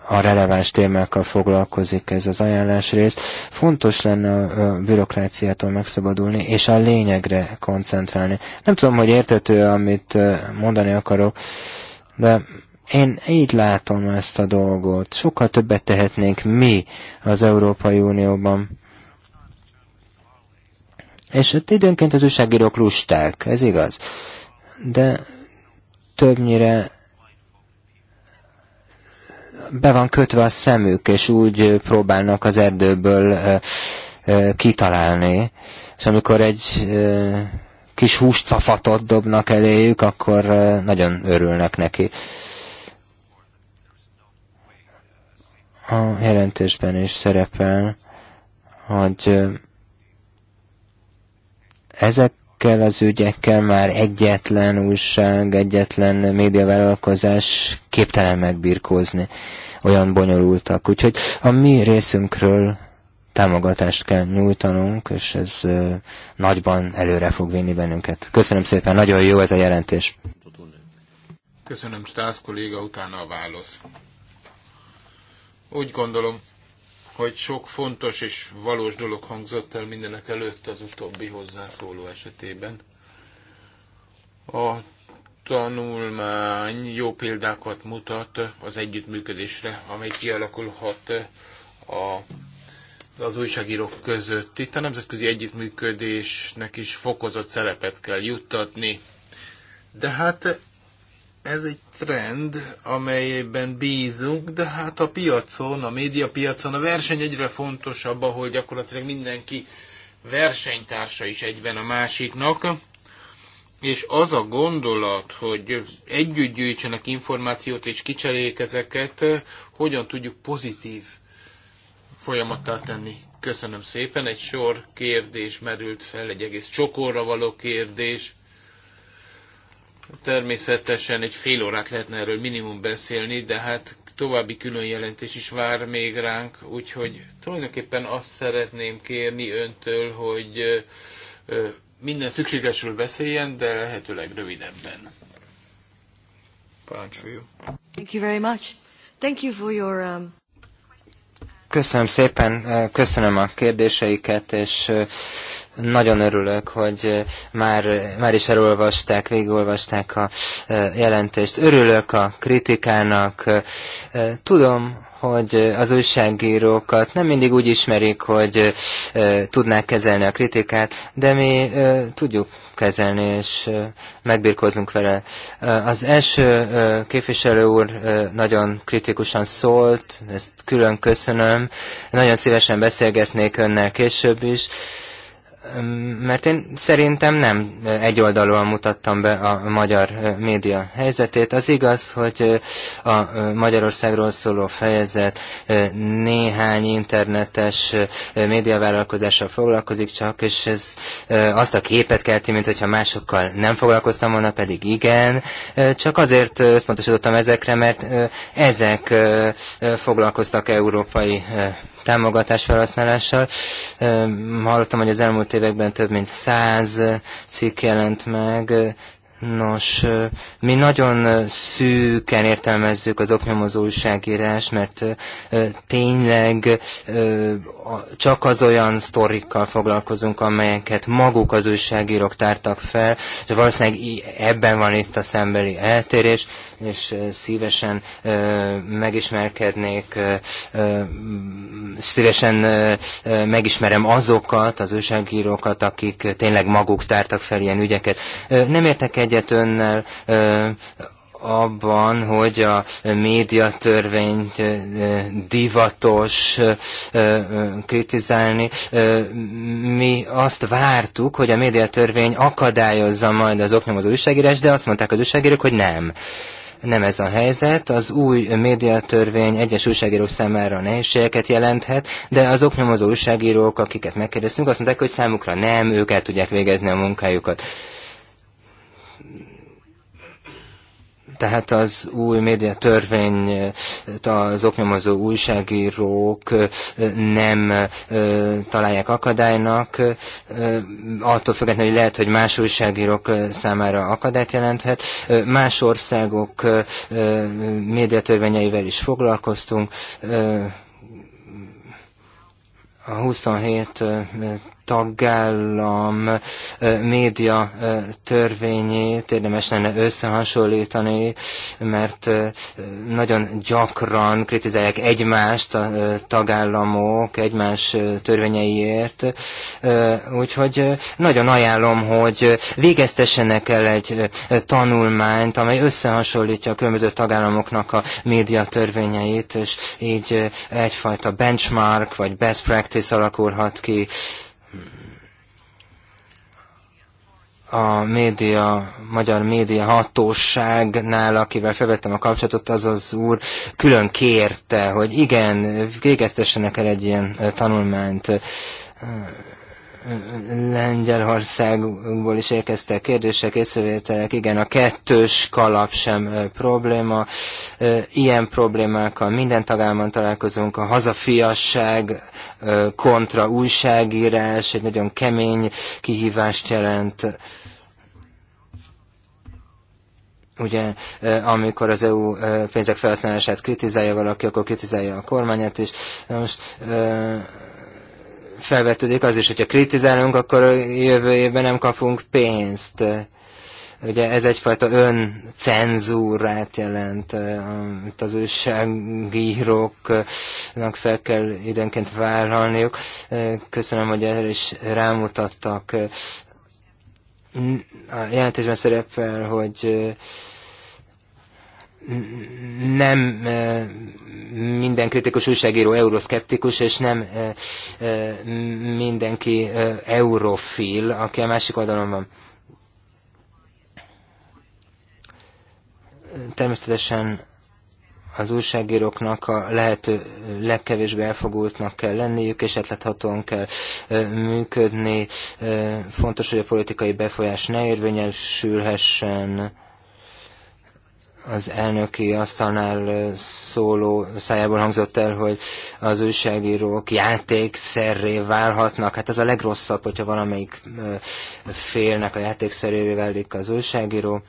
a releváns témákkal foglalkozik ez az ajánlás rész. Fontos lenne a bürokráciától megszabadulni, és a lényegre koncentrálni. Nem tudom, hogy értető, amit mondani akarok, de én így látom ezt a dolgot. Sokkal többet tehetnénk mi az Európai Unióban. És ott időnként az újságírók lusták, ez igaz. De többnyire be van kötve a szemük, és úgy próbálnak az erdőből kitalálni. És amikor egy kis húscafatot dobnak eléjük, akkor nagyon örülnek neki. A jelentésben is szerepel, hogy ezekkel az ügyekkel már egyetlen újság, egyetlen médiavállalkozás képtelen megbirkózni. Olyan bonyolultak. Úgyhogy a mi részünkről támogatást kell nyújtanunk, és ez nagyban előre fog vinni bennünket. Köszönöm szépen, nagyon jó ez a jelentés. Köszönöm, Stász kolléga, utána a válasz. Úgy gondolom, hogy sok fontos és valós dolog hangzott el mindenek előtt az utóbbi hozzászóló esetében. A tanulmány jó példákat mutat az együttműködésre, amely kialakulhat a, az újságírók között. Itt a nemzetközi együttműködésnek is fokozott szerepet kell juttatni. De hát ez egy trend, amelyben bízunk, de hát a piacon, a médiapiacon a verseny egyre fontosabb, ahol gyakorlatilag mindenki versenytársa is egyben a másiknak, és az a gondolat, hogy együtt gyűjtsenek információt és kicserék ezeket, hogyan tudjuk pozitív folyamattá tenni. Köszönöm szépen, egy sor kérdés merült fel, egy egész csokorra való kérdés Természetesen egy fél órát lehetne erről minimum beszélni, de hát további külön jelentés is vár még ránk, úgyhogy tulajdonképpen azt szeretném kérni öntől, hogy minden szükségesről beszéljen, de lehetőleg rövidebben. Parancsoljuk. Thank you very much. Thank you for your um, Köszönöm szépen, köszönöm a kérdéseiket, és nagyon örülök, hogy már, már is elolvasták, végigolvasták a jelentést. Örülök a kritikának. Tudom, hogy az újságírókat nem mindig úgy ismerik, hogy tudnák kezelni a kritikát, de mi tudjuk kezelni, és megbirkózunk vele. Az első képviselő úr nagyon kritikusan szólt, ezt külön köszönöm. Nagyon szívesen beszélgetnék önnel később is mert én szerintem nem egyoldalúan mutattam be a magyar média helyzetét. Az igaz, hogy a Magyarországról szóló fejezet néhány internetes médiavállalkozással foglalkozik csak, és ez azt a képet kelti, mint hogyha másokkal nem foglalkoztam volna, pedig igen. Csak azért összpontosítottam ezekre, mert ezek foglalkoztak európai támogatás felhasználással. Hallottam, hogy az elmúlt években több mint száz cikk jelent meg, Nos, mi nagyon szűken értelmezzük az oknyomozó újságírás, mert tényleg csak az olyan sztorikkal foglalkozunk, amelyeket maguk az újságírók tártak fel, és valószínűleg ebben van itt a szembeli eltérés és szívesen megismerkednék, szívesen megismerem azokat, az újságírókat, akik tényleg maguk tártak fel ilyen ügyeket. Nem értek egyet önnel abban, hogy a médiatörvényt divatos kritizálni. Mi azt vártuk, hogy a médiatörvény akadályozza majd az oknyomozó újságírás, de azt mondták az újságírók, hogy nem. Nem ez a helyzet, az új médiatörvény egyes újságírók számára nehézségeket jelenthet, de az oknyomozó újságírók, akiket megkérdeztünk, azt mondták, hogy számukra nem, ők el tudják végezni a munkájukat tehát az új média törvény eh, az oknyomozó újságírók eh, nem eh, találják akadálynak, attól függetlenül, hogy lehet, hogy más újságírók számára akadályt jelenthet. Más országok média törvényeivel is foglalkoztunk a 27 tagállam média törvényét érdemes lenne összehasonlítani, mert nagyon gyakran kritizálják egymást a tagállamok egymás törvényeiért, úgyhogy nagyon ajánlom, hogy végeztessenek el egy tanulmányt, amely összehasonlítja a különböző tagállamoknak a média törvényeit, és így egyfajta benchmark vagy best practice alakulhat ki. a média, magyar média hatóságnál, akivel felvettem a kapcsolatot, az az úr külön kérte, hogy igen, végeztessenek el egy ilyen tanulmányt. Lengyelországból is érkeztek kérdések, észrevételek, igen, a kettős kalap sem probléma. Ilyen problémákkal minden tagállamban találkozunk, a hazafiasság kontra újságírás egy nagyon kemény kihívást jelent ugye eh, amikor az EU eh, pénzek felhasználását kritizálja valaki, akkor kritizálja a kormányát is. Na most eh, felvetődik az is, hogyha kritizálunk, akkor jövő évben nem kapunk pénzt. Ugye ez egyfajta öncenzúrát jelent, amit az újságíróknak fel kell időnként vállalniuk. Köszönöm, hogy erre is rámutattak a jelentésben szerepel, hogy nem minden kritikus újságíró euroszkeptikus, és nem mindenki eurofil, aki a másik oldalon van. Természetesen az újságíróknak a lehető legkevésbé elfogultnak kell lenniük, és etlethatóan kell működni. Fontos, hogy a politikai befolyás ne érvényesülhessen az elnöki asztalnál szóló szájából hangzott el, hogy az újságírók játékszerré válhatnak. Hát ez a legrosszabb, hogyha valamelyik félnek a játékszerévé válik az újságíró.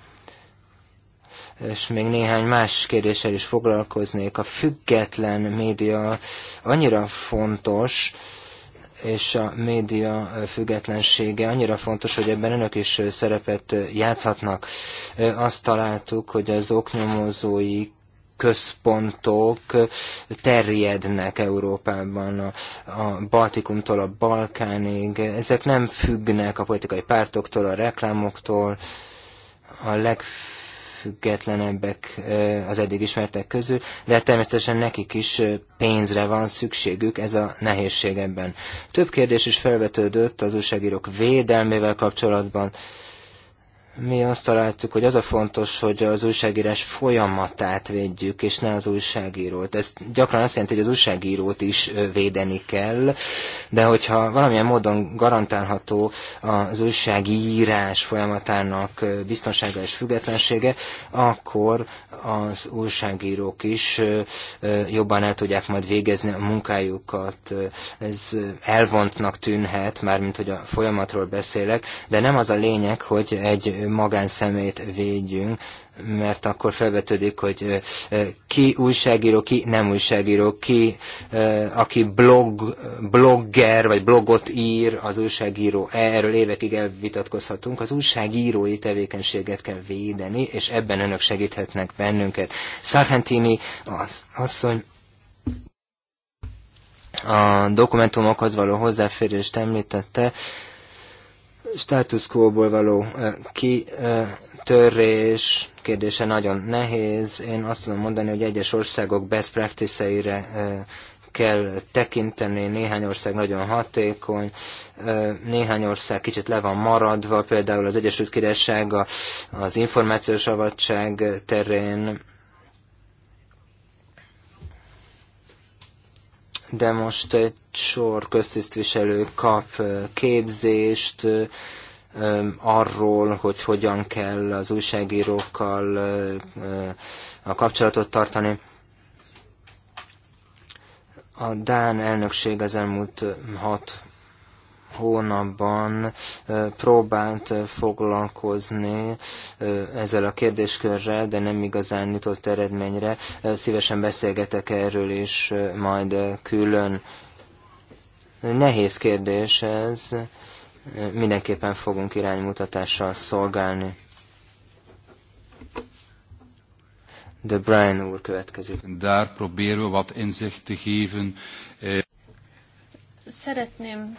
És még néhány más kérdéssel is foglalkoznék. A független média annyira fontos, és a média függetlensége annyira fontos, hogy ebben önök is szerepet játszhatnak. Azt találtuk, hogy az oknyomozói központok terjednek Európában, a, a Baltikumtól a Balkánig. Ezek nem függnek a politikai pártoktól, a reklámoktól, a legfőbb legfüggetlenebbek az eddig ismertek közül, de természetesen nekik is pénzre van szükségük, ez a nehézség ebben. Több kérdés is felvetődött az újságírók védelmével kapcsolatban mi azt találtuk, hogy az a fontos, hogy az újságírás folyamatát védjük, és ne az újságírót. Ez gyakran azt jelenti, hogy az újságírót is védeni kell, de hogyha valamilyen módon garantálható az újságírás folyamatának biztonsága és függetlensége, akkor az újságírók is jobban el tudják majd végezni a munkájukat. Ez elvontnak tűnhet, mármint hogy a folyamatról beszélek, de nem az a lényeg, hogy egy magánszemét védjünk, mert akkor felvetődik, hogy ki újságíró, ki nem újságíró, ki, aki blog, blogger vagy blogot ír, az újságíró. Erről évekig elvitatkozhatunk. Az újságírói tevékenységet kell védeni, és ebben önök segíthetnek bennünket. Sargentini az, asszony a dokumentumokhoz való hozzáférést említette, státuszkóból való ki törés kérdése nagyon nehéz. Én azt tudom mondani, hogy egyes országok best practice-eire kell tekinteni, néhány ország nagyon hatékony, néhány ország kicsit le van maradva, például az Egyesült Királyság az információs szabadság terén, de most egy sor köztisztviselő kap képzést, arról, hogy hogyan kell az újságírókkal a kapcsolatot tartani. A Dán elnökség az elmúlt hat hónapban próbált foglalkozni ezzel a kérdéskörrel, de nem igazán jutott eredményre. Szívesen beszélgetek erről is majd külön. Nehéz kérdés ez mindenképpen fogunk iránymutatással szolgálni. De Brian úr következik. Daar proberen we wat inzicht te geven. Eh. Szeretném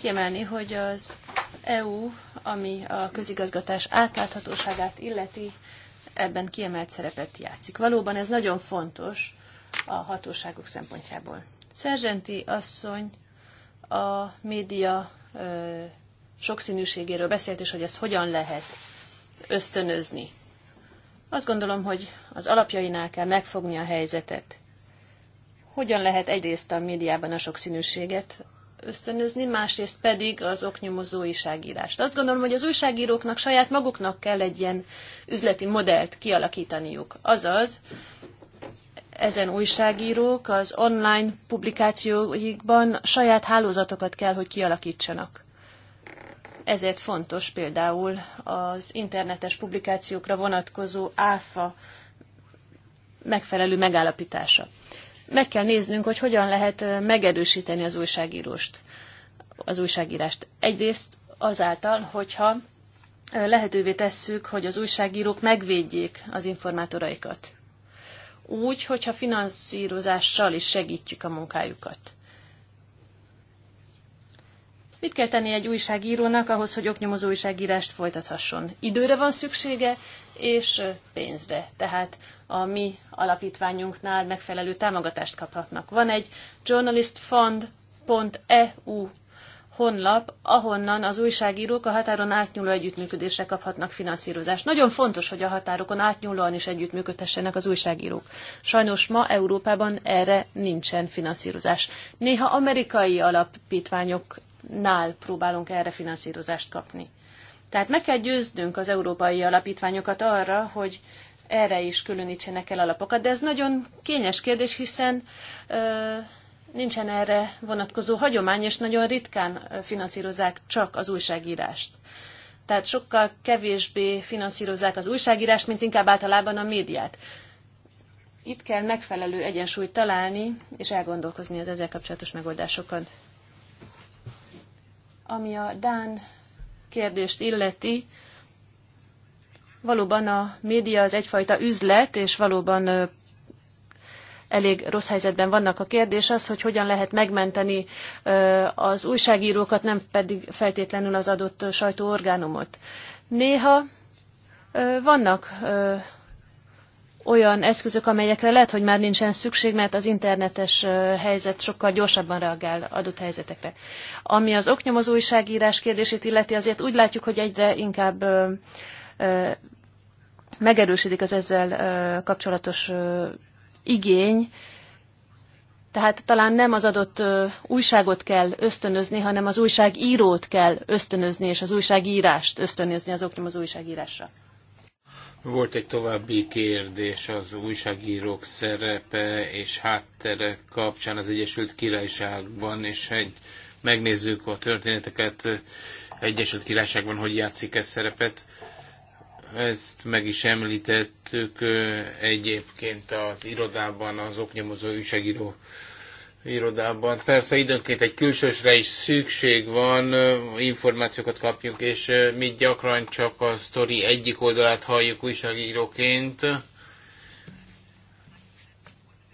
kiemelni, hogy az EU, ami a közigazgatás átláthatóságát illeti, ebben kiemelt szerepet játszik. Valóban ez nagyon fontos a hatóságok szempontjából. Szerzsenti asszony a média sokszínűségéről beszélt, és hogy ezt hogyan lehet ösztönözni. Azt gondolom, hogy az alapjainál kell megfogni a helyzetet. Hogyan lehet egyrészt a médiában a sokszínűséget ösztönözni, másrészt pedig az oknyomozó újságírást. Azt gondolom, hogy az újságíróknak saját maguknak kell egy ilyen üzleti modellt kialakítaniuk. Azaz, ezen újságírók az online publikációikban saját hálózatokat kell, hogy kialakítsanak. Ezért fontos például az internetes publikációkra vonatkozó áfa megfelelő megállapítása. Meg kell néznünk, hogy hogyan lehet megerősíteni az újságíróst, az újságírást. Egyrészt azáltal, hogyha lehetővé tesszük, hogy az újságírók megvédjék az informátoraikat úgy, hogyha finanszírozással is segítjük a munkájukat. Mit kell tenni egy újságírónak ahhoz, hogy oknyomozó újságírást folytathasson? Időre van szüksége, és pénzre. Tehát a mi alapítványunknál megfelelő támogatást kaphatnak. Van egy journalistfund.eu honlap, ahonnan az újságírók a határon átnyúló együttműködésre kaphatnak finanszírozást. Nagyon fontos, hogy a határokon átnyúlóan is együttműködhessenek az újságírók. Sajnos ma Európában erre nincsen finanszírozás. Néha amerikai alapítványoknál próbálunk erre finanszírozást kapni. Tehát meg kell győznünk az európai alapítványokat arra, hogy erre is különítsenek el alapokat, de ez nagyon kényes kérdés, hiszen ö, nincsen erre vonatkozó hagyomány, és nagyon ritkán finanszírozzák csak az újságírást. Tehát sokkal kevésbé finanszírozzák az újságírást, mint inkább általában a médiát. Itt kell megfelelő egyensúlyt találni, és elgondolkozni az ezzel kapcsolatos megoldásokon. Ami a Dán kérdést illeti, valóban a média az egyfajta üzlet, és valóban elég rossz helyzetben vannak. A kérdés az, hogy hogyan lehet megmenteni az újságírókat, nem pedig feltétlenül az adott sajtóorgánumot. Néha vannak olyan eszközök, amelyekre lehet, hogy már nincsen szükség, mert az internetes helyzet sokkal gyorsabban reagál adott helyzetekre. Ami az oknyomozó újságírás kérdését illeti, azért úgy látjuk, hogy egyre inkább megerősödik az ezzel kapcsolatos igény, tehát talán nem az adott újságot kell ösztönözni, hanem az újságírót kell ösztönözni, és az újságírást ösztönözni az oknyom az újságírásra. Volt egy további kérdés az újságírók szerepe és háttere kapcsán az Egyesült Királyságban, és egy, megnézzük a történeteket Egyesült Királyságban, hogy játszik ez szerepet. Ezt meg is említettük egyébként az irodában, az oknyomozó újságíró irodában. Persze időnként egy külsősre is szükség van, információkat kapjunk, és mi gyakran csak a sztori egyik oldalát halljuk újságíróként,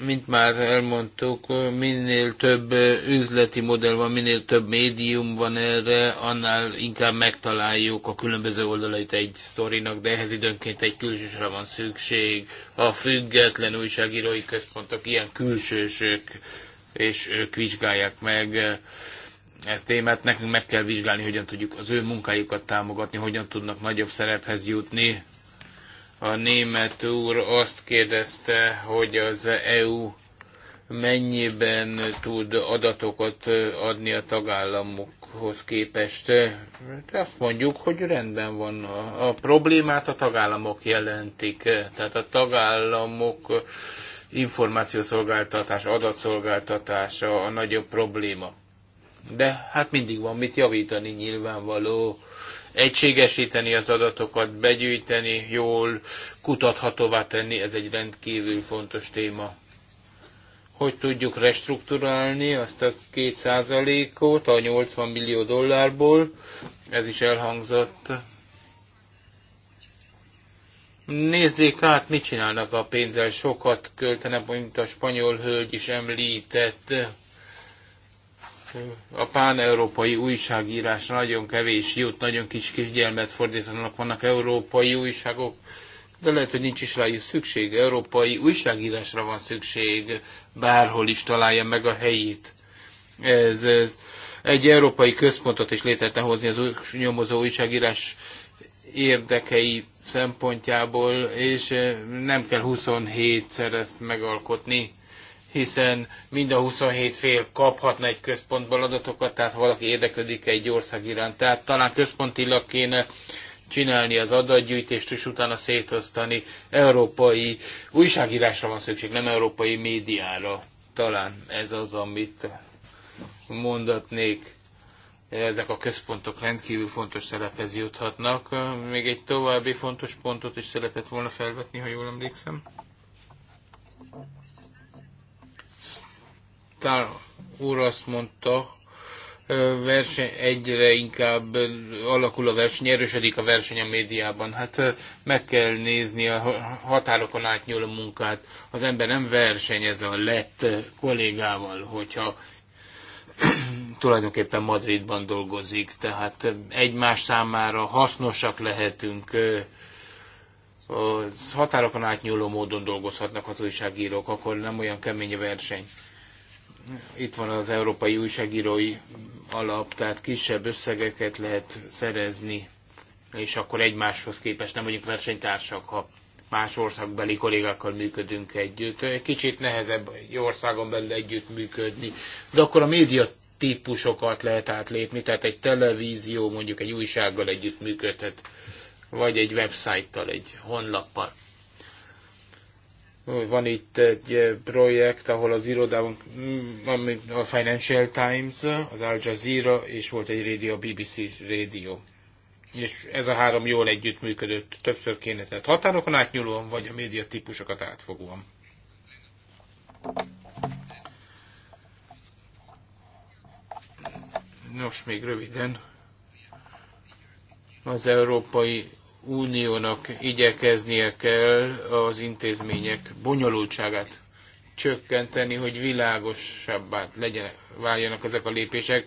mint már elmondtuk, minél több üzleti modell van, minél több médium van erre, annál inkább megtaláljuk a különböző oldalait egy sztorinak, de ehhez időnként egy külsősre van szükség. A független újságírói központok ilyen külsősök, és ők vizsgálják meg ezt témát. Nekünk meg kell vizsgálni, hogyan tudjuk az ő munkájukat támogatni, hogyan tudnak nagyobb szerephez jutni, a német úr azt kérdezte, hogy az EU mennyiben tud adatokat adni a tagállamokhoz képest. Hát azt mondjuk, hogy rendben van. A problémát a tagállamok jelentik. Tehát a tagállamok információszolgáltatás, adatszolgáltatása a nagyobb probléma. De hát mindig van mit javítani nyilvánvaló egységesíteni az adatokat, begyűjteni, jól kutathatóvá tenni, ez egy rendkívül fontos téma. Hogy tudjuk restrukturálni azt a két százalékot a 80 millió dollárból, ez is elhangzott. Nézzék át, mit csinálnak a pénzzel, sokat költenek, mint a spanyol hölgy is említett a pán-európai újságírás nagyon kevés jut, nagyon kis figyelmet fordítanak, vannak európai újságok, de lehet, hogy nincs is rájuk szükség. Európai újságírásra van szükség, bárhol is találja meg a helyét. Ez, ez egy európai központot is létre hozni az új, nyomozó újságírás érdekei szempontjából, és eh, nem kell 27-szer ezt megalkotni hiszen mind a 27 fél kaphatna egy központból adatokat, tehát ha valaki érdeklődik egy ország iránt. Tehát talán központilag kéne csinálni az adatgyűjtést, és utána szétosztani. Európai újságírásra van szükség, nem európai médiára. Talán ez az, amit mondatnék. Ezek a központok rendkívül fontos szerephez juthatnak. Még egy további fontos pontot is szeretett volna felvetni, ha jól emlékszem. Tár úr azt mondta, verseny, egyre inkább alakul a verseny, erősödik a verseny a médiában. Hát meg kell nézni a határokon átnyúló munkát. Az ember nem versenyez a lett kollégával, hogyha tulajdonképpen Madridban dolgozik, tehát egymás számára hasznosak lehetünk, az határokon átnyúló módon dolgozhatnak az újságírók, akkor nem olyan kemény a verseny. Itt van az Európai Újságírói Alap, tehát kisebb összegeket lehet szerezni, és akkor egymáshoz képest nem vagyunk versenytársak, ha más országbeli kollégákkal működünk együtt. Kicsit nehezebb egy országon belül együtt működni, de akkor a média típusokat lehet átlépni, tehát egy televízió mondjuk egy újsággal együtt működhet, vagy egy websájttal, egy honlappal. Van itt egy eh, projekt, ahol az irodában, mm, a Financial Times, az Al Jazeera, és volt egy rádió, a BBC rádió. És ez a három jól együttműködött, többször kéne, tehát határokon átnyúlóan, vagy a média típusokat átfogóan. Nos, még röviden. Az európai Uniónak igyekeznie kell az intézmények bonyolultságát csökkenteni, hogy világosabbá legyen, váljanak ezek a lépések.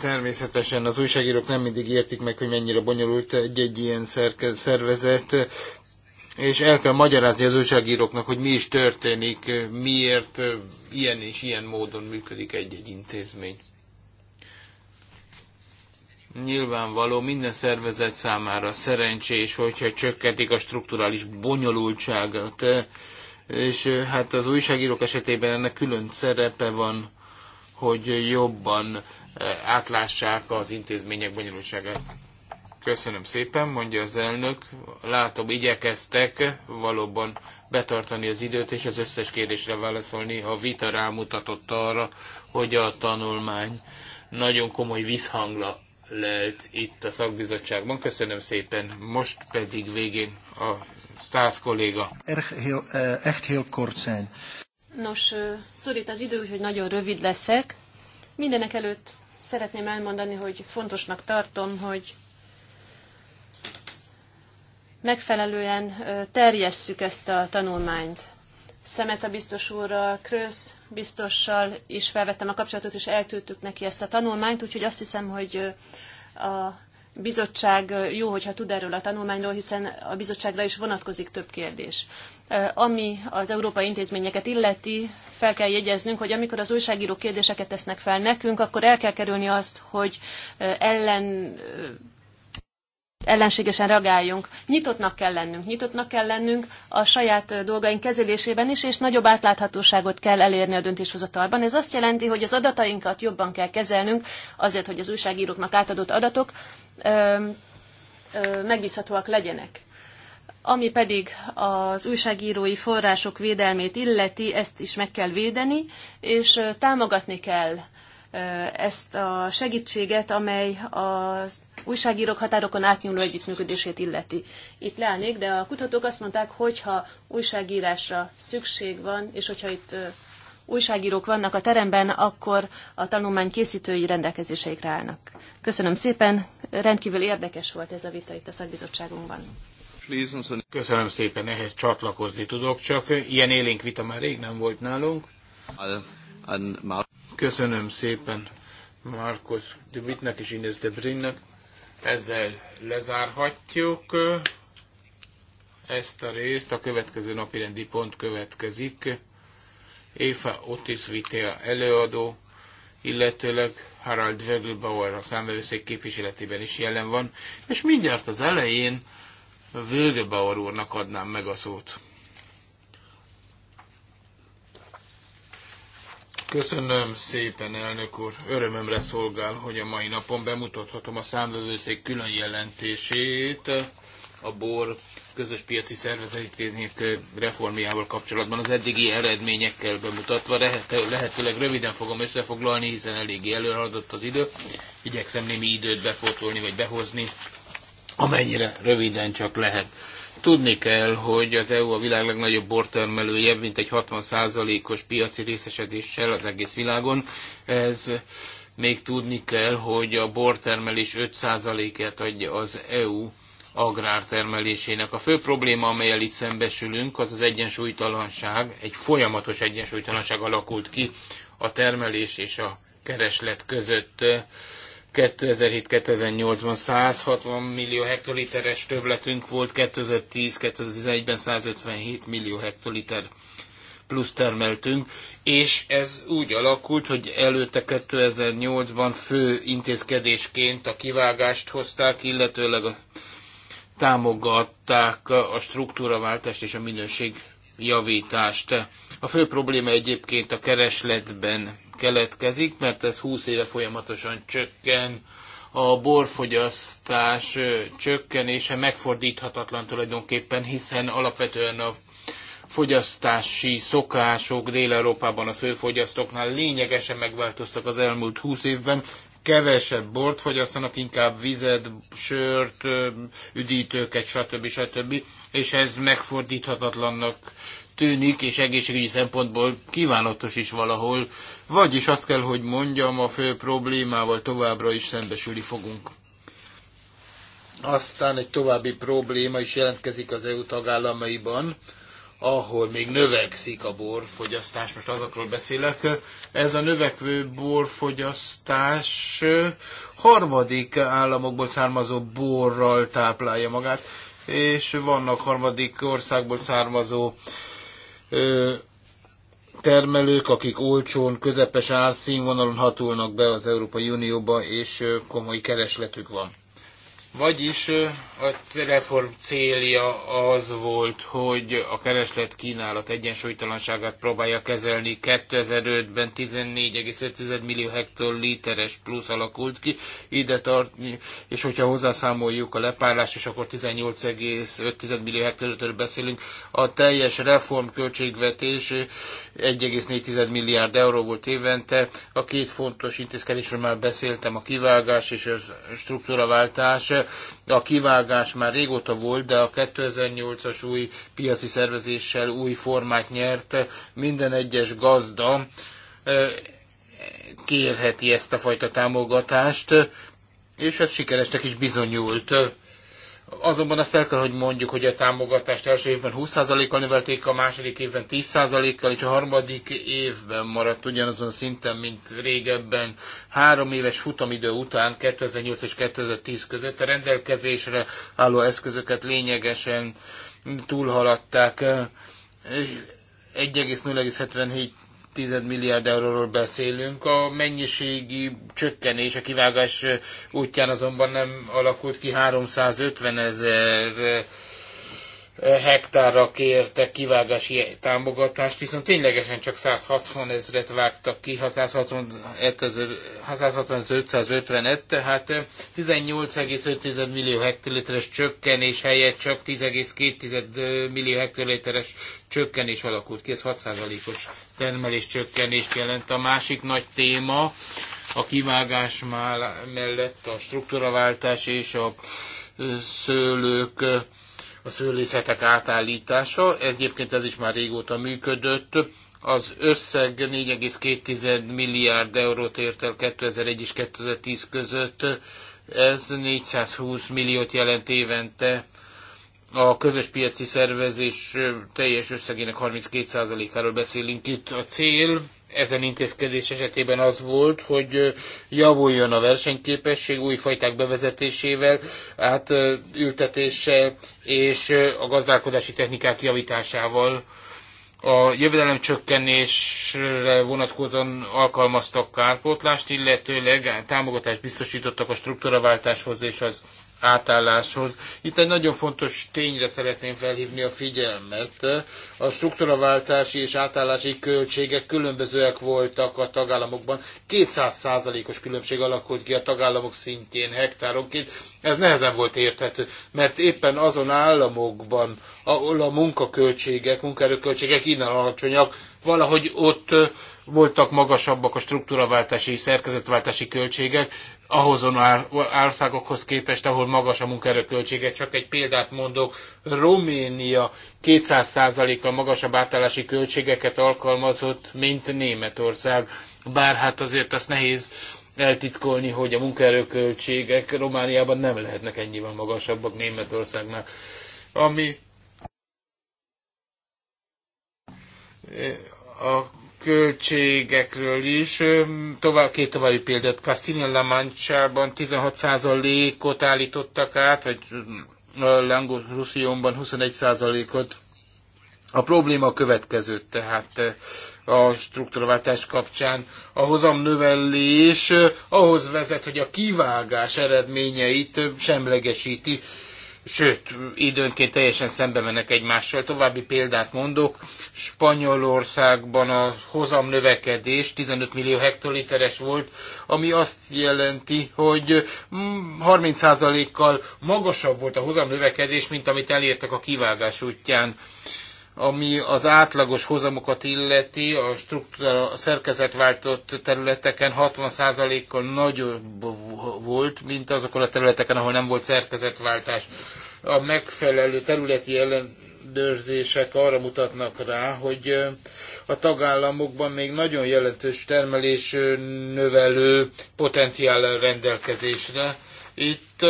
Természetesen az újságírók nem mindig értik meg, hogy mennyire bonyolult egy-egy ilyen szervezet, és el kell magyarázni az újságíróknak, hogy mi is történik, miért ilyen és ilyen módon működik egy-egy intézmény nyilvánvaló minden szervezet számára szerencsés, hogyha csökkentik a strukturális bonyolultságot, és hát az újságírók esetében ennek külön szerepe van, hogy jobban átlássák az intézmények bonyolultságát. Köszönöm szépen, mondja az elnök. Látom, igyekeztek valóban betartani az időt és az összes kérdésre válaszolni. A vita rámutatott arra, hogy a tanulmány nagyon komoly visszhanglat lelt itt a szakbizottságban. Köszönöm szépen. Most pedig végén a Stász kolléga. Eh, Nos, eh, szorít az idő, hogy nagyon rövid leszek. Mindenek előtt szeretném elmondani, hogy fontosnak tartom, hogy megfelelően eh, terjesszük ezt a tanulmányt. Szemeta biztos úrral, Krősz biztossal is felvettem a kapcsolatot, és eltűrtük neki ezt a tanulmányt, úgyhogy azt hiszem, hogy a bizottság jó, hogyha tud erről a tanulmányról, hiszen a bizottságra is vonatkozik több kérdés. Ami az európai intézményeket illeti, fel kell jegyeznünk, hogy amikor az újságírók kérdéseket tesznek fel nekünk, akkor el kell kerülni azt, hogy ellen ellenségesen reagáljunk. Nyitottnak kell lennünk, nyitottnak kell lennünk a saját dolgaink kezelésében is, és nagyobb átláthatóságot kell elérni a döntéshozatalban. Ez azt jelenti, hogy az adatainkat jobban kell kezelnünk, azért, hogy az újságíróknak átadott adatok ö, ö, megbízhatóak legyenek. Ami pedig az újságírói források védelmét illeti, ezt is meg kell védeni, és támogatni kell ezt a segítséget, amely az újságírók határokon átnyúló együttműködését illeti. Itt leállnék, de a kutatók azt mondták, hogyha újságírásra szükség van, és hogyha itt újságírók vannak a teremben, akkor a tanulmány készítői rendelkezéseikre állnak. Köszönöm szépen, rendkívül érdekes volt ez a vita itt a szakbizottságunkban. Köszönöm szépen, ehhez csatlakozni tudok, csak ilyen élénk vita már rég nem volt nálunk. Köszönöm szépen Markus Dubitnek és Ines Debrinnek. Ezzel lezárhatjuk ezt a részt. A következő napi rendi pont következik. Éfa Otis Vitea előadó, illetőleg Harald Wögelbauer a számvevőszék képviseletében is jelen van, és mindjárt az elején Wögelbauer úrnak adnám meg a szót. Köszönöm szépen, elnök úr. Örömömre szolgál, hogy a mai napon bemutathatom a számvevőszék külön jelentését a bor közös piaci szervezetének reformjával kapcsolatban az eddigi eredményekkel bemutatva. Lehetőleg röviden fogom összefoglalni, hiszen eléggé előadott az idő. Igyekszem némi időt befotolni vagy behozni, amennyire röviden csak lehet. Tudni kell, hogy az EU a világ legnagyobb bortermelője, mint egy 60%-os piaci részesedéssel az egész világon. Ez még tudni kell, hogy a bortermelés 5 et adja az EU agrártermelésének. A fő probléma, amelyel itt szembesülünk, az az egyensúlytalanság, egy folyamatos egyensúlytalanság alakult ki a termelés és a kereslet között. 2007-2008-ban 160 millió hektoliteres többletünk volt, 2010-2011-ben 157 millió hektoliter plusz termeltünk, és ez úgy alakult, hogy előtte 2008-ban fő intézkedésként a kivágást hozták, illetőleg a, támogatták a struktúraváltást és a minőség javítást. A fő probléma egyébként a keresletben keletkezik, mert ez 20 éve folyamatosan csökken, a borfogyasztás csökkenése megfordíthatatlan tulajdonképpen, hiszen alapvetően a fogyasztási szokások Dél-Európában a főfogyasztóknál lényegesen megváltoztak az elmúlt 20 évben. Kevesebb bort fogyasztanak, inkább vizet, sört, üdítőket, stb. stb. És ez megfordíthatatlannak tűnik, és egészségügyi szempontból kívánatos is valahol. Vagyis azt kell, hogy mondjam, a fő problémával továbbra is szembesülni fogunk. Aztán egy további probléma is jelentkezik az EU tagállamaiban, ahol még növekszik a borfogyasztás, most azokról beszélek. Ez a növekvő borfogyasztás harmadik államokból származó borral táplálja magát, és vannak harmadik országból származó termelők, akik olcsón, közepes árszínvonalon hatolnak be az Európai Unióba, és komoly keresletük van. Vagyis a reform célja az volt, hogy a kereslet kínálat egyensúlytalanságát próbálja kezelni. 2005-ben 14,5 millió hektoliteres plusz alakult ki, ide tart, és hogyha hozzászámoljuk a lepárlás, és akkor 18,5 millió hektoliterről beszélünk. A teljes reform költségvetés 1,4 milliárd euró volt évente. A két fontos intézkedésről már beszéltem, a kivágás és a struktúraváltás a kivágás már régóta volt, de a 2008-as új piaci szervezéssel új formát nyert. Minden egyes gazda kérheti ezt a fajta támogatást, és ez sikeresnek is bizonyult Azonban azt el kell, hogy mondjuk, hogy a támogatást első évben 20%-kal növelték, a második évben 10%-kal, és a harmadik évben maradt ugyanazon szinten, mint régebben. Három éves futamidő után, 2008 és 2010 között a rendelkezésre álló eszközöket lényegesen túlhaladták. 1,077 milliárd euróról beszélünk. A mennyiségi csökkenés a kivágás útján azonban nem alakult ki 350 ezer hektárra kértek kivágási támogatást, viszont ténylegesen csak 160 ezret vágtak ki, ha ezer, hát, tehát 18,5 millió hektoliteres csökkenés helyett csak 10,2 millió hektoliteres csökkenés alakult ki, ez 6%-os termelés csökkenést jelent. A másik nagy téma a kivágás mellett a struktúraváltás és a szőlők a szőlészetek átállítása. Egyébként ez is már régóta működött. Az összeg 4,2 milliárd eurót ért el 2001 és 2010 között. Ez 420 milliót jelent évente. A közös piaci szervezés teljes összegének 32%-áról beszélünk itt. A cél ezen intézkedés esetében az volt, hogy javuljon a versenyképesség új fajták bevezetésével, átültetéssel és a gazdálkodási technikák javításával. A jövedelemcsökkenésre vonatkozóan alkalmaztak kárpótlást, illetőleg támogatást biztosítottak a struktúraváltáshoz és az átálláshoz. Itt egy nagyon fontos tényre szeretném felhívni a figyelmet. A struktúraváltási és átállási költségek különbözőek voltak a tagállamokban. 200%-os különbség alakult ki a tagállamok szintjén hektáronként. Ez nehezen volt érthető, mert éppen azon államokban, ahol a munkaköltségek, munkaerőköltségek innen alacsonyak, valahogy ott voltak magasabbak a struktúraváltási, szerkezetváltási költségek, ahhozon országokhoz képest, ahol magas a munkaerőköltsége. Csak egy példát mondok, Roménia 200%-kal magasabb átállási költségeket alkalmazott, mint Németország. Bár hát azért azt nehéz eltitkolni, hogy a munkaerőköltségek Romániában nem lehetnek ennyivel magasabbak Németországnál. Ami a költségekről is. Tovább, két további példát. Castilla La Mancha-ban 16%-ot állítottak át, vagy Langorussziónban 21%-ot. A probléma a következő, tehát a struktúraváltás kapcsán a hozamnövelés ahhoz vezet, hogy a kivágás eredményeit semlegesíti, sőt, időnként teljesen szembe mennek egymással. További példát mondok, Spanyolországban a hozam növekedés 15 millió hektoliteres volt, ami azt jelenti, hogy 30%-kal mm, magasabb volt a hozam növekedés, mint amit elértek a kivágás útján ami az átlagos hozamokat illeti, a, struktúra, a szerkezetváltott területeken 60%-kal nagyobb volt, mint azokon a területeken, ahol nem volt szerkezetváltás. A megfelelő területi ellenőrzések arra mutatnak rá, hogy a tagállamokban még nagyon jelentős termelés növelő potenciállal rendelkezésre. Itt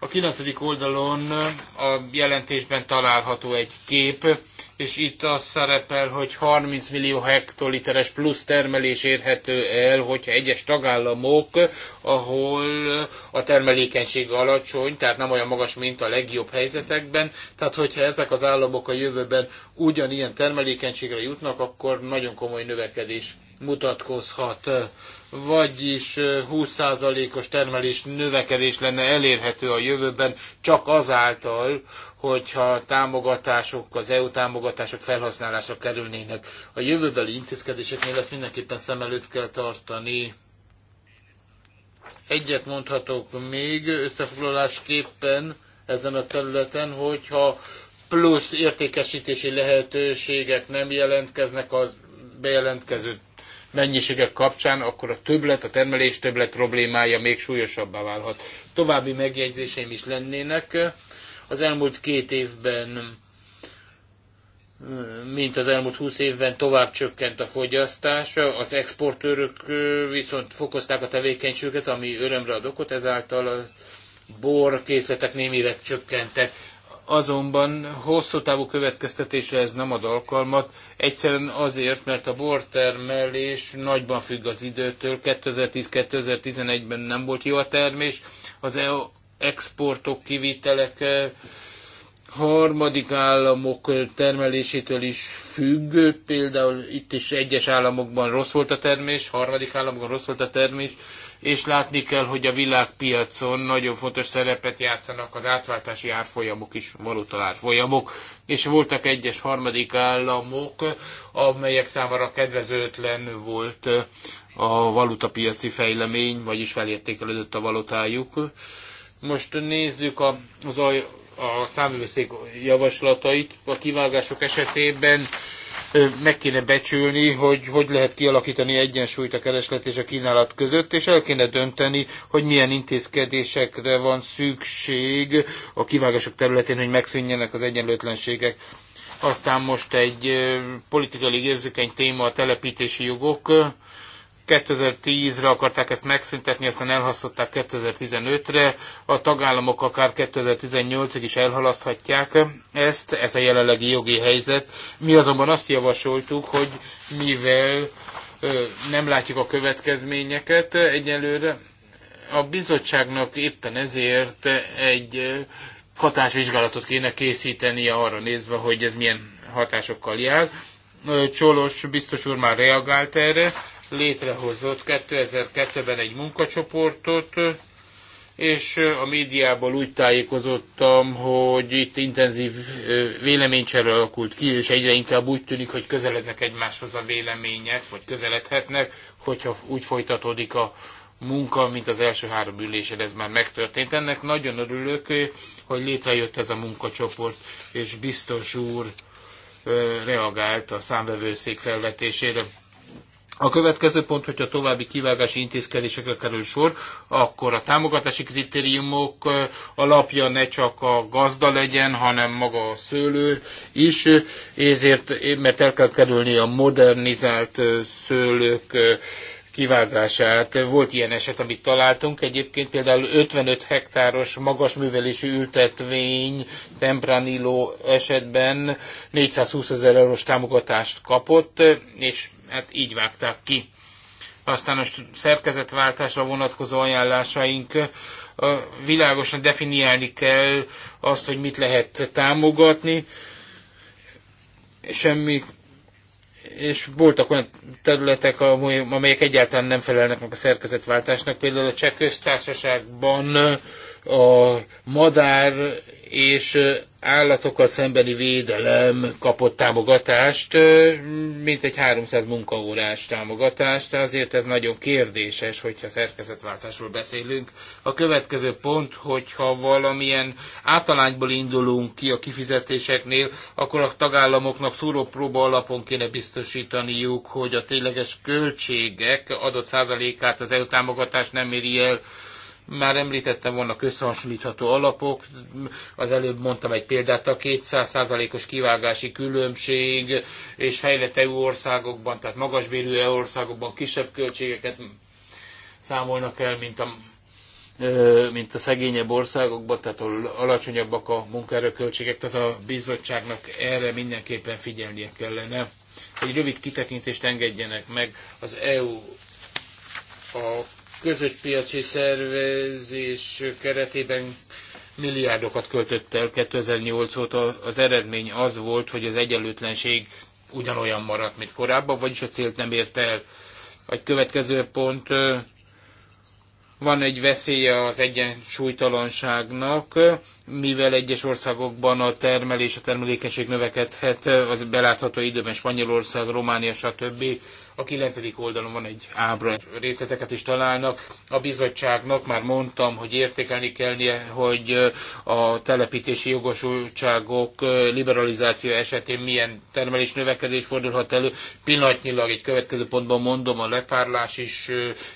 a 9. oldalon a jelentésben található egy kép, és itt az szerepel, hogy 30 millió hektoliteres plusz termelés érhető el, hogyha egyes tagállamok, ahol a termelékenység alacsony, tehát nem olyan magas, mint a legjobb helyzetekben, tehát hogyha ezek az államok a jövőben ugyanilyen termelékenységre jutnak, akkor nagyon komoly növekedés mutatkozhat vagyis 20%-os termelés növekedés lenne elérhető a jövőben csak azáltal, hogyha támogatások, az EU támogatások felhasználásra kerülnének. A jövőbeli intézkedéseknél ezt mindenképpen szem előtt kell tartani. Egyet mondhatok még összefoglalásképpen ezen a területen, hogyha plusz értékesítési lehetőségek nem jelentkeznek a bejelentkező mennyiségek kapcsán, akkor a többlet, a termelés többlet problémája még súlyosabbá válhat. További megjegyzéseim is lennének. Az elmúlt két évben mint az elmúlt 20 évben tovább csökkent a fogyasztás, az exportőrök viszont fokozták a tevékenységüket, ami örömre ad okot, ezáltal a bor készletek némileg csökkentek azonban hosszú távú következtetésre ez nem ad alkalmat, egyszerűen azért, mert a bortermelés nagyban függ az időtől, 2010-2011-ben nem volt jó a termés, az e exportok, kivitelek eh, harmadik államok termelésétől is függ, például itt is egyes államokban rossz volt a termés, harmadik államokban rossz volt a termés, és látni kell, hogy a világpiacon nagyon fontos szerepet játszanak az átváltási árfolyamok is, valutárfolyamok, és voltak egyes harmadik államok, amelyek számára kedvezőtlen volt a valutapiaci fejlemény, vagyis felértékelődött a valutájuk. Most nézzük a, az a, a számvőszék javaslatait. A kivágások esetében meg kéne becsülni, hogy hogy lehet kialakítani egyensúlyt a kereslet és a kínálat között, és el kéne dönteni, hogy milyen intézkedésekre van szükség a kivágások területén, hogy megszűnjenek az egyenlőtlenségek. Aztán most egy politikai érzékeny téma a telepítési jogok 2010-re akarták ezt megszüntetni, aztán elhasztották 2015-re, a tagállamok akár 2018-ig is elhalaszthatják ezt, ez a jelenlegi jogi helyzet. Mi azonban azt javasoltuk, hogy mivel nem látjuk a következményeket egyelőre, a bizottságnak éppen ezért egy hatásvizsgálatot kéne készíteni arra nézve, hogy ez milyen hatásokkal jár. Csolos biztos úr már reagált erre, létrehozott 2002-ben egy munkacsoportot, és a médiából úgy tájékozottam, hogy itt intenzív véleménycsere alakult ki, és egyre inkább úgy tűnik, hogy közelednek egymáshoz a vélemények, vagy közeledhetnek, hogyha úgy folytatódik a munka, mint az első három ülésed, ez már megtörtént. Ennek nagyon örülök, hogy létrejött ez a munkacsoport, és biztos úr reagált a számvevőszék felvetésére. A következő pont, hogyha további kivágási intézkedésekre kerül sor, akkor a támogatási kritériumok alapja ne csak a gazda legyen, hanem maga a szőlő is, ezért, mert el kell kerülni a modernizált szőlők kivágását. Volt ilyen eset, amit találtunk. Egyébként például 55 hektáros magas művelési ültetvény Tempranillo esetben 420 ezer eurós támogatást kapott, és hát így vágták ki. Aztán a szerkezetváltásra vonatkozó ajánlásaink világosan definiálni kell azt, hogy mit lehet támogatni. Semmi és voltak olyan területek, amelyek egyáltalán nem felelnek meg a szerkezetváltásnak. Például a cseh köztársaságban a madár és állatokkal szembeni védelem kapott támogatást, mint egy 300 munkaórás támogatást, azért ez nagyon kérdéses, hogyha szerkezetváltásról beszélünk. A következő pont, hogyha valamilyen általányból indulunk ki a kifizetéseknél, akkor a tagállamoknak próba alapon kéne biztosítaniuk, hogy a tényleges költségek adott százalékát az EU támogatás nem éri el már említettem, vannak összehasonlítható alapok, az előbb mondtam egy példát, a 200%-os kivágási különbség, és fejlett EU országokban, tehát magasbérű EU országokban kisebb költségeket számolnak el, mint a mint a szegényebb országokban, tehát ahol alacsonyabbak a munkaerőköltségek, tehát a bizottságnak erre mindenképpen figyelnie kellene. Egy rövid kitekintést engedjenek meg az EU a közös piaci szervezés keretében milliárdokat költött el 2008 óta. Az eredmény az volt, hogy az egyenlőtlenség ugyanolyan maradt, mint korábban, vagyis a célt nem ért el. Egy következő pont, van egy veszélye az egyensúlytalanságnak, mivel egyes országokban a termelés, a termelékenység növekedhet az belátható időben, Spanyolország, Románia, stb. A kilencedik oldalon van egy ábra, részleteket is találnak. A bizottságnak már mondtam, hogy értékelni kellnie, hogy a telepítési jogosultságok liberalizáció esetén milyen termelés növekedés fordulhat elő. Pillanatnyilag egy következő pontban mondom, a lepárlás is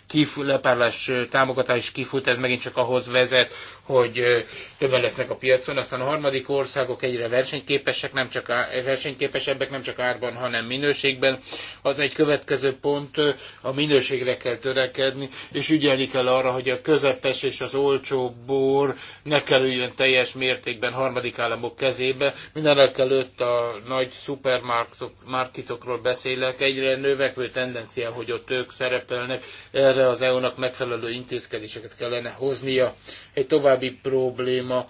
kif, lepárlás támogatás is kifut, ez megint csak ahhoz vezet, hogy többen lesznek a piacon, aztán a harmadik országok egyre versenyképesek, nem csak á, versenyképesebbek, nem csak árban, hanem minőségben. Az egy következő pont, a minőségre kell törekedni, és ügyelni kell arra, hogy a közepes és az olcsó bor ne kerüljön teljes mértékben harmadik államok kezébe. Mindenek előtt a nagy szupermarketokról beszélek, egyre növekvő tendencia, hogy ott ők szerepelnek, erre az EU-nak megfelelő intézkedéseket kellene hoznia. Egy tovább további probléma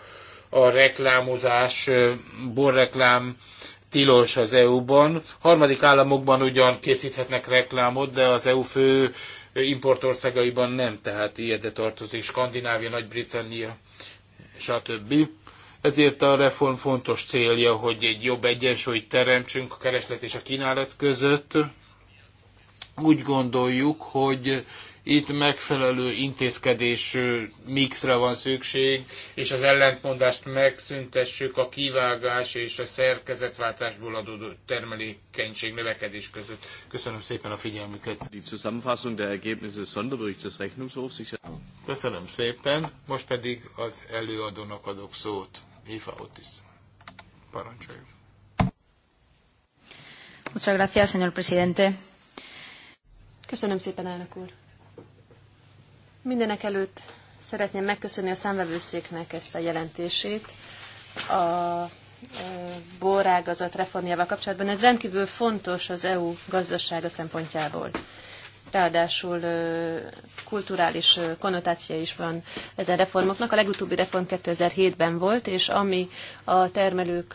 a reklámozás, borreklám tilos az EU-ban. Harmadik államokban ugyan készíthetnek reklámot, de az EU fő importországaiban nem, tehát ilyetre tartozik Skandinávia, Nagy-Britannia, stb. Ezért a reform fontos célja, hogy egy jobb egyensúlyt teremtsünk a kereslet és a kínálat között. Úgy gondoljuk, hogy itt megfelelő intézkedés mixre van szükség, és az ellentmondást megszüntessük a kivágás és a szerkezetváltásból adódó termelékenység növekedés között. Köszönöm szépen a figyelmüket. Köszönöm szépen. Most pedig az előadónak adok szót. Éva Otis. Parancsoljuk. Muchas gracias, señor presidente. Köszönöm szépen, elnök úr. Mindenek előtt szeretném megköszönni a számvevőszéknek ezt a jelentését a borágazat reformjával kapcsolatban. Ez rendkívül fontos az EU gazdasága szempontjából. Ráadásul kulturális konnotáció is van ezen reformoknak. A legutóbbi reform 2007-ben volt, és ami a termelők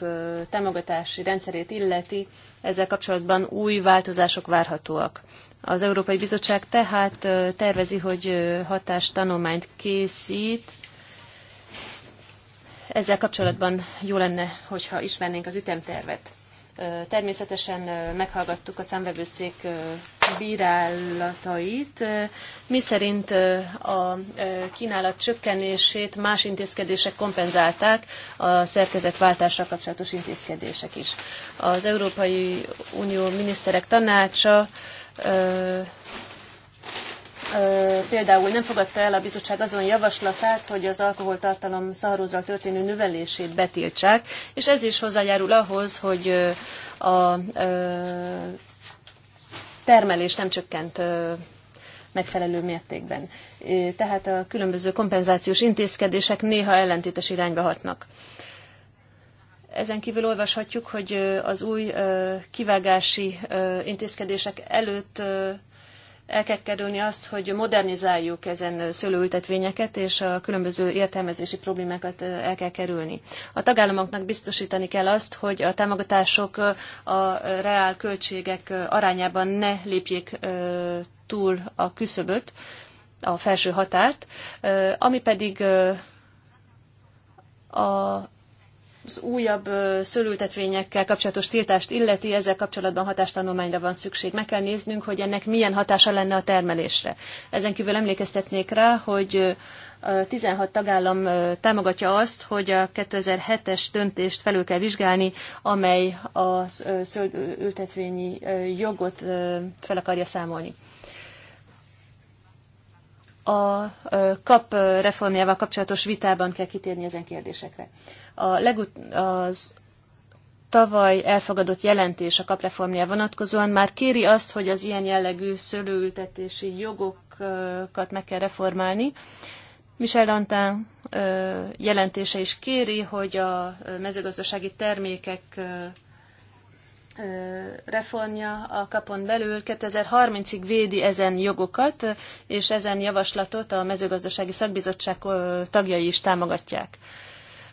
támogatási rendszerét illeti, ezzel kapcsolatban új változások várhatóak. Az Európai Bizottság tehát tervezi, hogy hatástanulmányt készít. Ezzel kapcsolatban jó lenne, hogyha ismernénk az ütemtervet. Természetesen meghallgattuk a számvevőszék bírálatait, mi szerint a kínálat csökkenését más intézkedések kompenzálták, a szerkezetváltásra kapcsolatos intézkedések is. Az Európai Unió Miniszterek Tanácsa ö, ö, például nem fogadta el a bizottság azon javaslatát, hogy az alkoholtartalom szaharózzal történő növelését betiltsák, és ez is hozzájárul ahhoz, hogy a ö, termelés nem csökkent ö, megfelelő mértékben. Tehát a különböző kompenzációs intézkedések néha ellentétes irányba hatnak. Ezen kívül olvashatjuk, hogy az új kivágási intézkedések előtt el kell kerülni azt, hogy modernizáljuk ezen szőlőültetvényeket, és a különböző értelmezési problémákat el kell kerülni. A tagállamoknak biztosítani kell azt, hogy a támogatások a reál költségek arányában ne lépjék túl a küszöböt, a felső határt, ami pedig a az újabb szőlültetvényekkel kapcsolatos tiltást illeti, ezzel kapcsolatban hatástanulmányra van szükség. Meg kell néznünk, hogy ennek milyen hatása lenne a termelésre. Ezen kívül emlékeztetnék rá, hogy 16 tagállam támogatja azt, hogy a 2007-es döntést felül kell vizsgálni, amely a szöldültetvényi jogot fel akarja számolni. A kap reformjával kapcsolatos vitában kell kitérni ezen kérdésekre. A legut- az tavaly elfogadott jelentés a kapreformja vonatkozóan már kéri azt, hogy az ilyen jellegű szőlőültetési jogokat meg kell reformálni. Michel Dantin jelentése is kéri, hogy a mezőgazdasági termékek reformja a kapon belül 2030-ig védi ezen jogokat, és ezen javaslatot a mezőgazdasági szakbizottság tagjai is támogatják.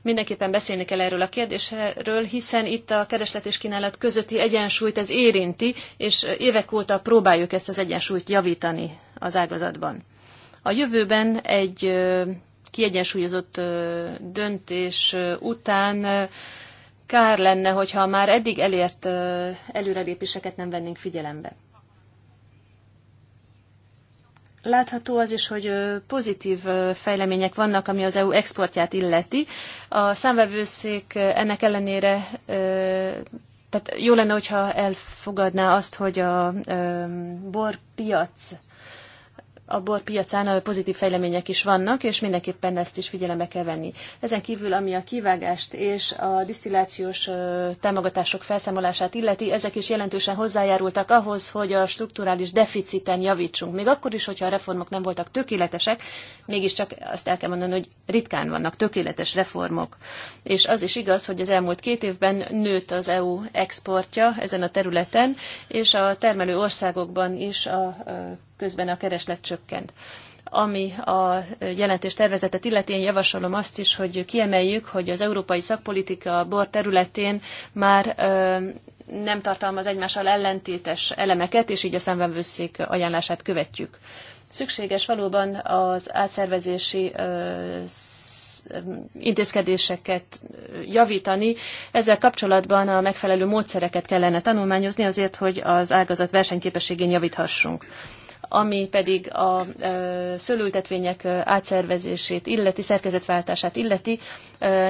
Mindenképpen beszélni kell erről a kérdésről, hiszen itt a kereslet és kínálat közötti egyensúlyt ez érinti, és évek óta próbáljuk ezt az egyensúlyt javítani az ágazatban. A jövőben egy kiegyensúlyozott döntés után kár lenne, hogyha már eddig elért előrelépéseket nem vennénk figyelembe. Látható az is, hogy pozitív fejlemények vannak, ami az EU exportját illeti. A számvevőszék ennek ellenére tehát jó lenne, hogyha elfogadná azt, hogy a borpiac a bor piacán pozitív fejlemények is vannak, és mindenképpen ezt is figyelembe kell venni. Ezen kívül, ami a kivágást és a disztillációs támogatások felszámolását illeti, ezek is jelentősen hozzájárultak ahhoz, hogy a strukturális deficiten javítsunk. Még akkor is, hogyha a reformok nem voltak tökéletesek, mégiscsak azt el kell mondani, hogy ritkán vannak tökéletes reformok. És az is igaz, hogy az elmúlt két évben nőtt az EU exportja ezen a területen, és a termelő országokban is a közben a kereslet csökkent. Ami a jelentés tervezetet illeti, én javasolom azt is, hogy kiemeljük, hogy az európai szakpolitika bor területén már nem tartalmaz egymással ellentétes elemeket, és így a szemvevőszék ajánlását követjük. Szükséges valóban az átszervezési intézkedéseket javítani. Ezzel kapcsolatban a megfelelő módszereket kellene tanulmányozni azért, hogy az ágazat versenyképességén javíthassunk ami pedig a szőlőültetvények átszervezését illeti, szerkezetváltását illeti,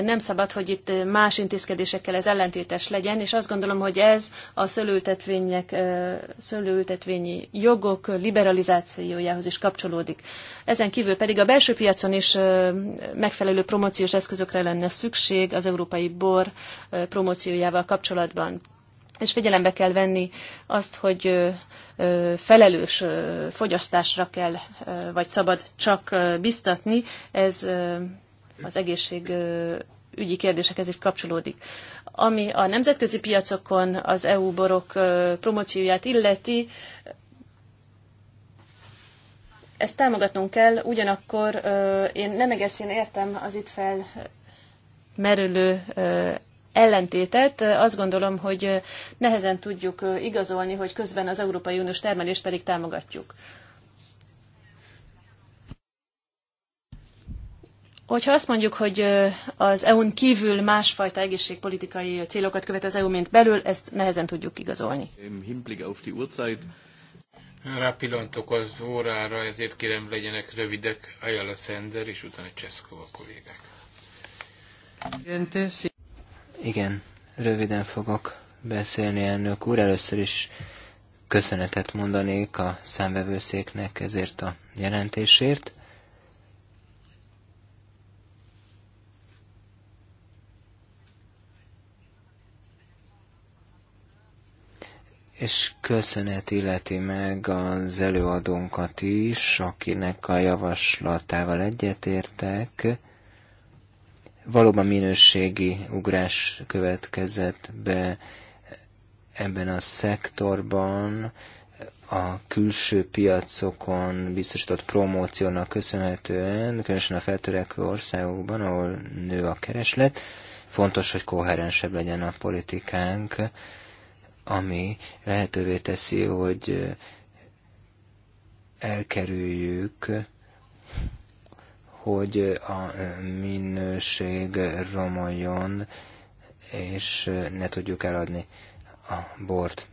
nem szabad, hogy itt más intézkedésekkel ez ellentétes legyen, és azt gondolom, hogy ez a szőlőültetvények, szőlőültetvényi jogok liberalizációjához is kapcsolódik. Ezen kívül pedig a belső piacon is megfelelő promóciós eszközökre lenne szükség az európai bor promóciójával kapcsolatban és figyelembe kell venni azt, hogy felelős fogyasztásra kell, vagy szabad csak biztatni, ez az egészség ügyi kérdésekhez is kapcsolódik. Ami a nemzetközi piacokon az EU borok promócióját illeti, ezt támogatnunk kell, ugyanakkor én nem egészen értem az itt felmerülő ellentétet. Azt gondolom, hogy nehezen tudjuk igazolni, hogy közben az Európai Uniós termelést pedig támogatjuk. Hogyha azt mondjuk, hogy az EU-n kívül másfajta egészségpolitikai célokat követ az EU, mint belül, ezt nehezen tudjuk igazolni. Rápillantok az órára, ezért kérem legyenek rövidek Ajala Szender, és utána Cseszkova kollégák. Igen, röviden fogok beszélni, elnök úr. Először is köszönetet mondanék a számvevőszéknek ezért a jelentésért. És köszönet illeti meg az előadónkat is, akinek a javaslatával egyetértek valóban minőségi ugrás következett be ebben a szektorban, a külső piacokon biztosított promóciónak köszönhetően, különösen a feltörekvő országokban, ahol nő a kereslet, fontos, hogy koherensebb legyen a politikánk, ami lehetővé teszi, hogy elkerüljük hogy a minőség romoljon, és ne tudjuk eladni a bort.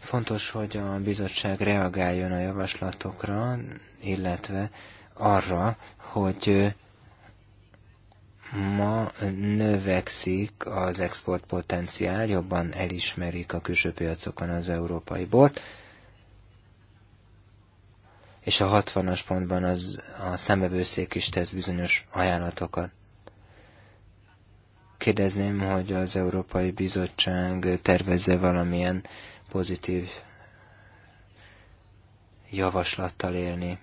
Fontos, hogy a bizottság reagáljon a javaslatokra, illetve arra, hogy ma növekszik az exportpotenciál, jobban elismerik a külső piacokon az európai bort, és a 60-as pontban az, a szembevőszék is tesz bizonyos ajánlatokat. Kérdezném, hogy az Európai Bizottság tervezze valamilyen pozitív javaslattal élni.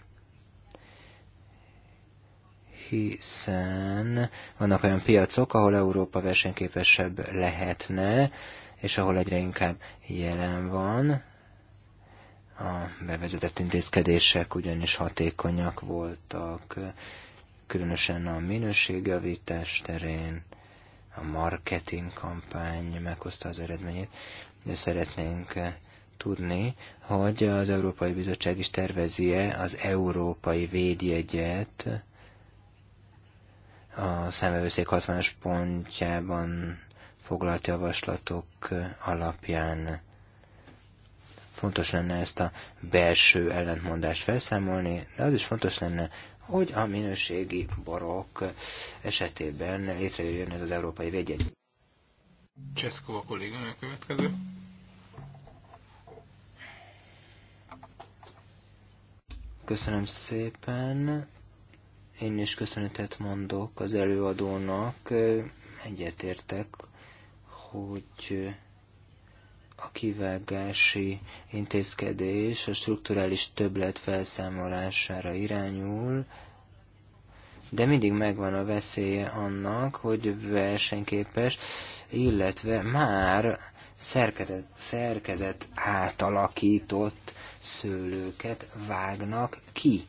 Hiszen vannak olyan piacok, ahol Európa versenyképesebb lehetne, és ahol egyre inkább jelen van, a bevezetett intézkedések ugyanis hatékonyak voltak, különösen a minőségjavítás terén, a marketing kampány meghozta az eredményét, de szeretnénk tudni, hogy az Európai Bizottság is tervezi-e az európai védjegyet a számvevőszék 60 pontjában foglalt javaslatok alapján. Fontos lenne ezt a belső ellentmondást felszámolni, de az is fontos lenne, hogy a minőségi borok esetében létrejöjjön ez az európai védjegy. Cseszkova kolléganő következő. Köszönöm szépen. Én is köszönetet mondok az előadónak. Egyetértek, hogy a kivágási intézkedés a strukturális többlet felszámolására irányul, de mindig megvan a veszélye annak, hogy versenyképes, illetve már szerkezet, szerkezet átalakított szőlőket vágnak ki.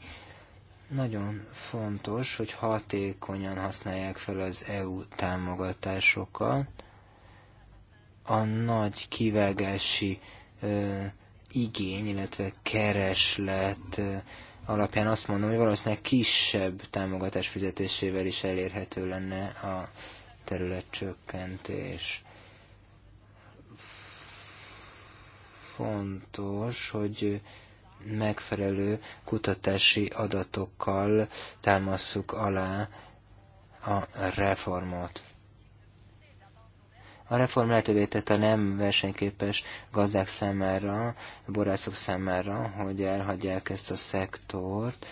Nagyon fontos, hogy hatékonyan használják fel az EU támogatásokat, a nagy kivágási ö, igény, illetve kereslet ö, alapján azt mondom, hogy valószínűleg kisebb támogatás fizetésével is elérhető lenne a területcsökkentés. Fontos, hogy megfelelő kutatási adatokkal támasszuk alá a reformot. A reform lehetővé tette a nem versenyképes gazdák számára, borászok számára, hogy elhagyják ezt a szektort.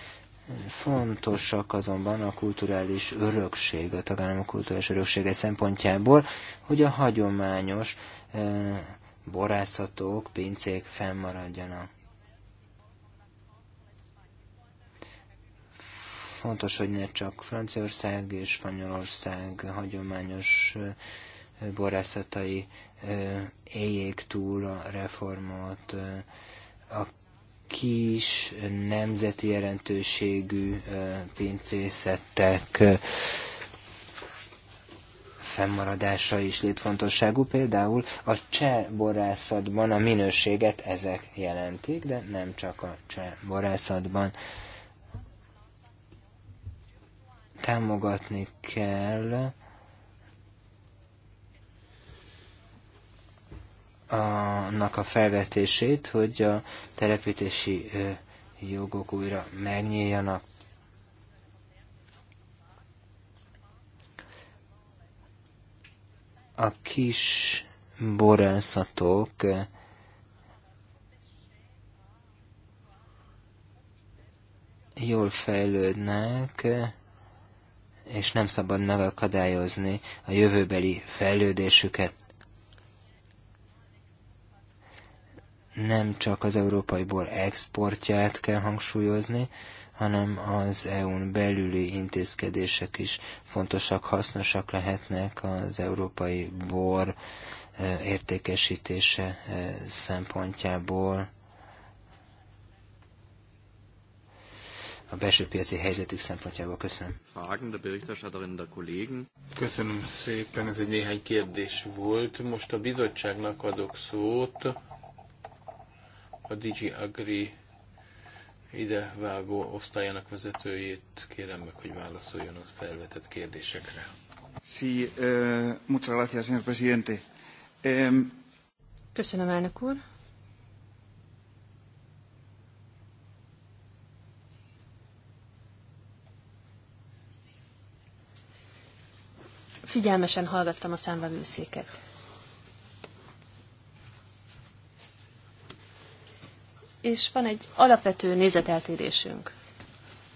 Fontosak azonban a kulturális örökség, a tagállamok kulturális öröksége szempontjából, hogy a hagyományos borászatok, pincék fennmaradjanak. Fontos, hogy ne csak Franciaország és Spanyolország hagyományos borászatai éjjék túl a reformot, a kis nemzeti jelentőségű pincészetek fennmaradása is létfontosságú. Például a cseh borászatban a minőséget ezek jelentik, de nem csak a cseh borászatban. Támogatni kell annak a felvetését, hogy a telepítési jogok újra megnyíljanak. A kis borászatok jól fejlődnek, és nem szabad megakadályozni a jövőbeli fejlődésüket. nem csak az európai bor exportját kell hangsúlyozni, hanem az EU-n belüli intézkedések is fontosak, hasznosak lehetnek az európai bor e, értékesítése e, szempontjából. a belső piaci helyzetük szempontjából. Köszönöm. Köszönöm szépen, ez egy néhány kérdés volt. Most a bizottságnak adok szót a Digi Agri idevágó osztályának vezetőjét kérem meg, hogy válaszoljon a felvetett kérdésekre. Sí, uh, muchas gracias, señor presidente. Köszönöm, elnök úr. Figyelmesen hallgattam a számvevőszéket. és van egy alapvető nézeteltérésünk.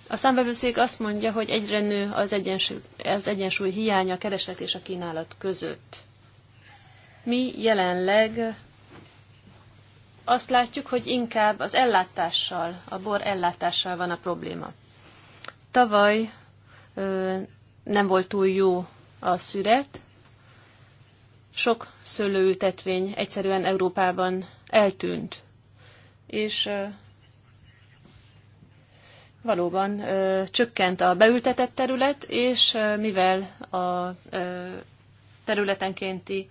A számbevőszék azt mondja, hogy egyre nő az egyensúly, az egyensúly hiánya a kereslet és a kínálat között. Mi jelenleg azt látjuk, hogy inkább az ellátással, a bor ellátással van a probléma. Tavaly ö, nem volt túl jó a szüret, sok szőlőültetvény egyszerűen Európában eltűnt és valóban csökkent a beültetett terület, és mivel a területenkénti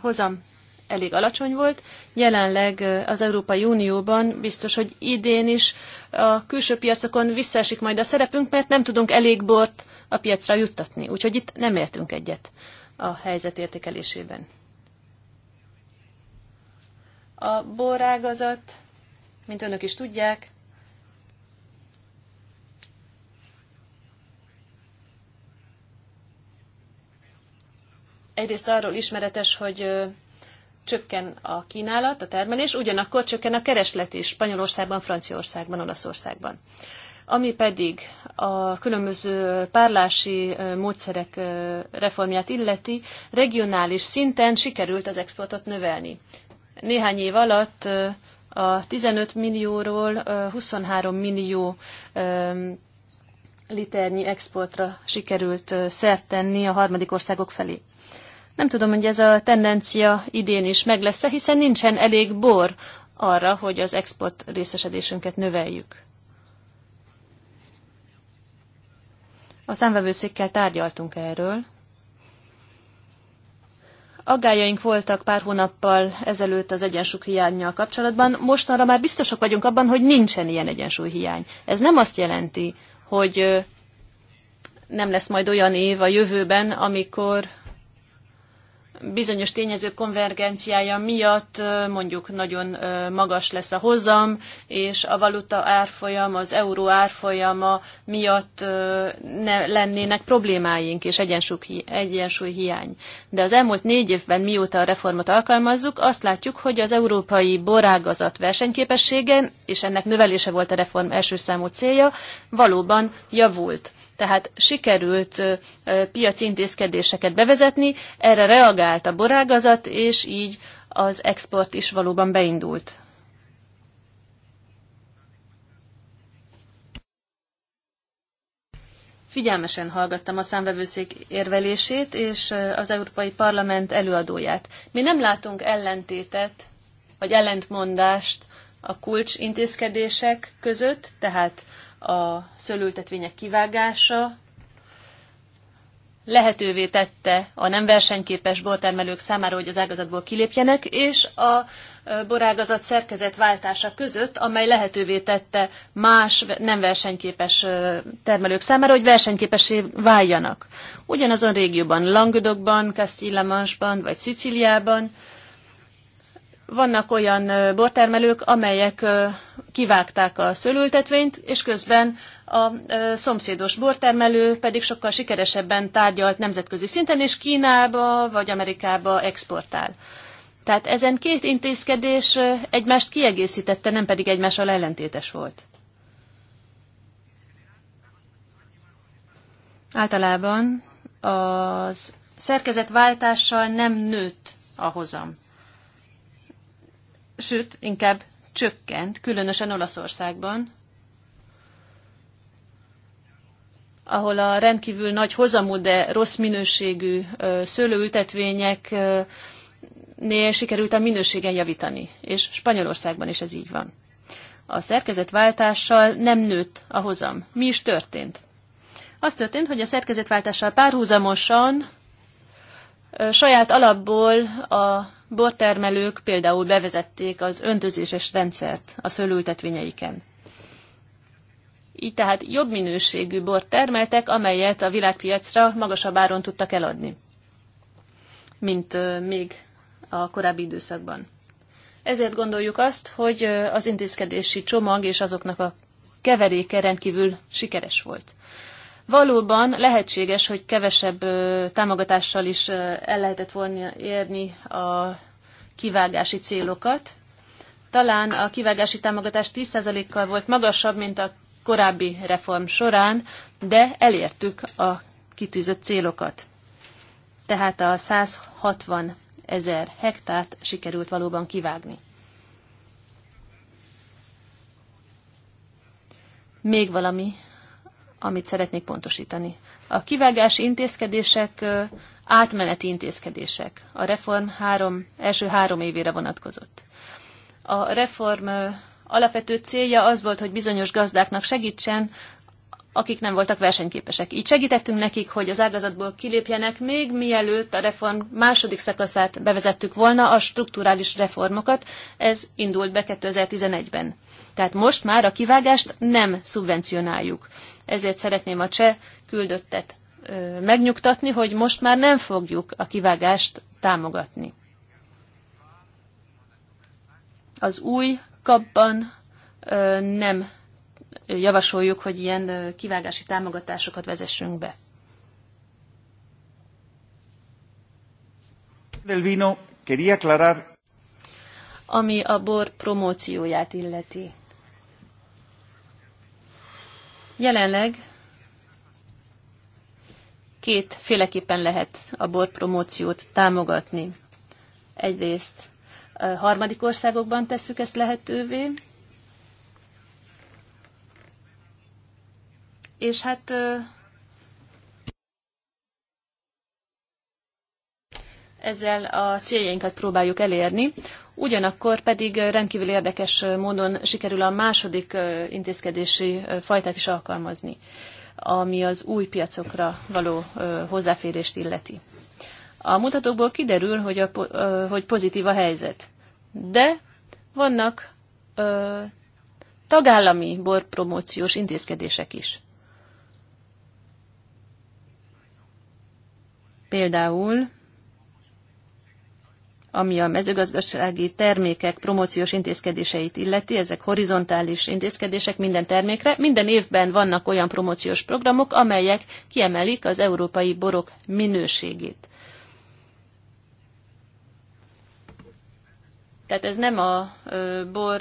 hozam elég alacsony volt, jelenleg az Európai Unióban biztos, hogy idén is a külső piacokon visszaesik majd a szerepünk, mert nem tudunk elég bort a piacra juttatni. Úgyhogy itt nem értünk egyet a helyzet értékelésében. A borágazat, mint önök is tudják, egyrészt arról ismeretes, hogy csökken a kínálat, a termelés, ugyanakkor csökken a kereslet is Spanyolországban, Franciaországban, Olaszországban. Ami pedig a különböző párlási módszerek reformját illeti, regionális szinten sikerült az exportot növelni néhány év alatt a 15 millióról 23 millió liternyi exportra sikerült szert tenni a harmadik országok felé. Nem tudom, hogy ez a tendencia idén is meg lesz-e, hiszen nincsen elég bor arra, hogy az export részesedésünket növeljük. A számvevőszékkel tárgyaltunk erről, Aggájaink voltak pár hónappal ezelőtt az hiányjal kapcsolatban, mostanra már biztosak vagyunk abban, hogy nincsen ilyen egyensúlyhiány. Ez nem azt jelenti, hogy nem lesz majd olyan év a jövőben, amikor bizonyos tényezők konvergenciája miatt mondjuk nagyon magas lesz a hozam, és a valuta árfolyam, az euró árfolyama miatt ne lennének problémáink és egyensúly hiány. De az elmúlt négy évben, mióta a reformot alkalmazzuk, azt látjuk, hogy az európai borágazat versenyképességen, és ennek növelése volt a reform első számú célja, valóban javult tehát sikerült piaci intézkedéseket bevezetni, erre reagált a borágazat, és így az export is valóban beindult. Figyelmesen hallgattam a számvevőszék érvelését és az Európai Parlament előadóját. Mi nem látunk ellentétet vagy ellentmondást a kulcs intézkedések között, tehát a szőlőtetvények kivágása lehetővé tette a nem versenyképes bortermelők számára, hogy az ágazatból kilépjenek, és a borágazat szerkezet váltása között, amely lehetővé tette más nem versenyképes termelők számára, hogy versenyképessé váljanak. Ugyanazon régióban, Languedocban, castilla manche vagy Sziciliában vannak olyan bortermelők, amelyek kivágták a szőlültetvényt, és közben a szomszédos bortermelő pedig sokkal sikeresebben tárgyalt nemzetközi szinten, és Kínába vagy Amerikába exportál. Tehát ezen két intézkedés egymást kiegészítette, nem pedig egymással ellentétes volt. Általában az szerkezetváltással nem nőtt a hozam sőt, inkább csökkent, különösen Olaszországban, ahol a rendkívül nagy hozamú, de rossz minőségű szőlőültetvényeknél sikerült a minőségen javítani, és Spanyolországban is ez így van. A szerkezetváltással nem nőtt a hozam. Mi is történt? Az történt, hogy a szerkezetváltással párhuzamosan saját alapból a bortermelők például bevezették az öntözéses rendszert a szőlültetvényeiken. Így tehát jobb minőségű bort termeltek, amelyet a világpiacra magasabb áron tudtak eladni, mint még a korábbi időszakban. Ezért gondoljuk azt, hogy az intézkedési csomag és azoknak a keveréke rendkívül sikeres volt. Valóban lehetséges, hogy kevesebb támogatással is el lehetett volna érni a kivágási célokat. Talán a kivágási támogatás 10%-kal volt magasabb, mint a korábbi reform során, de elértük a kitűzött célokat. Tehát a 160 ezer hektárt sikerült valóban kivágni. Még valami, amit szeretnék pontosítani. A kivágási intézkedések átmeneti intézkedések. A reform három, első három évére vonatkozott. A reform alapvető célja az volt, hogy bizonyos gazdáknak segítsen, akik nem voltak versenyképesek. Így segítettünk nekik, hogy az ágazatból kilépjenek, még mielőtt a reform második szakaszát bevezettük volna, a strukturális reformokat. Ez indult be 2011-ben. Tehát most már a kivágást nem szubvencionáljuk ezért szeretném a cseh küldöttet megnyugtatni, hogy most már nem fogjuk a kivágást támogatni. Az új kapban nem javasoljuk, hogy ilyen kivágási támogatásokat vezessünk be. Del vino, quería aclarar ami a bor promócióját illeti. Jelenleg kétféleképpen lehet a borpromóciót támogatni. Egyrészt a harmadik országokban tesszük ezt lehetővé, és hát ezzel a céljainkat próbáljuk elérni. Ugyanakkor pedig rendkívül érdekes módon sikerül a második intézkedési fajtát is alkalmazni, ami az új piacokra való hozzáférést illeti. A mutatókból kiderül, hogy, a, hogy pozitív a helyzet, de vannak ö, tagállami borpromóciós intézkedések is. Például ami a mezőgazdasági termékek promóciós intézkedéseit illeti, ezek horizontális intézkedések minden termékre. Minden évben vannak olyan promóciós programok, amelyek kiemelik az európai borok minőségét. Tehát ez nem a bor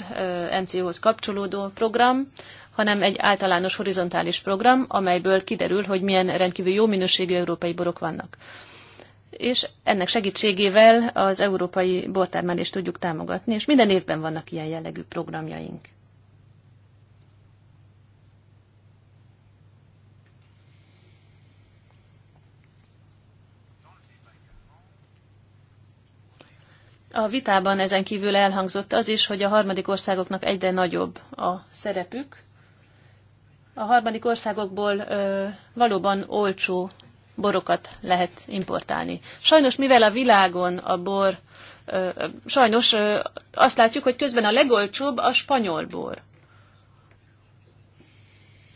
MCO-hoz kapcsolódó program, hanem egy általános horizontális program, amelyből kiderül, hogy milyen rendkívül jó minőségű európai borok vannak és ennek segítségével az európai bortermelést tudjuk támogatni, és minden évben vannak ilyen jellegű programjaink. A vitában ezen kívül elhangzott az is, hogy a harmadik országoknak egyre nagyobb a szerepük. A harmadik országokból ö, valóban olcsó borokat lehet importálni. Sajnos, mivel a világon a bor, sajnos azt látjuk, hogy közben a legolcsóbb a spanyol bor.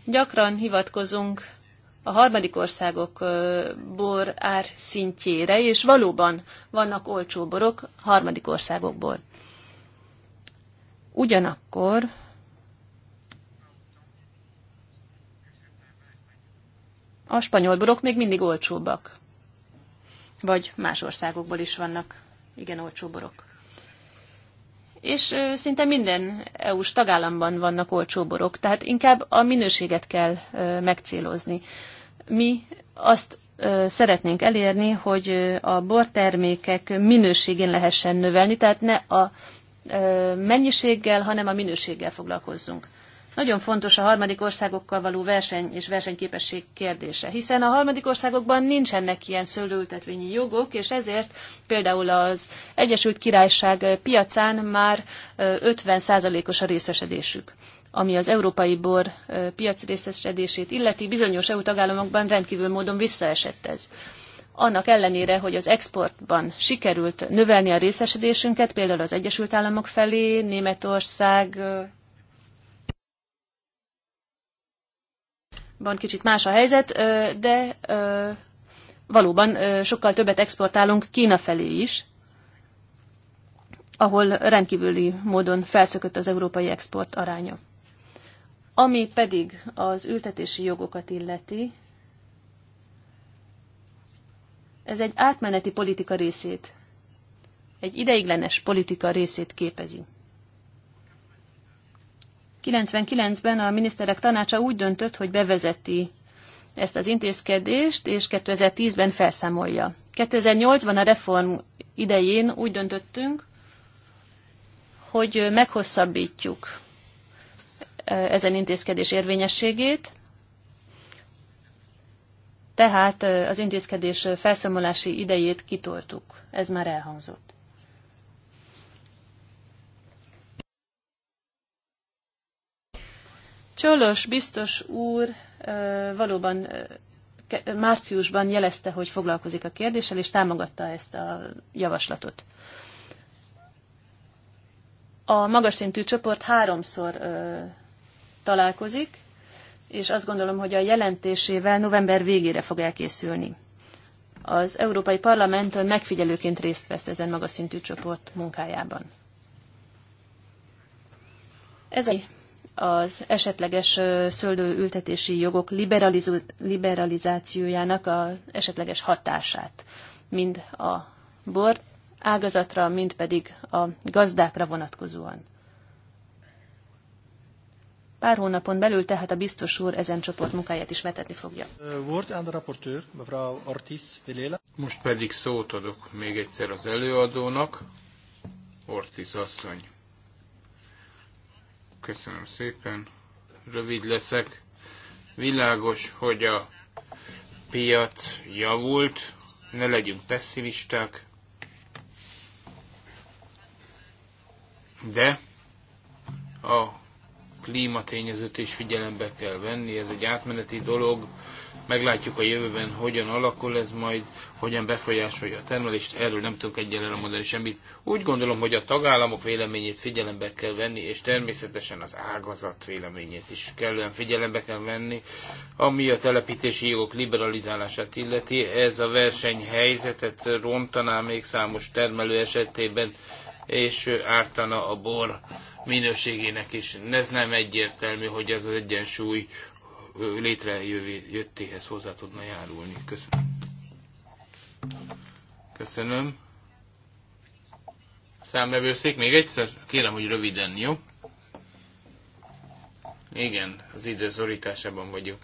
Gyakran hivatkozunk a harmadik országok bor ár szintjére, és valóban vannak olcsó borok harmadik országokból. Ugyanakkor a spanyol borok még mindig olcsóbbak. Vagy más országokból is vannak igen olcsó borok. És szinte minden EU-s tagállamban vannak olcsó borok, tehát inkább a minőséget kell megcélozni. Mi azt szeretnénk elérni, hogy a bortermékek minőségén lehessen növelni, tehát ne a mennyiséggel, hanem a minőséggel foglalkozzunk. Nagyon fontos a harmadik országokkal való verseny és versenyképesség kérdése, hiszen a harmadik országokban nincsenek ilyen szőlőültetvényi jogok, és ezért például az Egyesült Királyság piacán már 50%-os a részesedésük ami az európai bor piac részesedését illeti, bizonyos EU tagállamokban rendkívül módon visszaesett ez annak ellenére, hogy az exportban sikerült növelni a részesedésünket, például az Egyesült Államok felé, Németország van kicsit más a helyzet, de valóban sokkal többet exportálunk Kína felé is, ahol rendkívüli módon felszökött az európai export aránya. Ami pedig az ültetési jogokat illeti, ez egy átmeneti politika részét, egy ideiglenes politika részét képezi. 99-ben a miniszterek tanácsa úgy döntött, hogy bevezeti ezt az intézkedést, és 2010-ben felszámolja. 2008-ban a reform idején úgy döntöttünk, hogy meghosszabbítjuk e, ezen intézkedés érvényességét, tehát e, az intézkedés felszámolási idejét kitoltuk. Ez már elhangzott. Csolos biztos úr valóban márciusban jelezte, hogy foglalkozik a kérdéssel, és támogatta ezt a javaslatot. A magas szintű csoport háromszor találkozik, és azt gondolom, hogy a jelentésével november végére fog elkészülni. Az Európai Parlament megfigyelőként részt vesz ezen magas szintű csoport munkájában. Ez egy az esetleges szöldőültetési jogok liberalizációjának az esetleges hatását, mind a bor ágazatra, mind pedig a gazdákra vonatkozóan. Pár hónapon belül tehát a biztos úr ezen csoport munkáját is vetetni fogja. Most pedig szót adok még egyszer az előadónak, Ortiz asszony. Köszönöm szépen. Rövid leszek. Világos, hogy a piac javult, ne legyünk pessimisták, de a klímatényezőt is figyelembe kell venni, ez egy átmeneti dolog, meglátjuk a jövőben, hogyan alakul ez majd, hogyan befolyásolja a termelést, erről nem tudok egyelőre mondani semmit. Úgy gondolom, hogy a tagállamok véleményét figyelembe kell venni, és természetesen az ágazat véleményét is kellően figyelembe kell venni. Ami a telepítési jogok liberalizálását illeti, ez a versenyhelyzetet rontaná még számos termelő esetében, és ártana a bor minőségének is. Ez nem egyértelmű, hogy ez az egyensúly létrejöttéhez hozzá tudna járulni. Köszönöm. Köszönöm. Számvevőszék, még egyszer? Kérem, hogy röviden, jó? Igen, az időszorításában vagyok.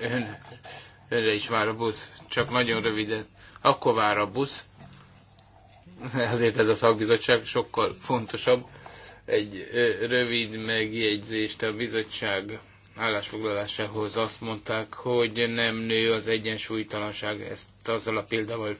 Ön, önre is vár a busz, csak nagyon röviden. Akkor vár a busz. Azért ez a szakbizottság sokkal fontosabb. Egy rövid megjegyzést a bizottság állásfoglalásához azt mondták, hogy nem nő az egyensúlytalanság, ezt azzal a példával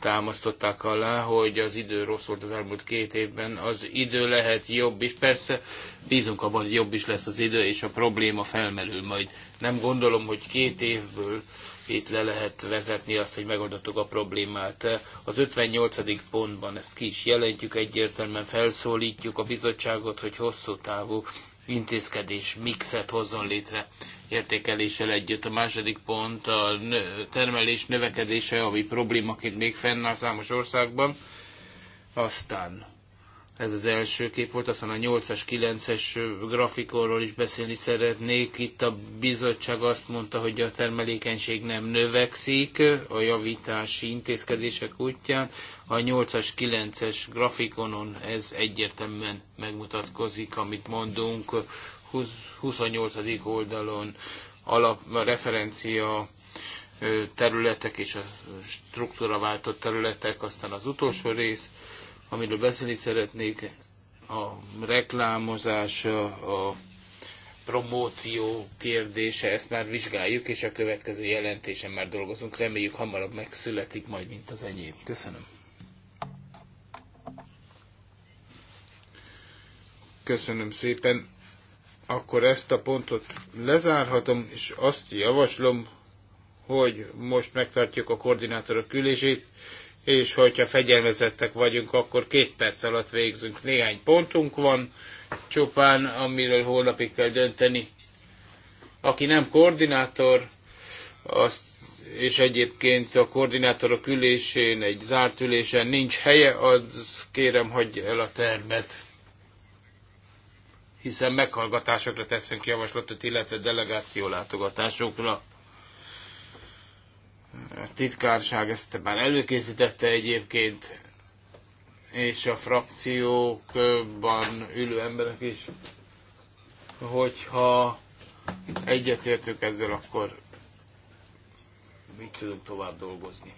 támasztották alá, hogy az idő rossz volt az elmúlt két évben, az idő lehet jobb is, persze bízunk abban, hogy jobb is lesz az idő, és a probléma felmerül majd. Nem gondolom, hogy két évből itt le lehet vezetni azt, hogy megoldottuk a problémát. Az 58. pontban ezt ki is jelentjük, egyértelműen felszólítjuk a bizottságot, hogy hosszú távú intézkedés mixet hozzon létre értékeléssel együtt. A második pont a termelés növekedése, ami problémaként még fennáll számos országban. Aztán ez az első kép volt, aztán a 8-as, 9-es grafikonról is beszélni szeretnék. Itt a bizottság azt mondta, hogy a termelékenység nem növekszik a javítási intézkedések útján. A 8-as, 9-es grafikonon ez egyértelműen megmutatkozik, amit mondunk. 28. oldalon alap, a referencia területek és a struktúra váltott területek, aztán az utolsó rész, amiről beszélni szeretnék, a reklámozás, a promóció kérdése, ezt már vizsgáljuk, és a következő jelentésen már dolgozunk. Reméljük hamarabb megszületik majd, mint az enyém. Köszönöm. Köszönöm szépen. Akkor ezt a pontot lezárhatom, és azt javaslom, hogy most megtartjuk a koordinátorok ülését, és hogyha fegyelmezettek vagyunk, akkor két perc alatt végzünk. Néhány pontunk van, csupán amiről holnapig kell dönteni. Aki nem koordinátor, azt, és egyébként a koordinátorok ülésén, egy zárt ülésen nincs helye, az kérem, hagyja el a termet hiszen meghallgatásokra teszünk javaslatot, illetve delegáció látogatásokra titkárság ezt már előkészítette egyébként, és a frakciókban ülő emberek is, hogyha egyetértünk ezzel, akkor mit tudunk tovább dolgozni.